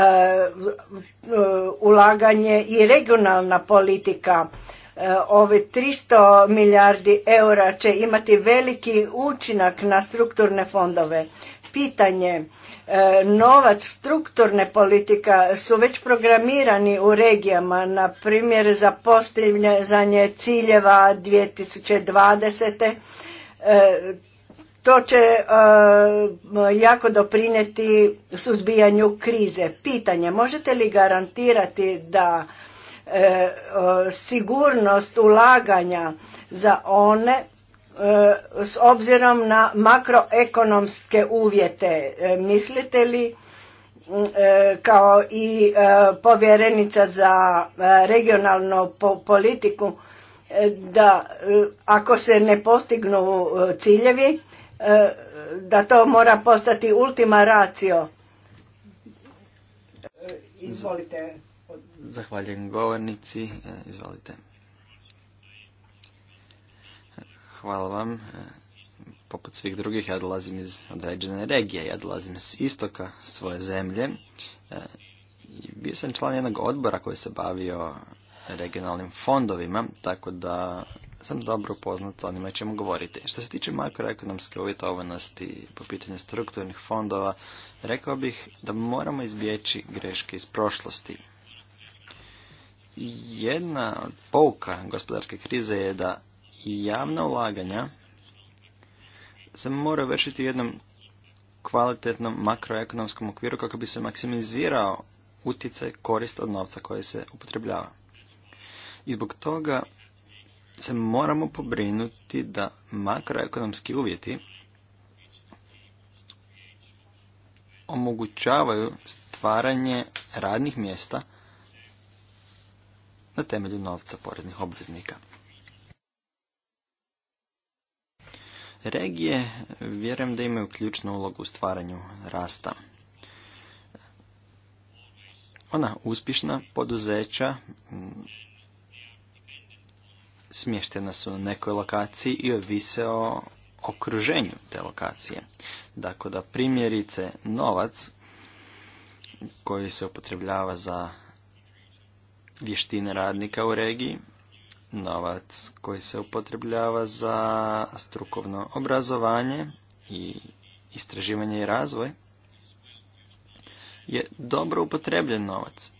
ulaganje i regionalna politika e, ove 300 milijardi eura će imati veliki učinak na strukturne fondove. Pitanje novac strukturne politika su već programirani u regijama, na primjer za postizanje ciljeva 2020. E, to će e, jako doprinijeti suzbijanju krize. Pitanje, možete li garantirati da e, sigurnost ulaganja za one E, s obzirom na makroekonomske uvjete. E, mislite li e, kao i povjerenica za regionalnu politiku da ako se ne postignu ciljevi da to mora postati ultima ratio. Izvolite. Zahvaljujem govornici. Izvolite. Hvala vam. E, poput svih drugih, ja dolazim iz određene regije, ja dolazim iz istoka svoje zemlje. E, bio sam član jednog odbora koji se bavio regionalnim fondovima, tako da sam dobro upoznat s onima čemu govoriti. Što se tiče makroekonomske uvjetovanosti po pitanju strukturnih fondova, rekao bih da moramo izbjeći greške iz prošlosti. Jedna od pouka gospodarske krize je da javna ulaganja se mora vršiti u jednom kvalitetnom makroekonomskom okviru kako bi se maksimizirao utjecaj korist od novca koji se upotrebljava. I zbog toga se moramo pobrinuti da makroekonomski uvjeti omogućavaju stvaranje radnih mjesta na temelju novca poreznih obveznika. regije vjerujem da imaju ključnu ulogu u stvaranju rasta. Ona uspješna poduzeća mm, smještena su na nekoj lokaciji i ovise o okruženju te lokacije. Dakle, da primjerice novac koji se upotrebljava za vještine radnika u regiji novac koji se upotrebljava za strukovno obrazovanje i istraživanje i razvoj je dobro upotrebljen novac.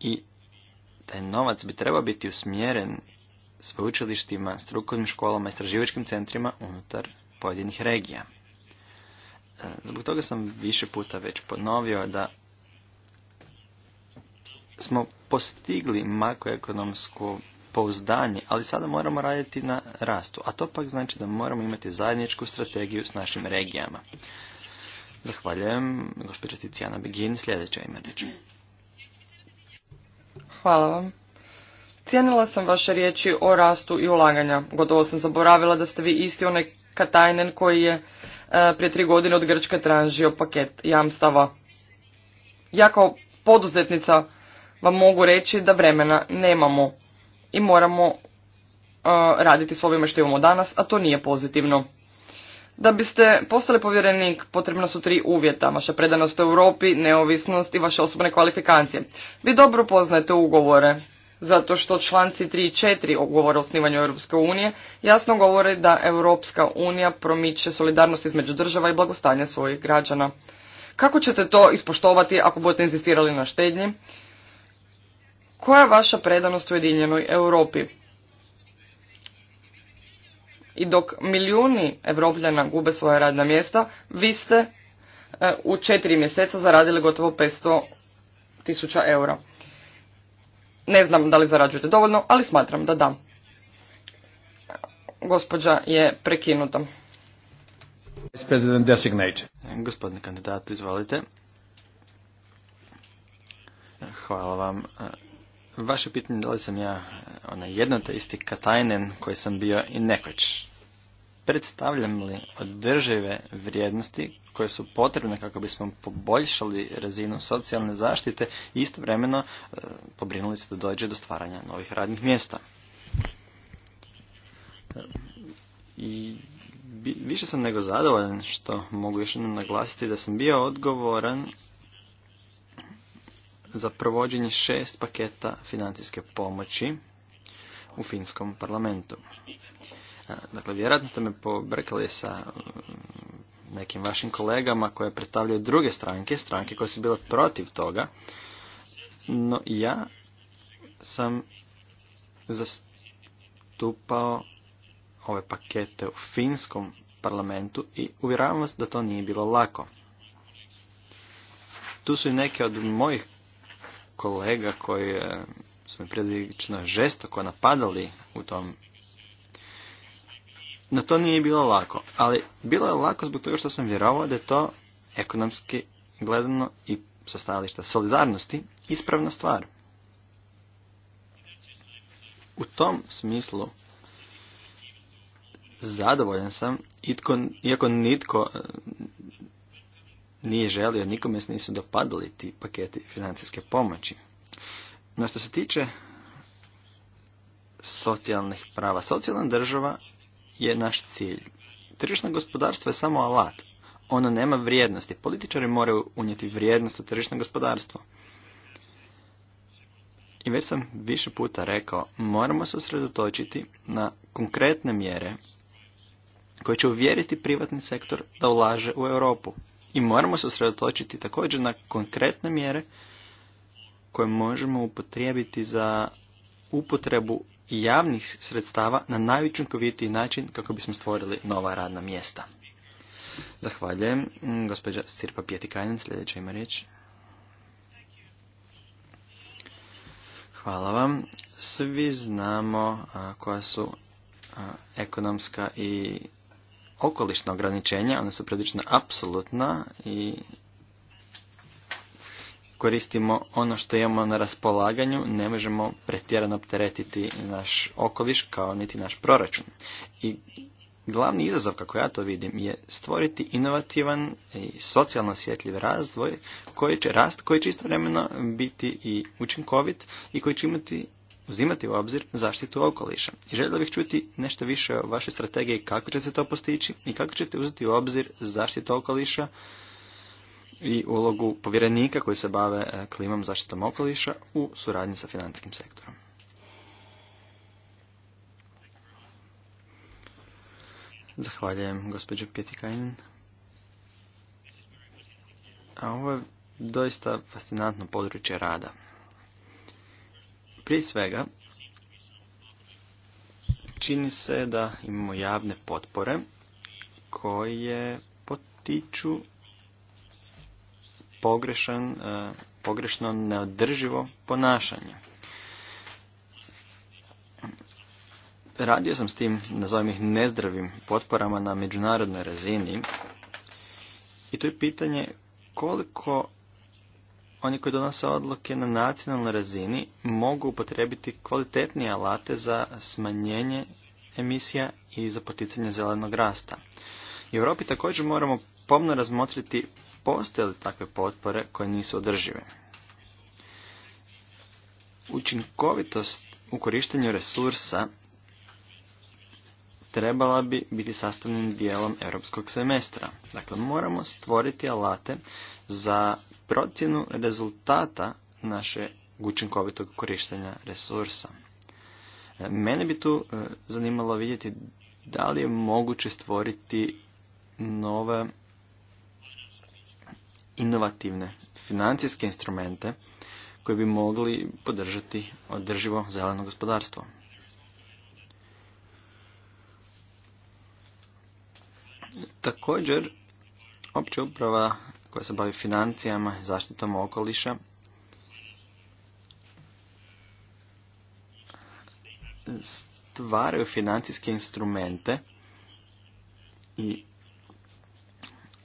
I taj novac bi trebao biti usmjeren sveučilištima, strukovnim školama, istraživačkim centrima unutar pojedinih regija. E, zbog toga sam više puta već ponovio da smo postigli makroekonomsku pouzdanje, ali sada moramo raditi na rastu, a to pak znači da moramo imati zajedničku strategiju s našim regijama. Zahvaljujem, gospođa Ticijana Begin, sljedeća ima reč. Hvala vam. Cijenila sam vaše riječi o rastu i ulaganja. Gotovo sam zaboravila da ste vi isti onaj Katajnen koji je e, prije tri godine od Grčke tražio paket jamstava. Ja kao poduzetnica vam mogu reći da vremena nemamo i moramo e, raditi s ovime što imamo danas, a to nije pozitivno. Da biste postali povjerenik, potrebna su tri uvjeta, vaša predanost u Europi, neovisnost i vaše osobne kvalifikacije. Vi dobro poznajete ugovore, zato što članci 3 i 4 ugovora o osnivanju Europske unije jasno govore da Europska unija promiče solidarnost između država i blagostanje svojih građana. Kako ćete to ispoštovati ako budete insistirali na štednji, koja je vaša predanost Ujedinjenoj Europi? I dok milijuni Evropljana gube svoje radna mjesta, vi ste e, u četiri mjeseca zaradili gotovo 500 tisuća eura. Ne znam da li zarađujete dovoljno, ali smatram da da. Gospođa je prekinuta. Gospodine kandidat, izvolite. Hvala vam Vaše pitanje da li sam ja onaj jedno te isti Katajnen koji sam bio i nekoć. Predstavljam li održive vrijednosti koje su potrebne kako bismo poboljšali razinu socijalne zaštite i istovremeno e, pobrinuli se da dođe do stvaranja novih radnih mjesta? I više sam nego zadovoljan što mogu još jednom naglasiti da sam bio odgovoran za provođenje šest paketa financijske pomoći u finskom parlamentu. E, dakle, vjerojatno ste me pobrkali sa mm, nekim vašim kolegama koje predstavljaju druge stranke, stranke koje su bile protiv toga, no ja sam zastupao ove pakete u finskom parlamentu i uvjeravam vas da to nije bilo lako. Tu su i neke od mojih kolega koji e, su mi prilično žestoko napadali u tom na to nije bilo lako, ali bilo je lako zbog toga što sam vjerovao da je to ekonomski gledano i sa stajališta solidarnosti ispravna stvar. U tom smislu zadovoljan sam, itko, iako nitko e, nije želio, nikome se nisu dopadali ti paketi financijske pomoći. No što se tiče socijalnih prava, socijalna država je naš cilj. Tržišno gospodarstvo je samo alat. Ono nema vrijednosti. Političari moraju unijeti vrijednost u tržišno gospodarstvo. I već sam više puta rekao, moramo se usredotočiti na konkretne mjere koje će uvjeriti privatni sektor da ulaže u Europu. I moramo se usredotočiti također na konkretne mjere koje možemo upotrijebiti za upotrebu javnih sredstava na najučinkovitiji način kako bismo stvorili nova radna mjesta. Zahvaljujem. Gospođa Sirpa Pjetikajnen, sljedeća ima riječ. Hvala vam. Svi znamo koja su ekonomska i okolišna ograničenja, ona su prilično apsolutna i koristimo ono što imamo na raspolaganju, ne možemo pretjerano opteretiti naš okoliš kao niti naš proračun. I glavni izazov, kako ja to vidim, je stvoriti inovativan i socijalno osjetljiv razvoj, koji će rast, koji će istovremeno biti i učinkovit i koji će imati uzimati u obzir zaštitu okoliša. I željela bih čuti nešto više o vašoj strategiji kako ćete to postići i kako ćete uzeti u obzir zaštitu okoliša i ulogu povjerenika koji se bave e, klimom zaštitom okoliša u suradnji sa financijskim sektorom. Zahvaljujem, gospođo Kajnin. A ovo je doista fascinantno područje rada. Prije svega, čini se da imamo javne potpore koje potiču pogrešan, e, pogrešno neodrživo ponašanje. radio sam s tim, nazovem ih, nezdravim potporama na međunarodnoj razini. I to je pitanje koliko oni koji donose odluke na nacionalnoj razini mogu upotrebiti kvalitetnije alate za smanjenje emisija i za poticanje zelenog rasta. U Europi također moramo pomno razmotriti postoje li takve potpore koje nisu održive. Učinkovitost u korištenju resursa trebala bi biti sastavnim dijelom europskog semestra. Dakle, moramo stvoriti alate za procjenu rezultata naše učinkovitog korištenja resursa. E, mene bi tu e, zanimalo vidjeti da li je moguće stvoriti nove inovativne financijske instrumente koji bi mogli podržati održivo zeleno gospodarstvo. Također, opća uprava koja se bavi financijama i zaštitom okoliša stvaraju financijske instrumente i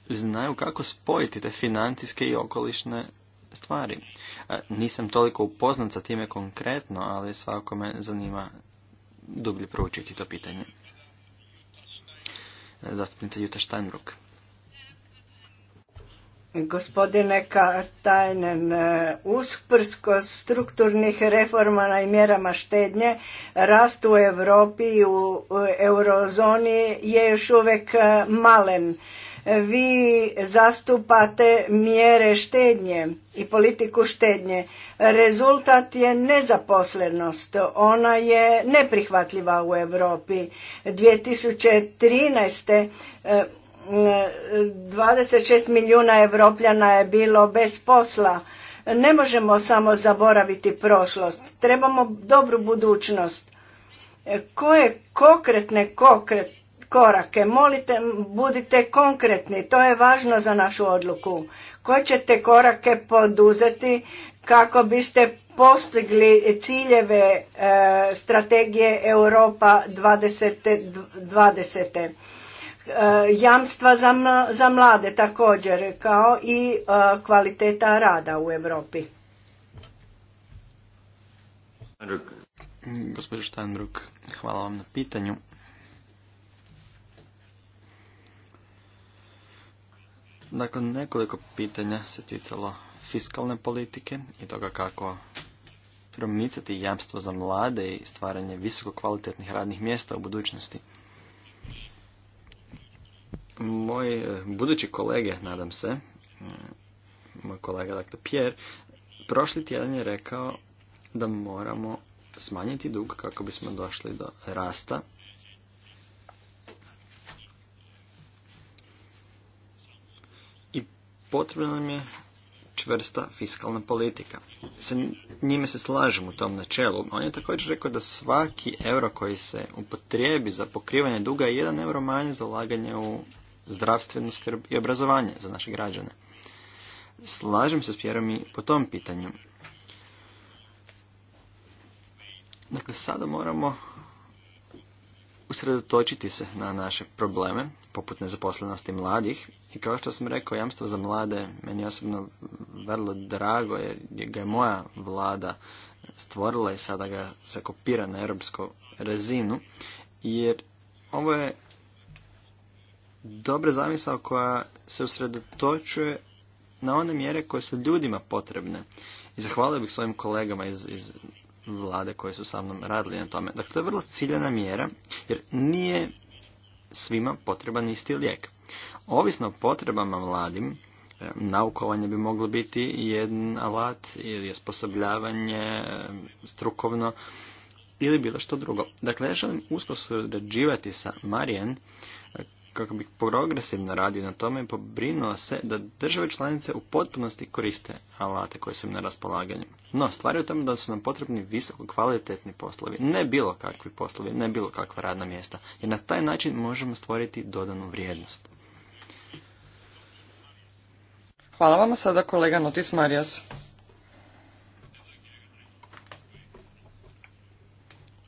znaju kako spojiti te financijske i okolišne stvari. E, nisam toliko upoznat sa time konkretno, ali svakome me zanima dublje proučiti to pitanje. Zastupnica Juta Štajnbruk. Gospodine Katajnen, usprsko strukturnih reforma na mjerama štednje, rast u Europi i u eurozoni je još uvijek malen vi zastupate mjere štednje i politiku štednje. Rezultat je nezaposlenost. Ona je neprihvatljiva u Europi. 2013. 26 e, milijuna evropljana je bilo bez posla. Ne možemo samo zaboraviti prošlost. Trebamo dobru budućnost. Koje konkretne, konkretne korake. Molite, budite konkretni, to je važno za našu odluku. Koje ćete korake poduzeti kako biste postigli ciljeve e, strategije Europa 2020. E, jamstva za, za mlade također, kao i e, kvaliteta rada u Europi. Gospodin Štanbruk, hvala vam na pitanju. Dakle, nekoliko pitanja se ticalo fiskalne politike i toga kako promicati jamstvo za mlade i stvaranje visoko kvalitetnih radnih mjesta u budućnosti. Moji e, budući kolege, nadam se, e, moj kolega, dakle, Pierre, prošli tjedan je rekao da moramo smanjiti dug kako bismo došli do rasta Potrebna nam je čvrsta fiskalna politika. se njime se slažem u tom načelu. On je također rekao da svaki euro koji se upotrijebi za pokrivanje duga je jedan euro manje za ulaganje u zdravstvenu skrb i obrazovanje za naše građane. Slažem se s Pjerom i po tom pitanju. Dakle, sada moramo usredotočiti se na naše probleme, poput nezaposlenosti mladih. I kao što sam rekao, jamstvo za mlade meni osobno vrlo drago jer ga je moja vlada stvorila i sada ga se kopira na europsku razinu. Jer ovo je dobra zamisao koja se usredotočuje na one mjere koje su ljudima potrebne. I zahvalio bih svojim kolegama iz, iz vlade koje su sa mnom radili na tome. Dakle, to je vrlo ciljena mjera jer nije svima potreban isti lijek. Ovisno o potrebama mladim, e, naukovanje bi moglo biti jedan alat ili osposobljavanje e, strukovno ili bilo što drugo. Dakle, ja želim usko surađivati sa Marijan kako bi progresivno radio na tome i pobrinuo se da države članice u potpunosti koriste alate koje su im na raspolaganju. No, stvar je u tome da su nam potrebni visoko kvalitetni poslovi, ne bilo kakvi poslovi, ne bilo kakva radna mjesta, jer na taj način možemo stvoriti dodanu vrijednost. Hvala vam sada kolega Notis Marijas.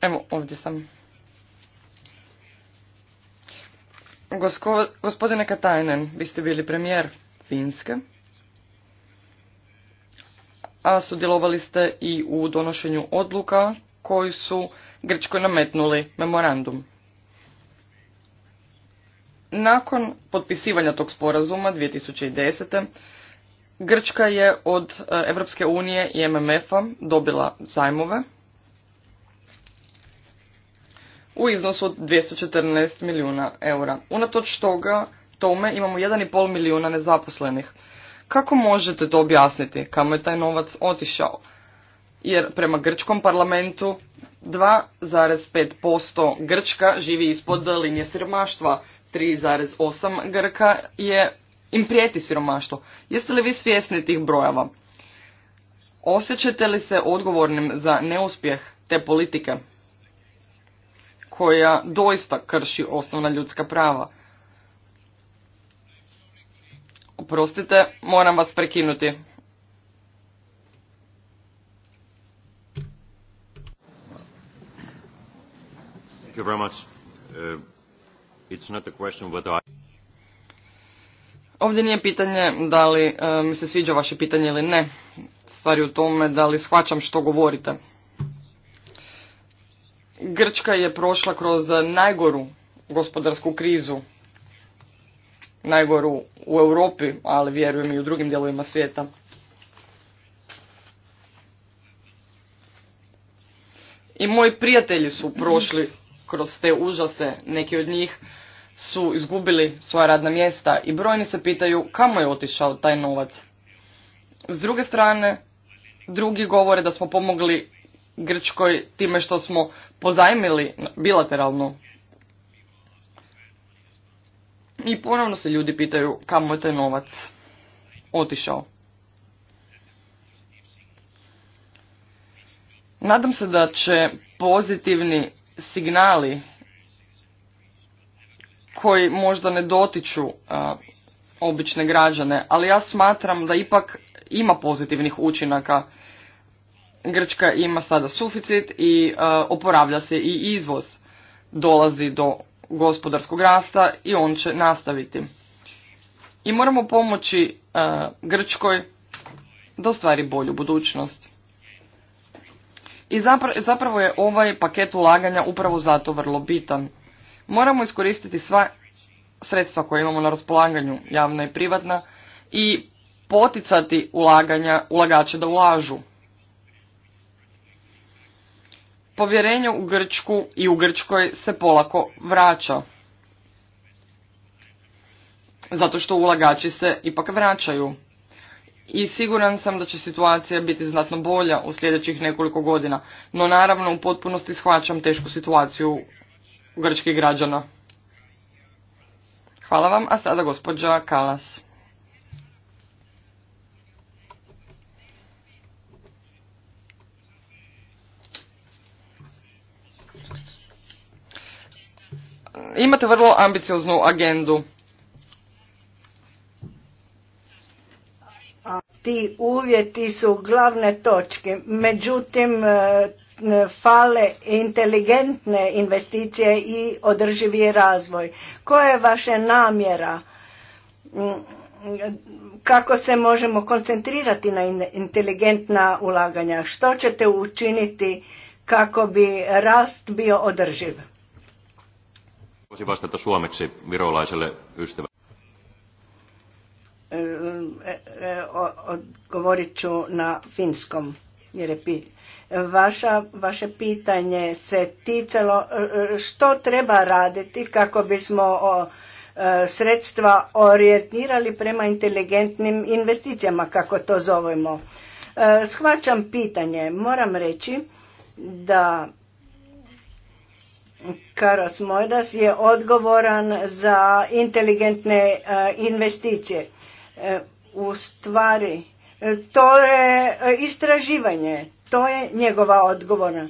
Evo, ovdje sam. gospodine Katajnen, vi ste bili premijer Finske, a sudjelovali ste i u donošenju odluka koji su Grčkoj nametnuli memorandum. Nakon potpisivanja tog sporazuma 2010. Grčka je od Europske unije i MMF-a dobila zajmove u iznosu od 214 milijuna eura. Unatoč toga, tome imamo 1,5 milijuna nezaposlenih. Kako možete to objasniti? Kamo je taj novac otišao? Jer prema grčkom parlamentu 2,5% Grčka živi ispod linije siromaštva, 3,8 Grka je im prijeti siromaštvo. Jeste li vi svjesni tih brojeva? Osjećate li se odgovornim za neuspjeh te politike? koja doista krši osnovna ljudska prava. Oprostite, moram vas prekinuti. Uh, Ovdje nije pitanje da li uh, mi se sviđa vaše pitanje ili ne. Stvar je u tome da li shvaćam što govorite. Grčka je prošla kroz najgoru gospodarsku krizu, najgoru u Europi, ali vjerujem i u drugim dijelovima svijeta. I moji prijatelji su prošli kroz te užase, neki od njih su izgubili svoja radna mjesta i brojni se pitaju kamo je otišao taj novac. S druge strane, drugi govore da smo pomogli Grčkoj time što smo pozajmili bilateralno. I ponovno se ljudi pitaju kamo je taj novac otišao. Nadam se da će pozitivni signali koji možda ne dotiču obične građane, ali ja smatram da ipak ima pozitivnih učinaka Grčka ima sada suficit i e, oporavlja se i izvoz. Dolazi do gospodarskog rasta i on će nastaviti. I moramo pomoći e, Grčkoj da ostvari bolju budućnost. I zapravo je ovaj paket ulaganja upravo zato vrlo bitan. Moramo iskoristiti sva sredstva koje imamo na raspolaganju, javna i privatna, i poticati ulaganja, ulagače da ulažu povjerenje u Grčku i u Grčkoj se polako vraća. Zato što ulagači se ipak vraćaju. I siguran sam da će situacija biti znatno bolja u sljedećih nekoliko godina, no naravno u potpunosti shvaćam tešku situaciju grčkih građana. Hvala vam, a sada gospođa Kalas. imate vrlo ambicioznu agendu. Ti uvjeti su glavne točke, međutim e, fale inteligentne investicije i održivi razvoj. Koja je vaša namjera? Mm, kako se možemo koncentrirati na inteligentna ulaganja? Što ćete učiniti kako bi rast bio održiv? haluaisin vastata suomeksi virolaiselle ystävälle. Govorit ću na finskom, je Vaša, vaše pitanje se ticalo e, e, što treba raditi kako bismo e, sredstva orijentirali prema inteligentnim investicijama, kako to zovemo. Shvaćam pitanje. Moram reći da Karos Mojdas je odgovoran za inteligentne e, investicije. E, u stvari, e, to je istraživanje, to je njegova odgovorna.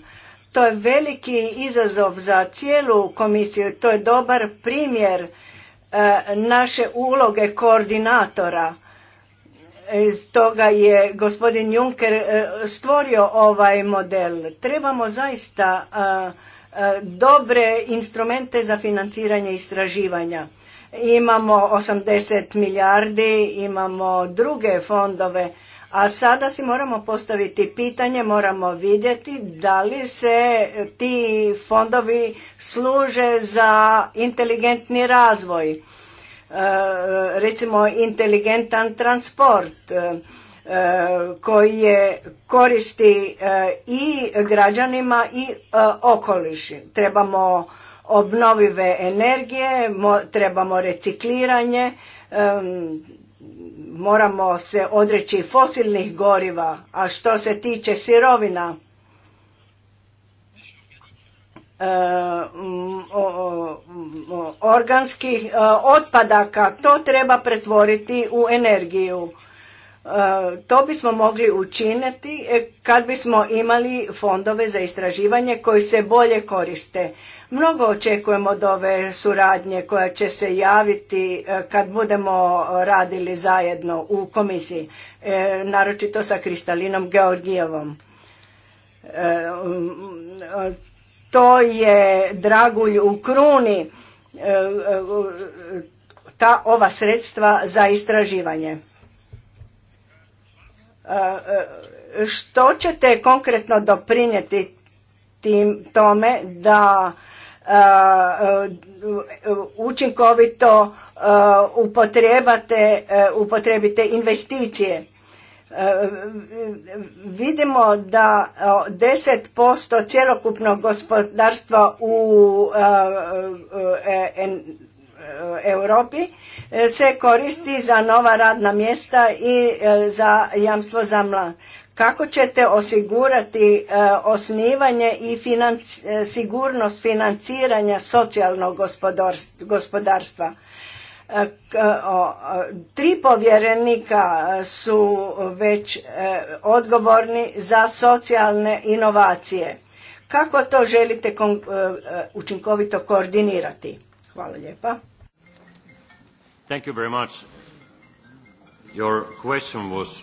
To je veliki izazov za cijelu komisiju, to je dobar primjer naše uloge koordinatora. toga je gospodin Juncker stvorio ovaj model. Trebamo zaista E, dobre instrumente za financiranje istraživanja. Imamo 80 milijardi, imamo druge fondove, a sada si moramo postaviti pitanje, moramo vidjeti da li se ti fondovi služe za inteligentni razvoj, e, recimo inteligentan transport, Eh, koji je koristi eh, i građanima i eh, okoliši. Trebamo obnovive energije, trebamo recikliranje, moramo se odreći fosilnih goriva, a što se tiče sirovina, organskih otpadaka, to treba pretvoriti u energiju to bismo mogli učiniti e, kad bismo imali fondove za istraživanje koji se bolje koriste. Mnogo očekujemo od ove suradnje koja će se javiti e, kad budemo radili zajedno u komisiji, e, naročito sa Kristalinom Georgijevom. To je dragulj u kruni ta ova sredstva za istraživanje. E, e, što ćete konkretno doprinijeti tim tome da e, učinkovito upotrebate, upotrebite investicije. Vidimo da 10% cjelokupnog gospodarstva u E, Europi e, se koristi za nova radna mjesta i e, za jamstvo za mlad. Kako ćete osigurati osnivanje i sigurnost financiranja socijalnog gospodarstva? Tri povjerenika su već odgovorni za socijalne inovacije. Kako to želite učinkovito koordinirati? Hvala lijepa. Thank you very much. Your question was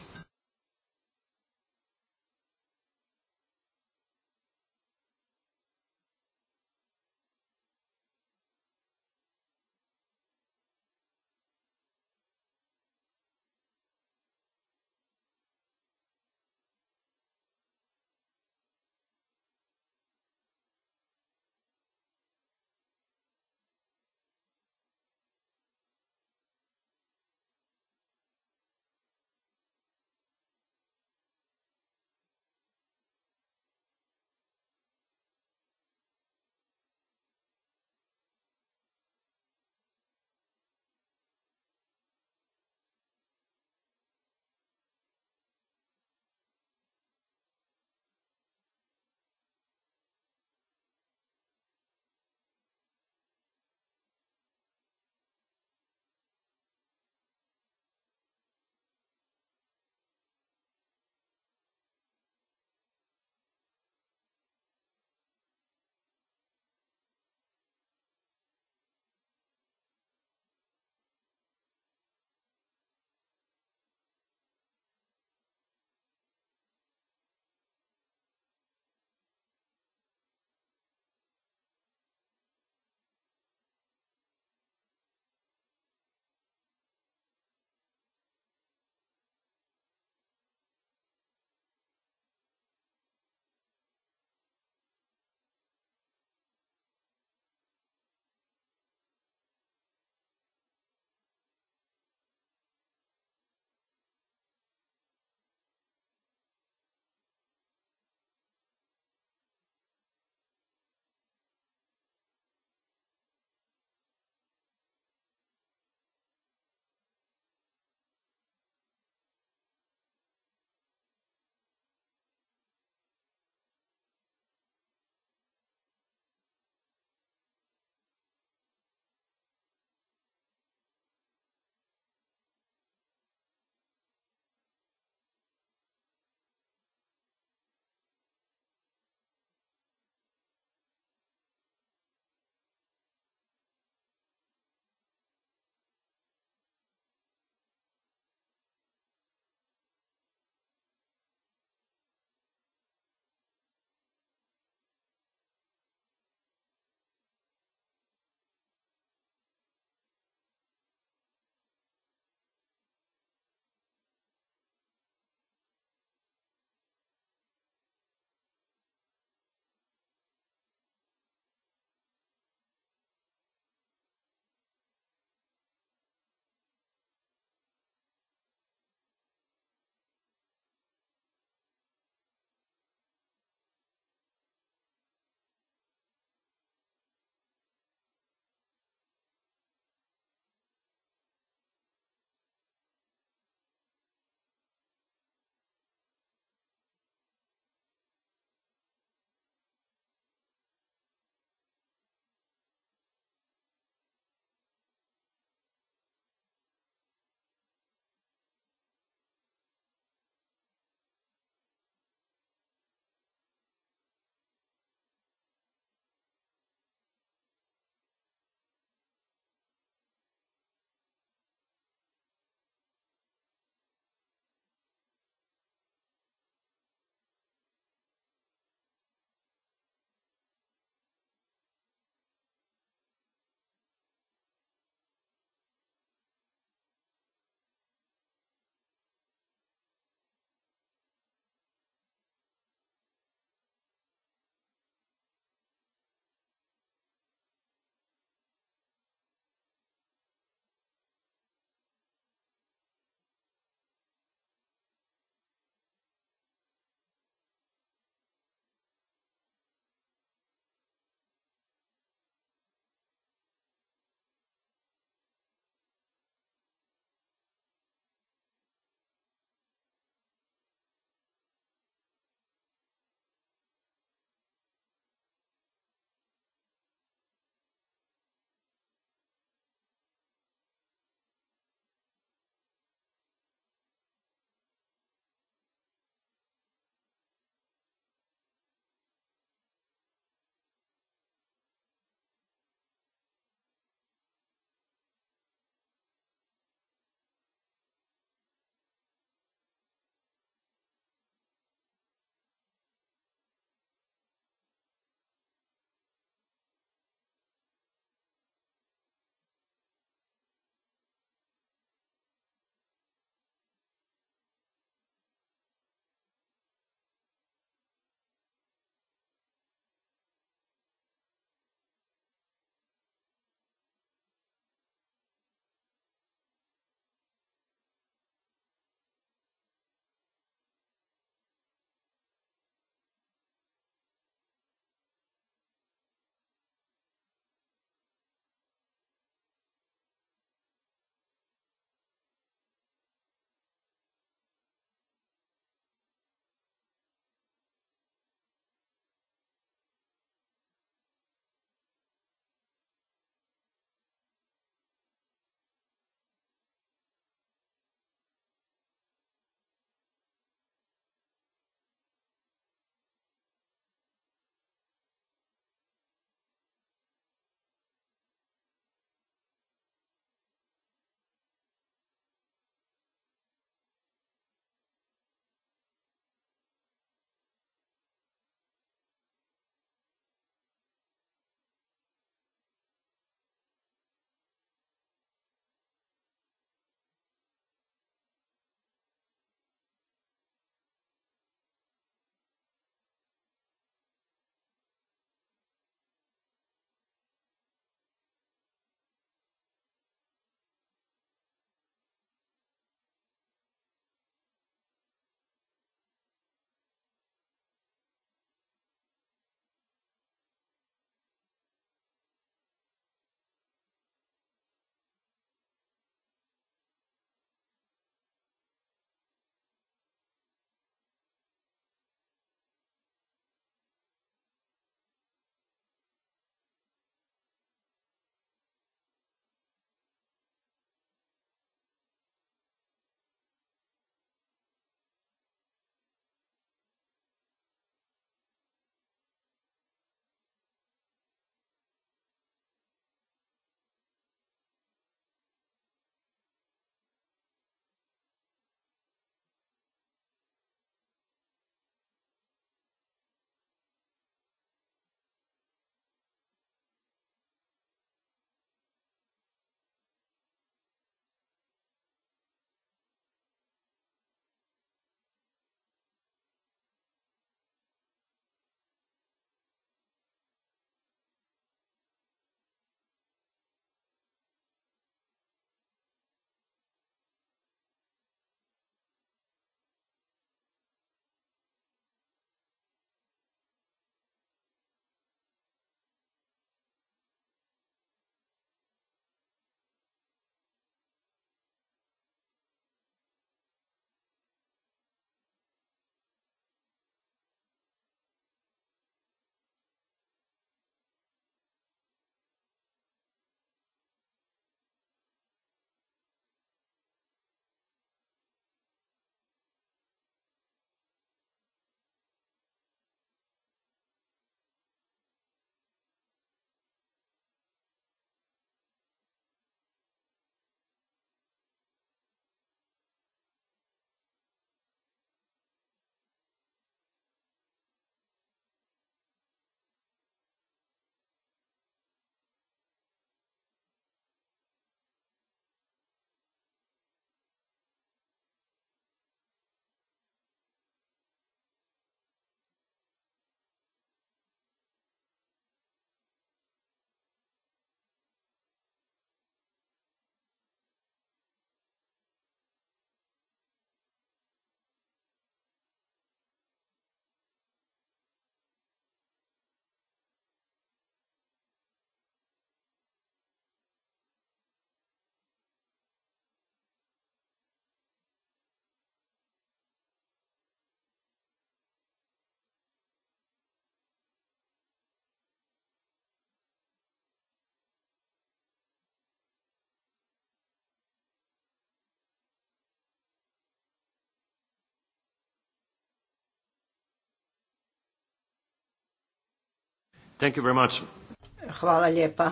Hvala lijepa.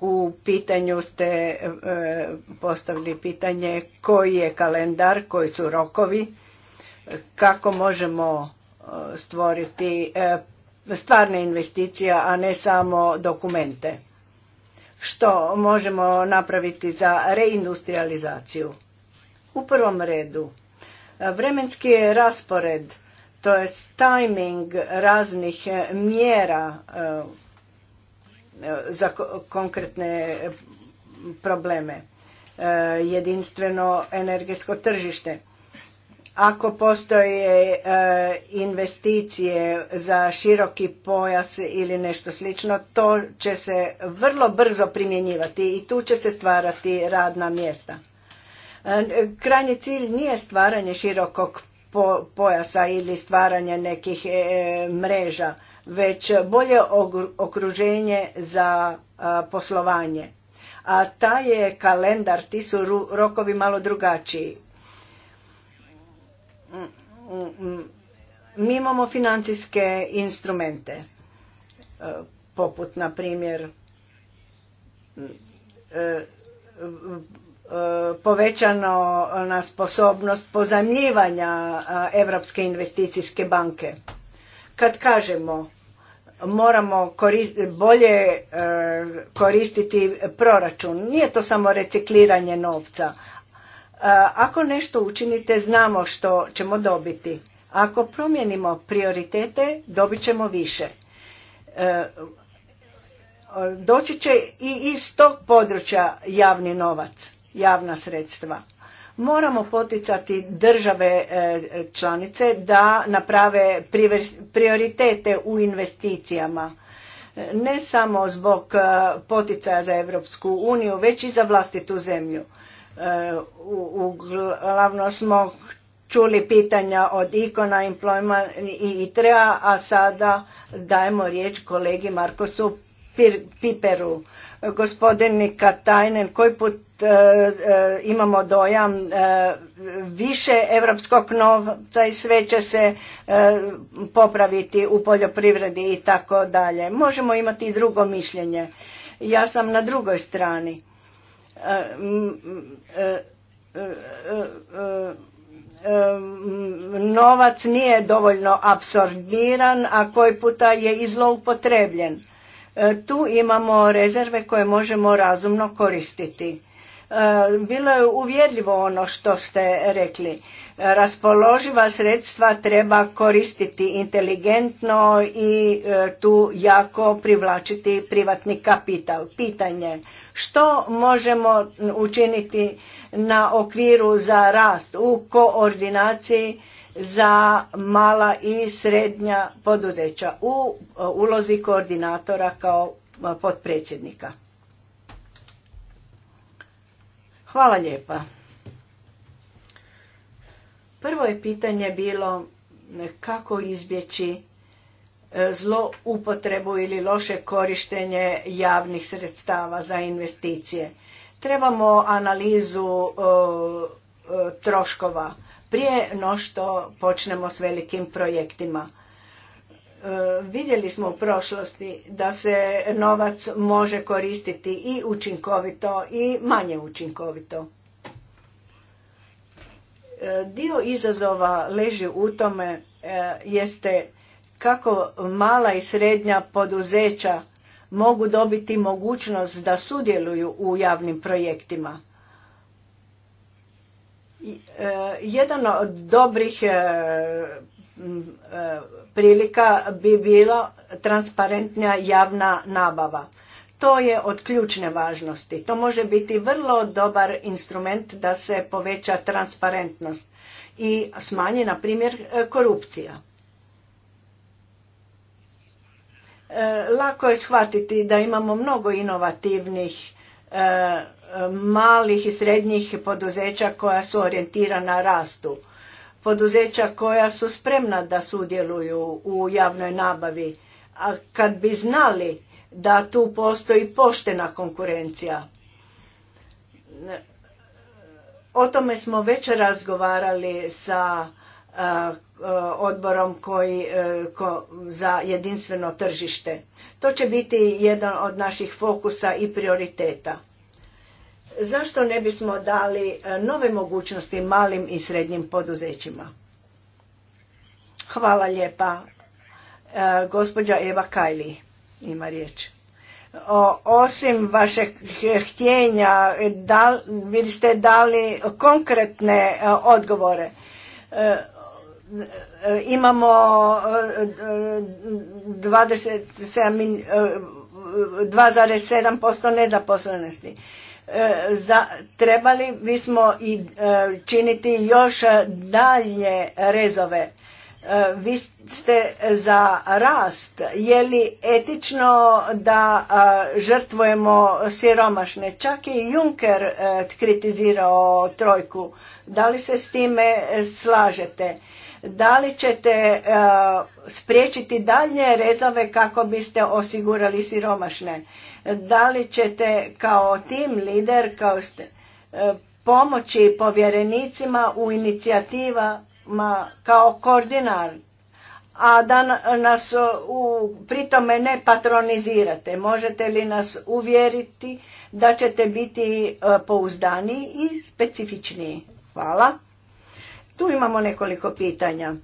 U pitanju ste e, postavili pitanje koji je kalendar, koji su rokovi, kako možemo e, stvoriti e, stvarne investicije, a ne samo dokumente. Što možemo napraviti za reindustrializaciju? U prvom redu, vremenski je raspored to je timing raznih e, mjera e, e, za konkretne probleme. Jedinstveno energetsko tržište. Ako postoje investicije za široki pojas ili nešto slično, to će se vrlo brzo primjenjivati i tu će se stvarati radna mjesta. Krajnji cilj nije stvaranje širokog pojasa ili stvaranje nekih e, mreža, već bolje okruženje za poslovanje. A taj je kalendar, ti su rokovi malo drugačiji. Mi imamo financijske instrumente, e, poput na primjer e, povećano na sposobnost pozajmljivanja Europske investicijske banke. Kad kažemo moramo bolje e, koristiti proračun, nije to samo recikliranje novca. Ako nešto učinite, znamo što ćemo dobiti. Ako promijenimo prioritete, dobit ćemo više. E, doći će i iz tog područja javni novac javna sredstva. Moramo poticati države e, članice da naprave prioritete u investicijama e, ne samo zbog e, poticaja za Europsku uniju, već i za vlastitu zemlju. Uglavno smo čuli pitanja od Ikona, Employment i ITREA, a sada dajemo riječ kolegi Markosu Piperu. Gospodin Katajnen, koji put E, e, imamo dojam e, više europskog novca i sve će se popraviti u poljoprivredi i tako dalje. Možemo imati i drugo mišljenje. Ja sam na drugoj strani. Novac nije dovoljno apsorbiran, a koji puta je i zloupotrebljen. Tu imamo rezerve koje možemo razumno koristiti E, bilo je uvjerljivo ono što ste rekli. Raspoloživa sredstva treba koristiti inteligentno i e, tu jako privlačiti privatni kapital. Pitanje što možemo učiniti na okviru za rast u koordinaciji za mala i srednja poduzeća u e, ulozi koordinatora kao potpredsjednika. Hvala lijepa. Prvo je pitanje bilo kako izbjeći e, zlo upotrebu ili loše korištenje javnih sredstava za investicije. Trebamo analizu e, e, troškova prije no što počnemo s velikim projektima E, vidjeli smo u prošlosti da se novac može koristiti i učinkovito i manje učinkovito. E, dio izazova leži u tome e, jeste kako mala i srednja poduzeća mogu dobiti mogućnost da sudjeluju u javnim projektima. Jedan od dobrih prilika bi bila transparentnija javna nabava. To je od ključne važnosti. To može biti vrlo dobar instrument da se poveća transparentnost i smanji, na primjer, korupcija. E, lako je shvatiti da imamo mnogo inovativnih e, malih i srednjih poduzeća koja su orijentirana rastu poduzeća koja su spremna da sudjeluju u javnoj nabavi, a kad bi znali da tu postoji poštena konkurencija. O tome smo već razgovarali sa odborom koji, e, za jedinstveno tržište. To će biti jedan od naših fokusa i prioriteta zašto ne bismo dali e, nove mogućnosti malim i srednjim poduzećima? Hvala lijepa. E, Gospodja Eva Kajli ima riječ. O, osim vašeg htjenja, vi ste dali konkretne e, odgovore. imamo 27 2,7% nezaposlenosti. E, za, trebali bismo i e, činiti još dalje rezove. E, vi ste za rast. Je li etično da žrtvujemo siromašne? Čak i Juncker kritizirao trojku. Da li se s time slažete? Da li ćete spriječiti dalje rezove kako biste osigurali siromašne? Da li ćete kao tim lider kao ste, e, pomoći povjerenicima u inicijativama kao koordinar, a da nas e, u, pritome ne patronizirate? Možete li nas uvjeriti da ćete biti e, pouzdaniji i specifičniji? Hvala. Tu imamo nekoliko pitanja.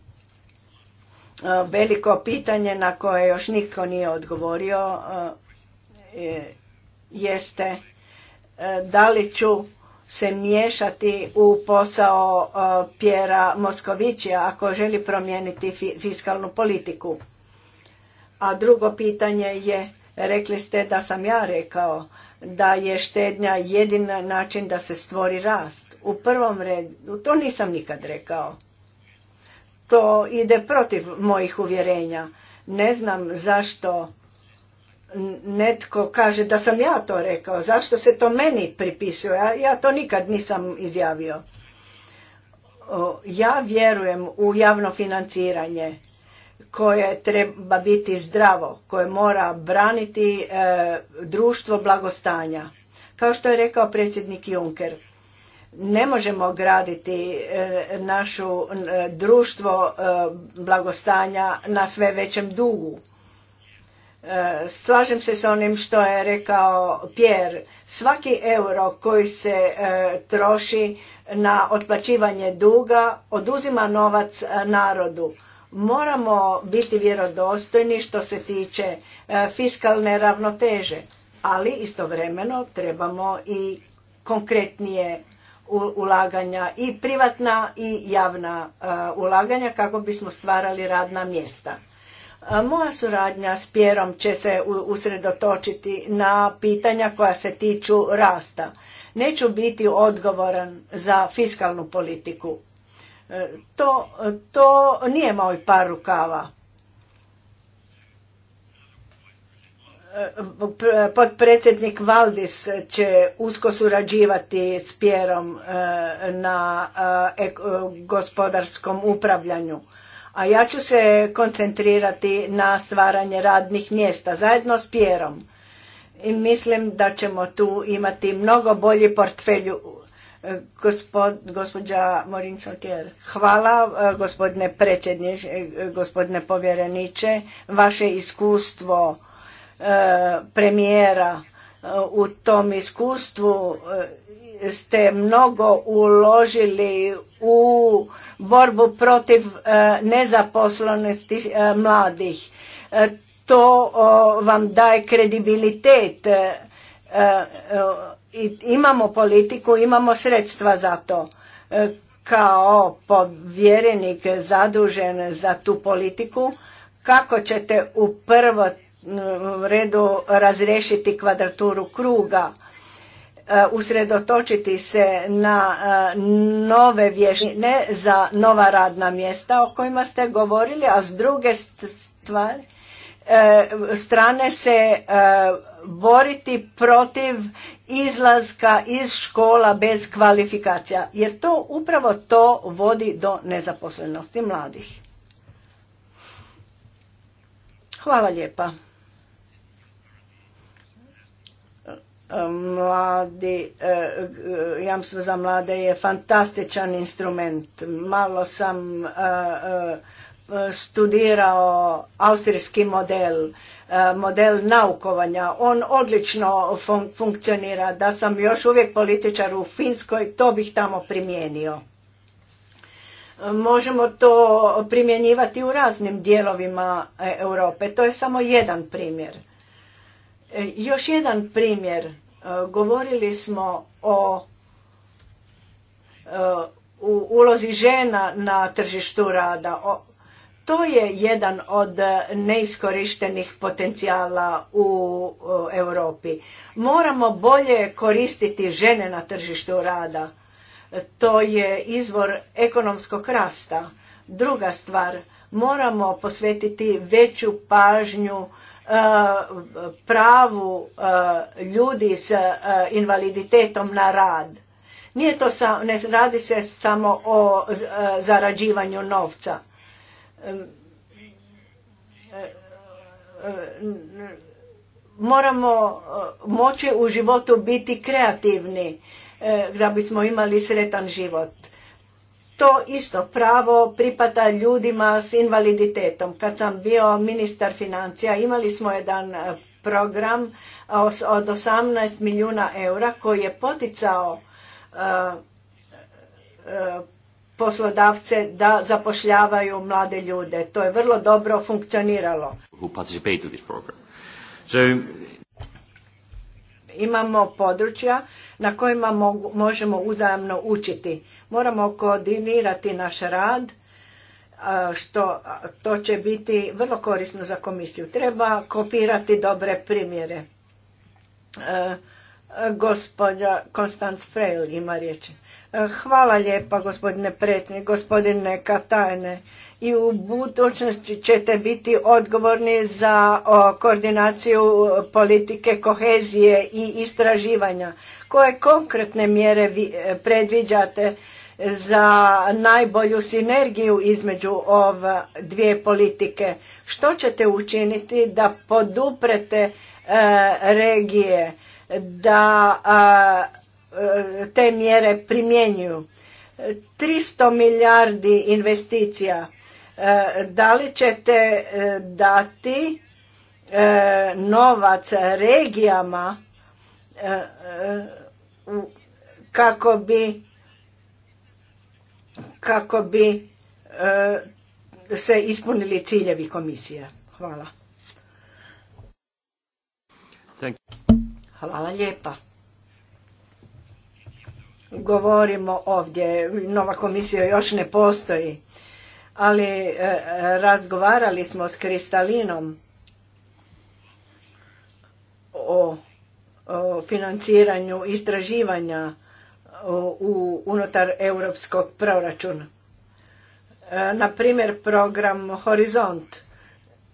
Veliko pitanje na koje još niko nije odgovorio E, jeste e, da li ću se miješati u posao e, Pjera Moskovića ako želi promijeniti fiskalnu politiku. A drugo pitanje je, rekli ste da sam ja rekao da je štednja jedina način da se stvori rast. U prvom redu, to nisam nikad rekao. To ide protiv mojih uvjerenja. Ne znam zašto netko kaže da sam ja to rekao, zašto se to meni pripisuje, ja, ja to nikad nisam izjavio. Ja vjerujem u javno financiranje koje treba biti zdravo, koje mora braniti e, društvo blagostanja. Kao što je rekao predsjednik Juncker, ne možemo graditi e, našu e, društvo blagostanja na sve većem dugu E, slažem se s onim što je rekao Pierre. Svaki euro koji se e, troši na otplaćivanje duga oduzima novac e, narodu. Moramo biti vjerodostojni što se tiče fiskalne ravnoteže, ali istovremeno trebamo i konkretnije ulaganja i privatna i javna ulaganja kako bismo stvarali radna mjesta. Moja suradnja s Pjerom će se usredotočiti na pitanja koja se tiču rasta. Neću biti odgovoran za fiskalnu politiku. E, to, to nije moj par rukava. E, potpredsjednik Valdis će usko surađivati s Pjerom e, na gospodarskom upravljanju a ja ću se koncentrirati na stvaranje radnih mjesta zajedno s Pjerom. I mislim da ćemo tu imati mnogo bolji portfelju e, Gospod, gospođa Morin Sotier. Hvala e, gospodine predsjedniče, e, gospodine povjereniče. Vaše iskustvo premijera u tom iskustvu ste mnogo uložili u borbu protiv e, nezaposlenosti e, mladih. E, to vam daje kredibilitet. Imamo politiku, imamo sredstva za to. Kao povjerenik zadužen za tu politiku, kako ćete u prvo redu razrešiti kvadraturu kruga? E, usredotočiti se na e, nove vještine za nova radna mjesta o kojima ste govorili, a s druge stvari, e, strane se boriti protiv izlaska iz škola bez kvalifikacija, jer to upravo to vodi do nezaposlenosti mladih. Hvala lijepa. mladi, e, jamstvo za mlade je fantastičan instrument. Malo sam e, e, studirao austrijski model, model naukovanja. On odlično funkcionira. Da sam još uvijek političar u Finskoj, to bih tamo primijenio. Možemo to primjenjivati u raznim dijelovima Europe. To je samo jedan primjer. Još jedan primjer Govorili smo o e, u ulozi žena na tržištu rada. To je jedan od neiskorištenih potencijala u Europi. Moramo bolje koristiti žene na tržištu rada. To je izvor ekonomskog rasta. Druga stvar, moramo posvetiti veću pažnju Eh, pravu eh, ljudi s eh, invaliditetom na rad. Nije to sa, ne radi se samo o zarađivanju novca. Moramo moći u životu biti kreativni da bismo imali sretan život to isto pravo pripada ljudima s invaliditetom. Kad sam bio ministar financija imali smo jedan e, program od 18 milijuna eura koji je poticao e, e, poslodavce da zapošljavaju mlade ljude. To je vrlo dobro funkcioniralo. Imamo područja na kojima možemo uzajamno učiti. Moramo koordinirati naš rad, što to će biti vrlo korisno za komisiju. Treba kopirati dobre primjere. E, e, Gospodja Konstanc Frejl ima riječi. E, hvala lijepa gospodine predsjedniče, gospodine Katajne. I u budućnosti ćete biti odgovorni za koordinaciju politike kohezije i istraživanja. Koje konkretne mjere predviđate za najbolju sinergiju između ove dvije politike. Što ćete učiniti da poduprete e, regije da e, te mjere primjenjuju? 300 milijardi investicija. E, da li ćete dati novac regijama kako bi kako bi e, se ispunili ciljevi komisije. Hvala. Hvala lijepa. Govorimo ovdje, nova komisija još ne postoji, ali e, razgovarali smo s Kristalinom o, o financiranju istraživanja u, unutar europskog proračuna. E, na primjer program Horizont.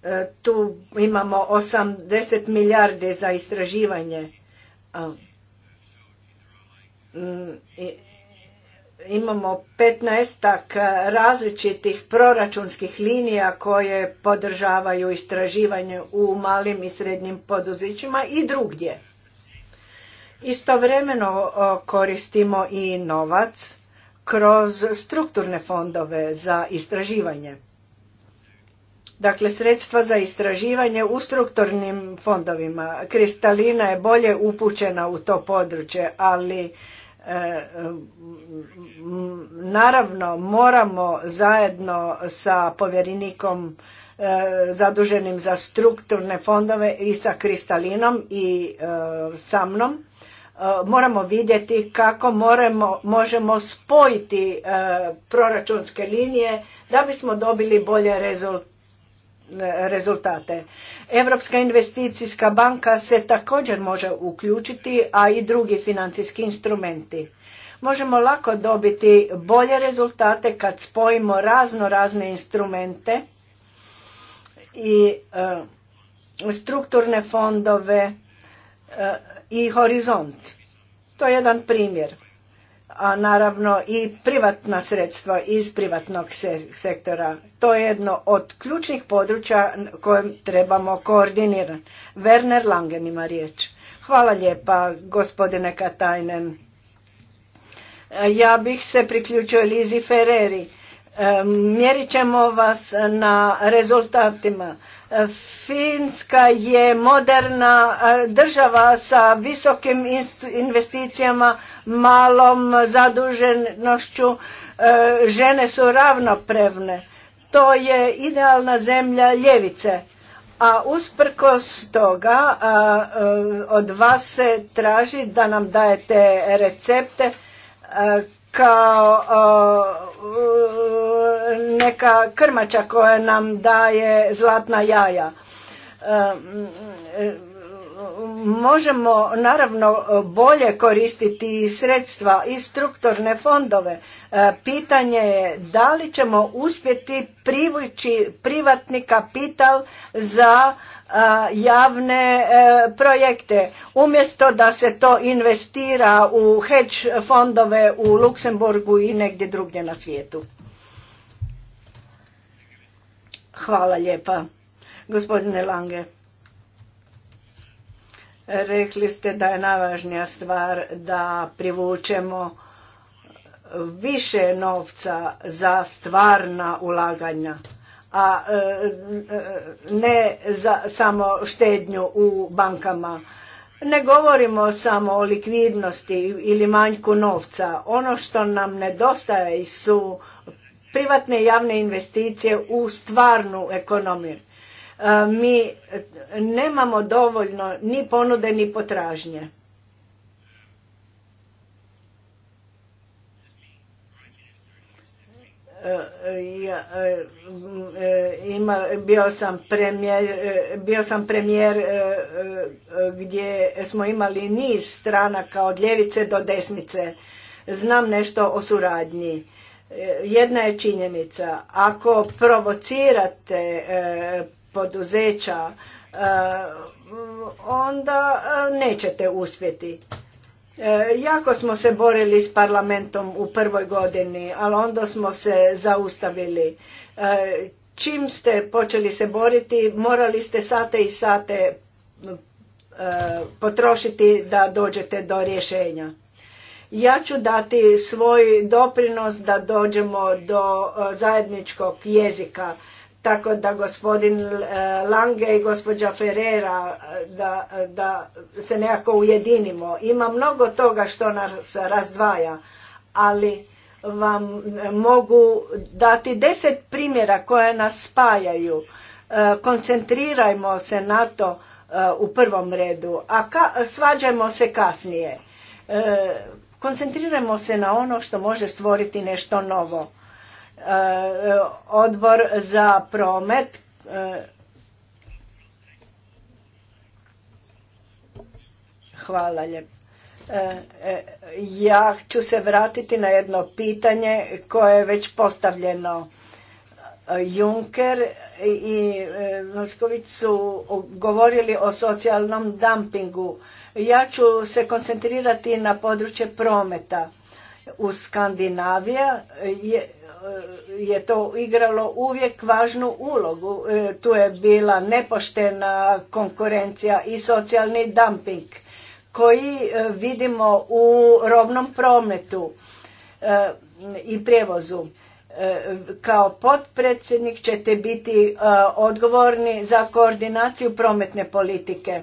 E, tu imamo 80 milijardi za istraživanje. imamo 15 različitih proračunskih linija koje podržavaju istraživanje u malim i srednjim poduzećima i drugdje. Istovremeno koristimo i novac kroz strukturne fondove za istraživanje. Dakle, sredstva za istraživanje u strukturnim fondovima. Kristalina je bolje upućena u to područje, ali e, naravno moramo zajedno sa povjerenikom e, zaduženim za strukturne fondove i sa Kristalinom i e, sa mnom E, moramo vidjeti kako možemo spojiti e, proračunske linije da bismo dobili bolje rezultate. Europska investicijska banka se također može uključiti, a i drugi financijski instrumenti. Možemo lako dobiti bolje rezultate kad spojimo razno razne instrumente i e, strukturne fondove, i horizont. To je jedan primjer. A naravno i privatna sredstva iz privatnog sektora. To je jedno od ključnih područja kojem trebamo koordinirati. Werner Langen ima riječ. Hvala lijepa gospodine Katajnen. Ja bih se priključio Lizi Ferreri. Mjerit ćemo vas na rezultatima Finska je moderna e, država sa visokim investicijama, malom zaduženošću, e, žene su ravnopravne. To je idealna zemlja ljevice. A usprkos toga e, od vas se traži da nam dajete recepte kao neka krmača koja nam daje zlatna jaja. Možemo naravno bolje koristiti sredstva i strukturne fondove. E, pitanje je da li ćemo uspjeti privući privatni kapital za javne e, projekte. Umjesto da se to investira u hedge fondove u Luksemburgu i negdje drugdje na svijetu. Hvala lijepa, gospodine Lange. Rekli ste da je najvažnija stvar da privučemo više novca za stvarna ulaganja a e, e, ne za samo štednju u bankama. Ne govorimo samo o likvidnosti ili manjku novca. Ono što nam nedostaje su privatne i javne investicije u stvarnu ekonomiju. E, mi nemamo dovoljno ni ponude ni potražnje. bio sam premijer, bio sam premijer e, e, gdje smo imali niz stranaka od ljevice do desnice. Znam nešto o suradnji. E, jedna je činjenica, ako provocirate poduzeća, onda nećete uspjeti. E, jako smo se borili s parlamentom u prvoj godini, ali onda smo se zaustavili. E, čim ste počeli se boriti, morali ste sate i sate e, potrošiti da dođete do rješenja. Ja ću dati svoj doprinos da dođemo do zajedničkog jezika tako da gospodin eh, Lange i gospođa Ferreira, eh, da, da se nekako ujedinimo. Ima mnogo toga što nas razdvaja, ali vam eh, mogu dati deset primjera koje nas spajaju. Koncentrirajmo se na to u prvom redu, a ka, svađajmo se kasnije. Koncentrirajmo se na ono što može stvoriti nešto novo Eh, odbor za promet eh, Hvala lijepo. Eh, ja ću se vratiti na jedno pitanje koje je već postavljeno. Juncker i Mosković su govorili o socijalnom dumpingu. Ja ću se koncentrirati na područje prometa. U Skandinavije je je to igralo uvijek važnu ulogu. E, tu je bila nepoštena konkurencija i socijalni dumping koji e, vidimo u robnom prometu e, i prijevozu. Kao potpredsjednik ćete biti odgovorni za koordinaciju prometne politike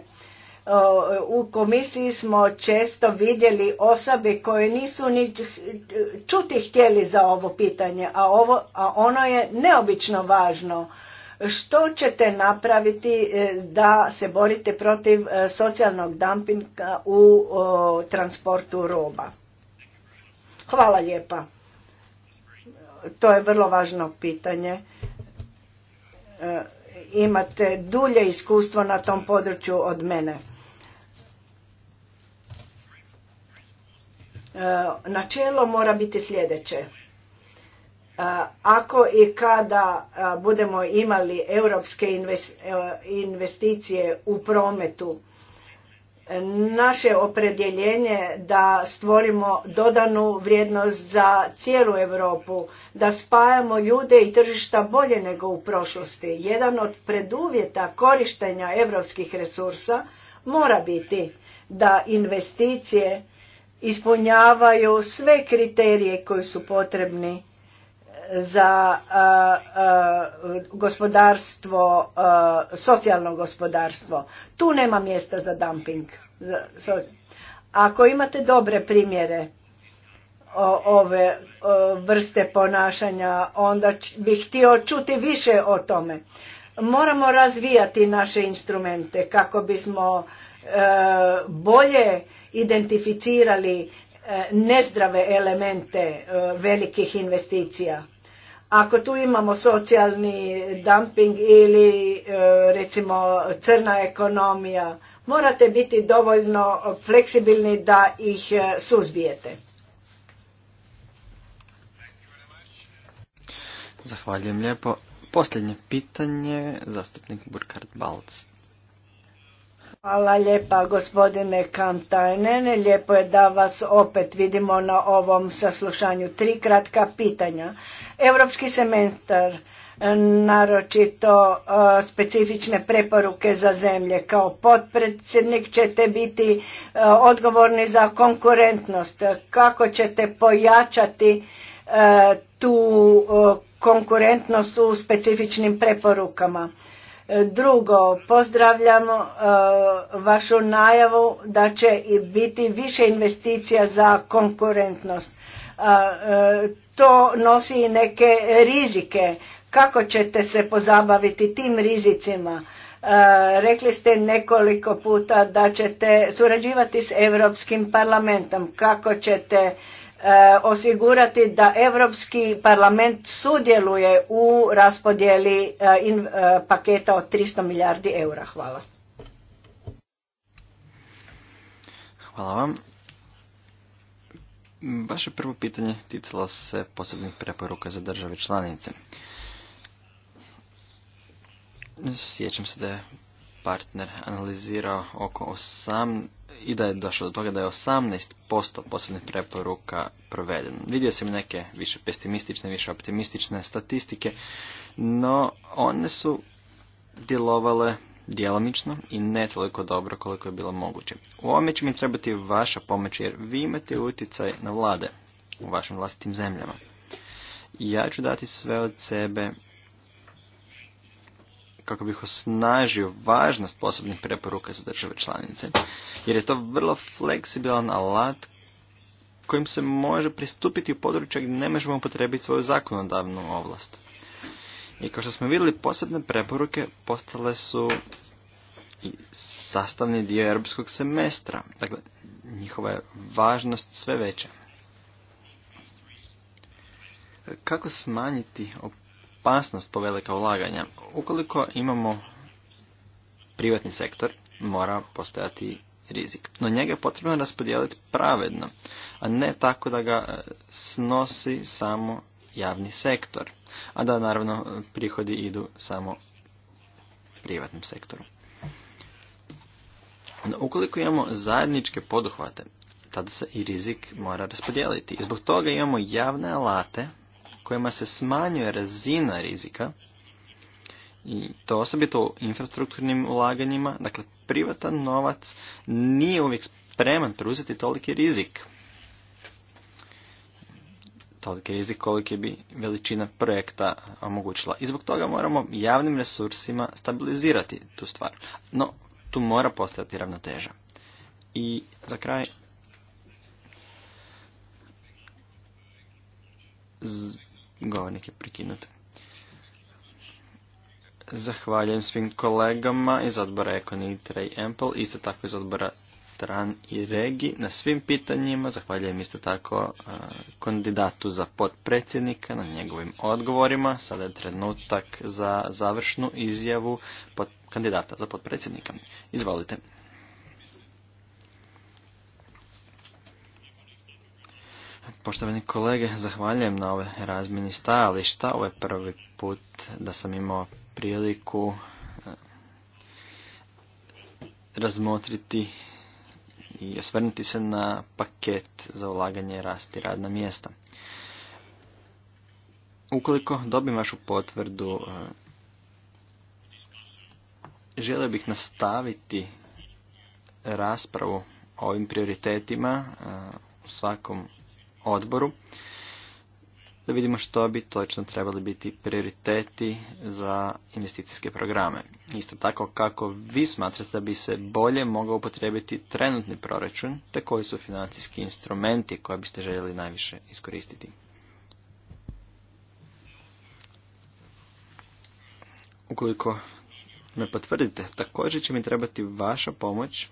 u komisiji smo često vidjeli osobe koje nisu ni čuti htjeli za ovo pitanje, a, ovo, a ono je neobično važno. Što ćete napraviti e, da se borite protiv e, socijalnog dumpinga u transportu roba? Hvala lijepa. To je vrlo važno pitanje. E, imate dulje iskustvo na tom području od mene. Eh, načelo mora biti sljedeće. Eh, ako i kada eh, budemo imali europske investicije u prometu, naše opredjeljenje da stvorimo dodanu vrijednost za cijelu Europu, da spajamo ljude i tržišta bolje nego u prošlosti. Jedan od preduvjeta korištenja europskih resursa mora biti da investicije ispunjavaju sve kriterije koji su potrebni e, za gospodarstvo, socijalno gospodarstvo. Tu nema mjesta za dumping. Za, ako imate dobre primjere ove vrste ponašanja, onda bih htio čuti više o tome. Moramo razvijati naše instrumente kako bismo e, bolje identificirali eh, nezdrave elemente eh, velikih investicija. Ako tu imamo socijalni dumping ili eh, recimo crna ekonomija, morate biti dovoljno fleksibilni da ih suzbijete. Zahvaljujem lijepo. Posljednje pitanje, zastupnik Burkhard Balc. Hvala lijepa gospodine Kantajnen. Lijepo je da vas opet vidimo na ovom saslušanju. Tri kratka pitanja. Europski semestar, naročito e, specifične preporuke za zemlje. Kao potpredsjednik ćete biti e, odgovorni za konkurentnost. Kako ćete pojačati e, tu konkurentnost u specifičnim preporukama? Drugo, pozdravljamo e, vašu najavu da će biti više investicija za konkurentnost. E, e, to nosi i neke rizike. Kako ćete se pozabaviti tim rizicima? Rekli ste nekoliko puta da ćete surađivati s Europskim parlamentom. Kako ćete E, osigurati da Europski parlament sudjeluje u raspodjeli e, e, paketa od 300 milijardi eura. Hvala. Hvala vam. Vaše prvo pitanje ticalo se posebnih preporuka za države članice. Sjećam se da je partner analizirao oko sam i da je došlo do toga da je 18% posebnih preporuka provedeno. Vidio sam neke više pesimistične, više optimistične statistike, no one su djelovale djelomično i ne toliko dobro koliko je bilo moguće. U ovome će mi trebati vaša pomoć jer vi imate utjecaj na vlade u vašim vlastitim zemljama. Ja ću dati sve od sebe kako bih osnažio važnost posebnih preporuka za države članice, jer je to vrlo fleksibilan alat kojim se može pristupiti u područje gdje ne možemo upotrebiti svoju zakonodavnu ovlast. I kao što smo vidjeli, posebne preporuke postale su i sastavni dio europskog semestra. Dakle, njihova je važnost sve veća. Kako smanjiti opasnost po velika ulaganja. Ukoliko imamo privatni sektor, mora postojati rizik. No njega je potrebno raspodijeliti pravedno, a ne tako da ga e, snosi samo javni sektor, a da naravno prihodi idu samo privatnom sektoru. ukoliko imamo zajedničke poduhvate, tada se i rizik mora raspodijeliti. I zbog toga imamo javne alate kojima se smanjuje razina rizika i to osobito u infrastrukturnim ulaganjima, dakle privatan novac nije uvijek spreman preuzeti toliki rizik. Toliki rizik koliki bi veličina projekta omogućila. I zbog toga moramo javnim resursima stabilizirati tu stvar. No, tu mora postojati ravnoteža. I za kraj Govornik je prekinut. Zahvaljujem svim kolegama iz odbora Econitra i isto tako iz odbora Tran i Regi na svim pitanjima. Zahvaljujem isto tako e, kandidatu za potpredsjednika na njegovim odgovorima. Sada je trenutak za završnu izjavu kandidata za potpredsjednika. Izvolite. Poštovani kolege, zahvaljujem na ove razmjeni stajališta. Ovo je prvi put da sam imao priliku eh, razmotriti i osvrnuti se na paket za ulaganje rasti radna mjesta. Ukoliko dobim vašu potvrdu, eh, želio bih nastaviti raspravu o ovim prioritetima eh, u svakom odboru da vidimo što bi točno trebali biti prioriteti za investicijske programe. Isto tako kako vi smatrate da bi se bolje mogao upotrijebiti trenutni proračun, te koji su financijski instrumenti koje biste željeli najviše iskoristiti. Ukoliko me potvrdite, također će mi trebati vaša pomoć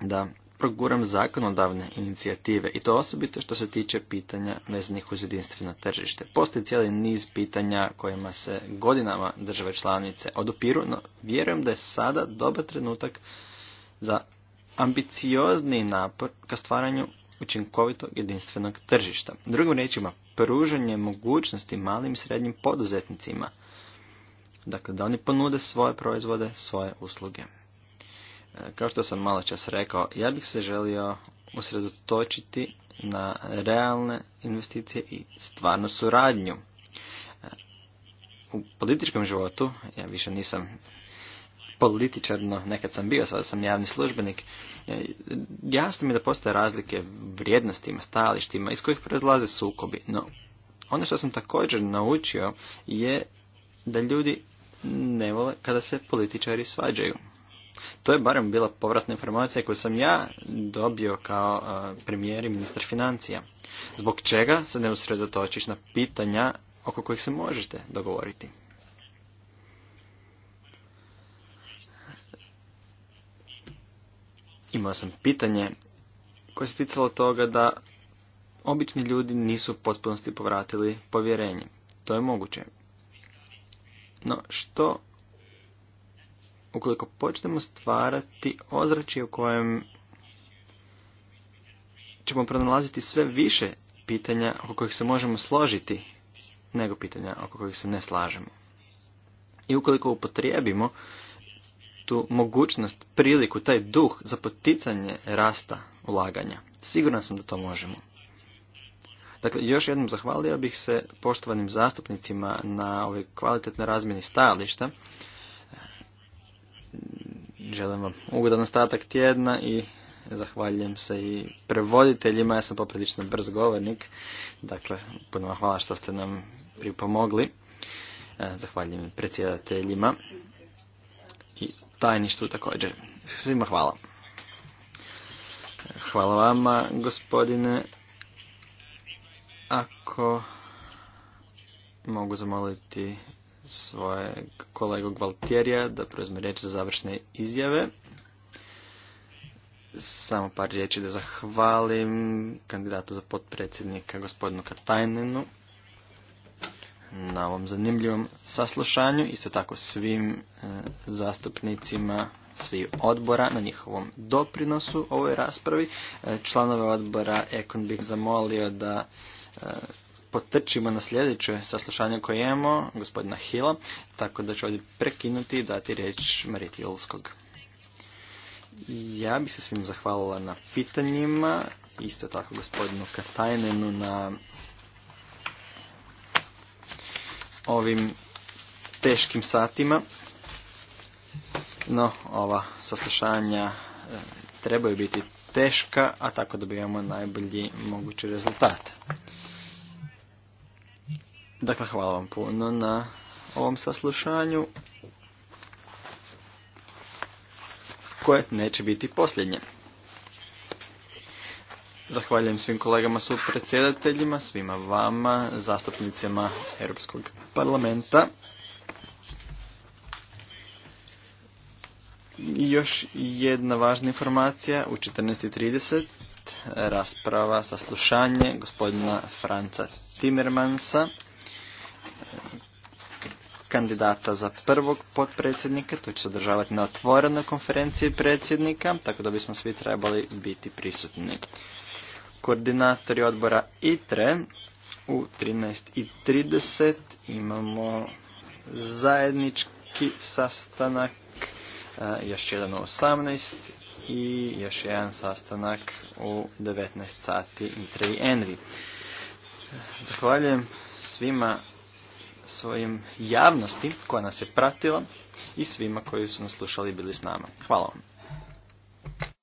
da proguram zakonodavne inicijative i to osobito što se tiče pitanja vezanih uz jedinstveno tržište. Postoji cijeli niz pitanja kojima se godinama države članice odupiru, no vjerujem da je sada dobar trenutak za ambiciozni napor ka stvaranju učinkovitog jedinstvenog tržišta. Drugim riječima, pružanje mogućnosti malim i srednjim poduzetnicima, dakle da oni ponude svoje proizvode, svoje usluge. Kao što sam malo čas rekao, ja bih se želio usredotočiti na realne investicije i stvarnu suradnju. U političkom životu, ja više nisam političarno, nekad sam bio, sada sam javni službenik, jasno mi da postoje razlike vrijednostima, stajalištima iz kojih proizlaze sukobi. No, ono što sam također naučio je da ljudi ne vole kada se političari svađaju. To je barem bila povratna informacija koju sam ja dobio kao e, premijer i ministar financija. Zbog čega se ne usredotočiš na pitanja oko kojih se možete dogovoriti? Imao sam pitanje koje se ticalo toga da obični ljudi nisu u potpunosti povratili povjerenje. To je moguće. No što ukoliko počnemo stvarati ozračje u kojem ćemo pronalaziti sve više pitanja oko kojih se možemo složiti nego pitanja oko kojih se ne slažemo. I ukoliko upotrijebimo tu mogućnost, priliku, taj duh za poticanje rasta ulaganja, siguran sam da to možemo. Dakle, još jednom zahvalio bih se poštovanim zastupnicima na ovoj kvalitetnoj razmjeni stajališta Želim vam ugodan ostatak tjedna i zahvaljujem se i prevoditeljima. Ja sam poprilično brz govornik, dakle puno vam hvala što ste nam pripomogli. E, zahvaljujem predsjedateljima i tajništvu također. Svima hvala. Hvala vama, gospodine. Ako mogu zamoliti svoje kolegu Gvaltjerija da preuzme riječ za završne izjave. Samo par riječi da zahvalim kandidatu za potpredsjednika gospodinu Katajninu na ovom zanimljivom saslušanju, isto tako svim e, zastupnicima svih odbora na njihovom doprinosu ovoj raspravi. E, članove odbora Ekon bih zamolio da e, potrčimo na sljedeće saslušanje koje imamo, gospodina Hila, tako da ću ovdje prekinuti i dati riječ Mariti Olskog. Ja bih se svim zahvalila na pitanjima, isto tako gospodinu Katajnenu na ovim teškim satima. No, ova saslušanja e, trebaju biti teška, a tako dobijamo najbolji mogući rezultat. Dakle, hvala vam puno na ovom saslušanju koje neće biti posljednje. Zahvaljujem svim kolegama su svima vama, zastupnicima Europskog parlamenta. I još jedna važna informacija, u 14.30 rasprava, saslušanje gospodina Franca Timmermansa kandidata za prvog potpredsjednika, to će se održavati na otvorenoj konferenciji predsjednika, tako da bismo svi trebali biti prisutni. Koordinatori odbora ITRE u 13.30 imamo zajednički sastanak, eh, još jedan u 18 i još jedan sastanak u 19 sati ITRE i ENVI. Zahvaljujem svima svojim javnosti koja nas je pratila i svima koji su nas slušali i bili s nama. Hvala vam.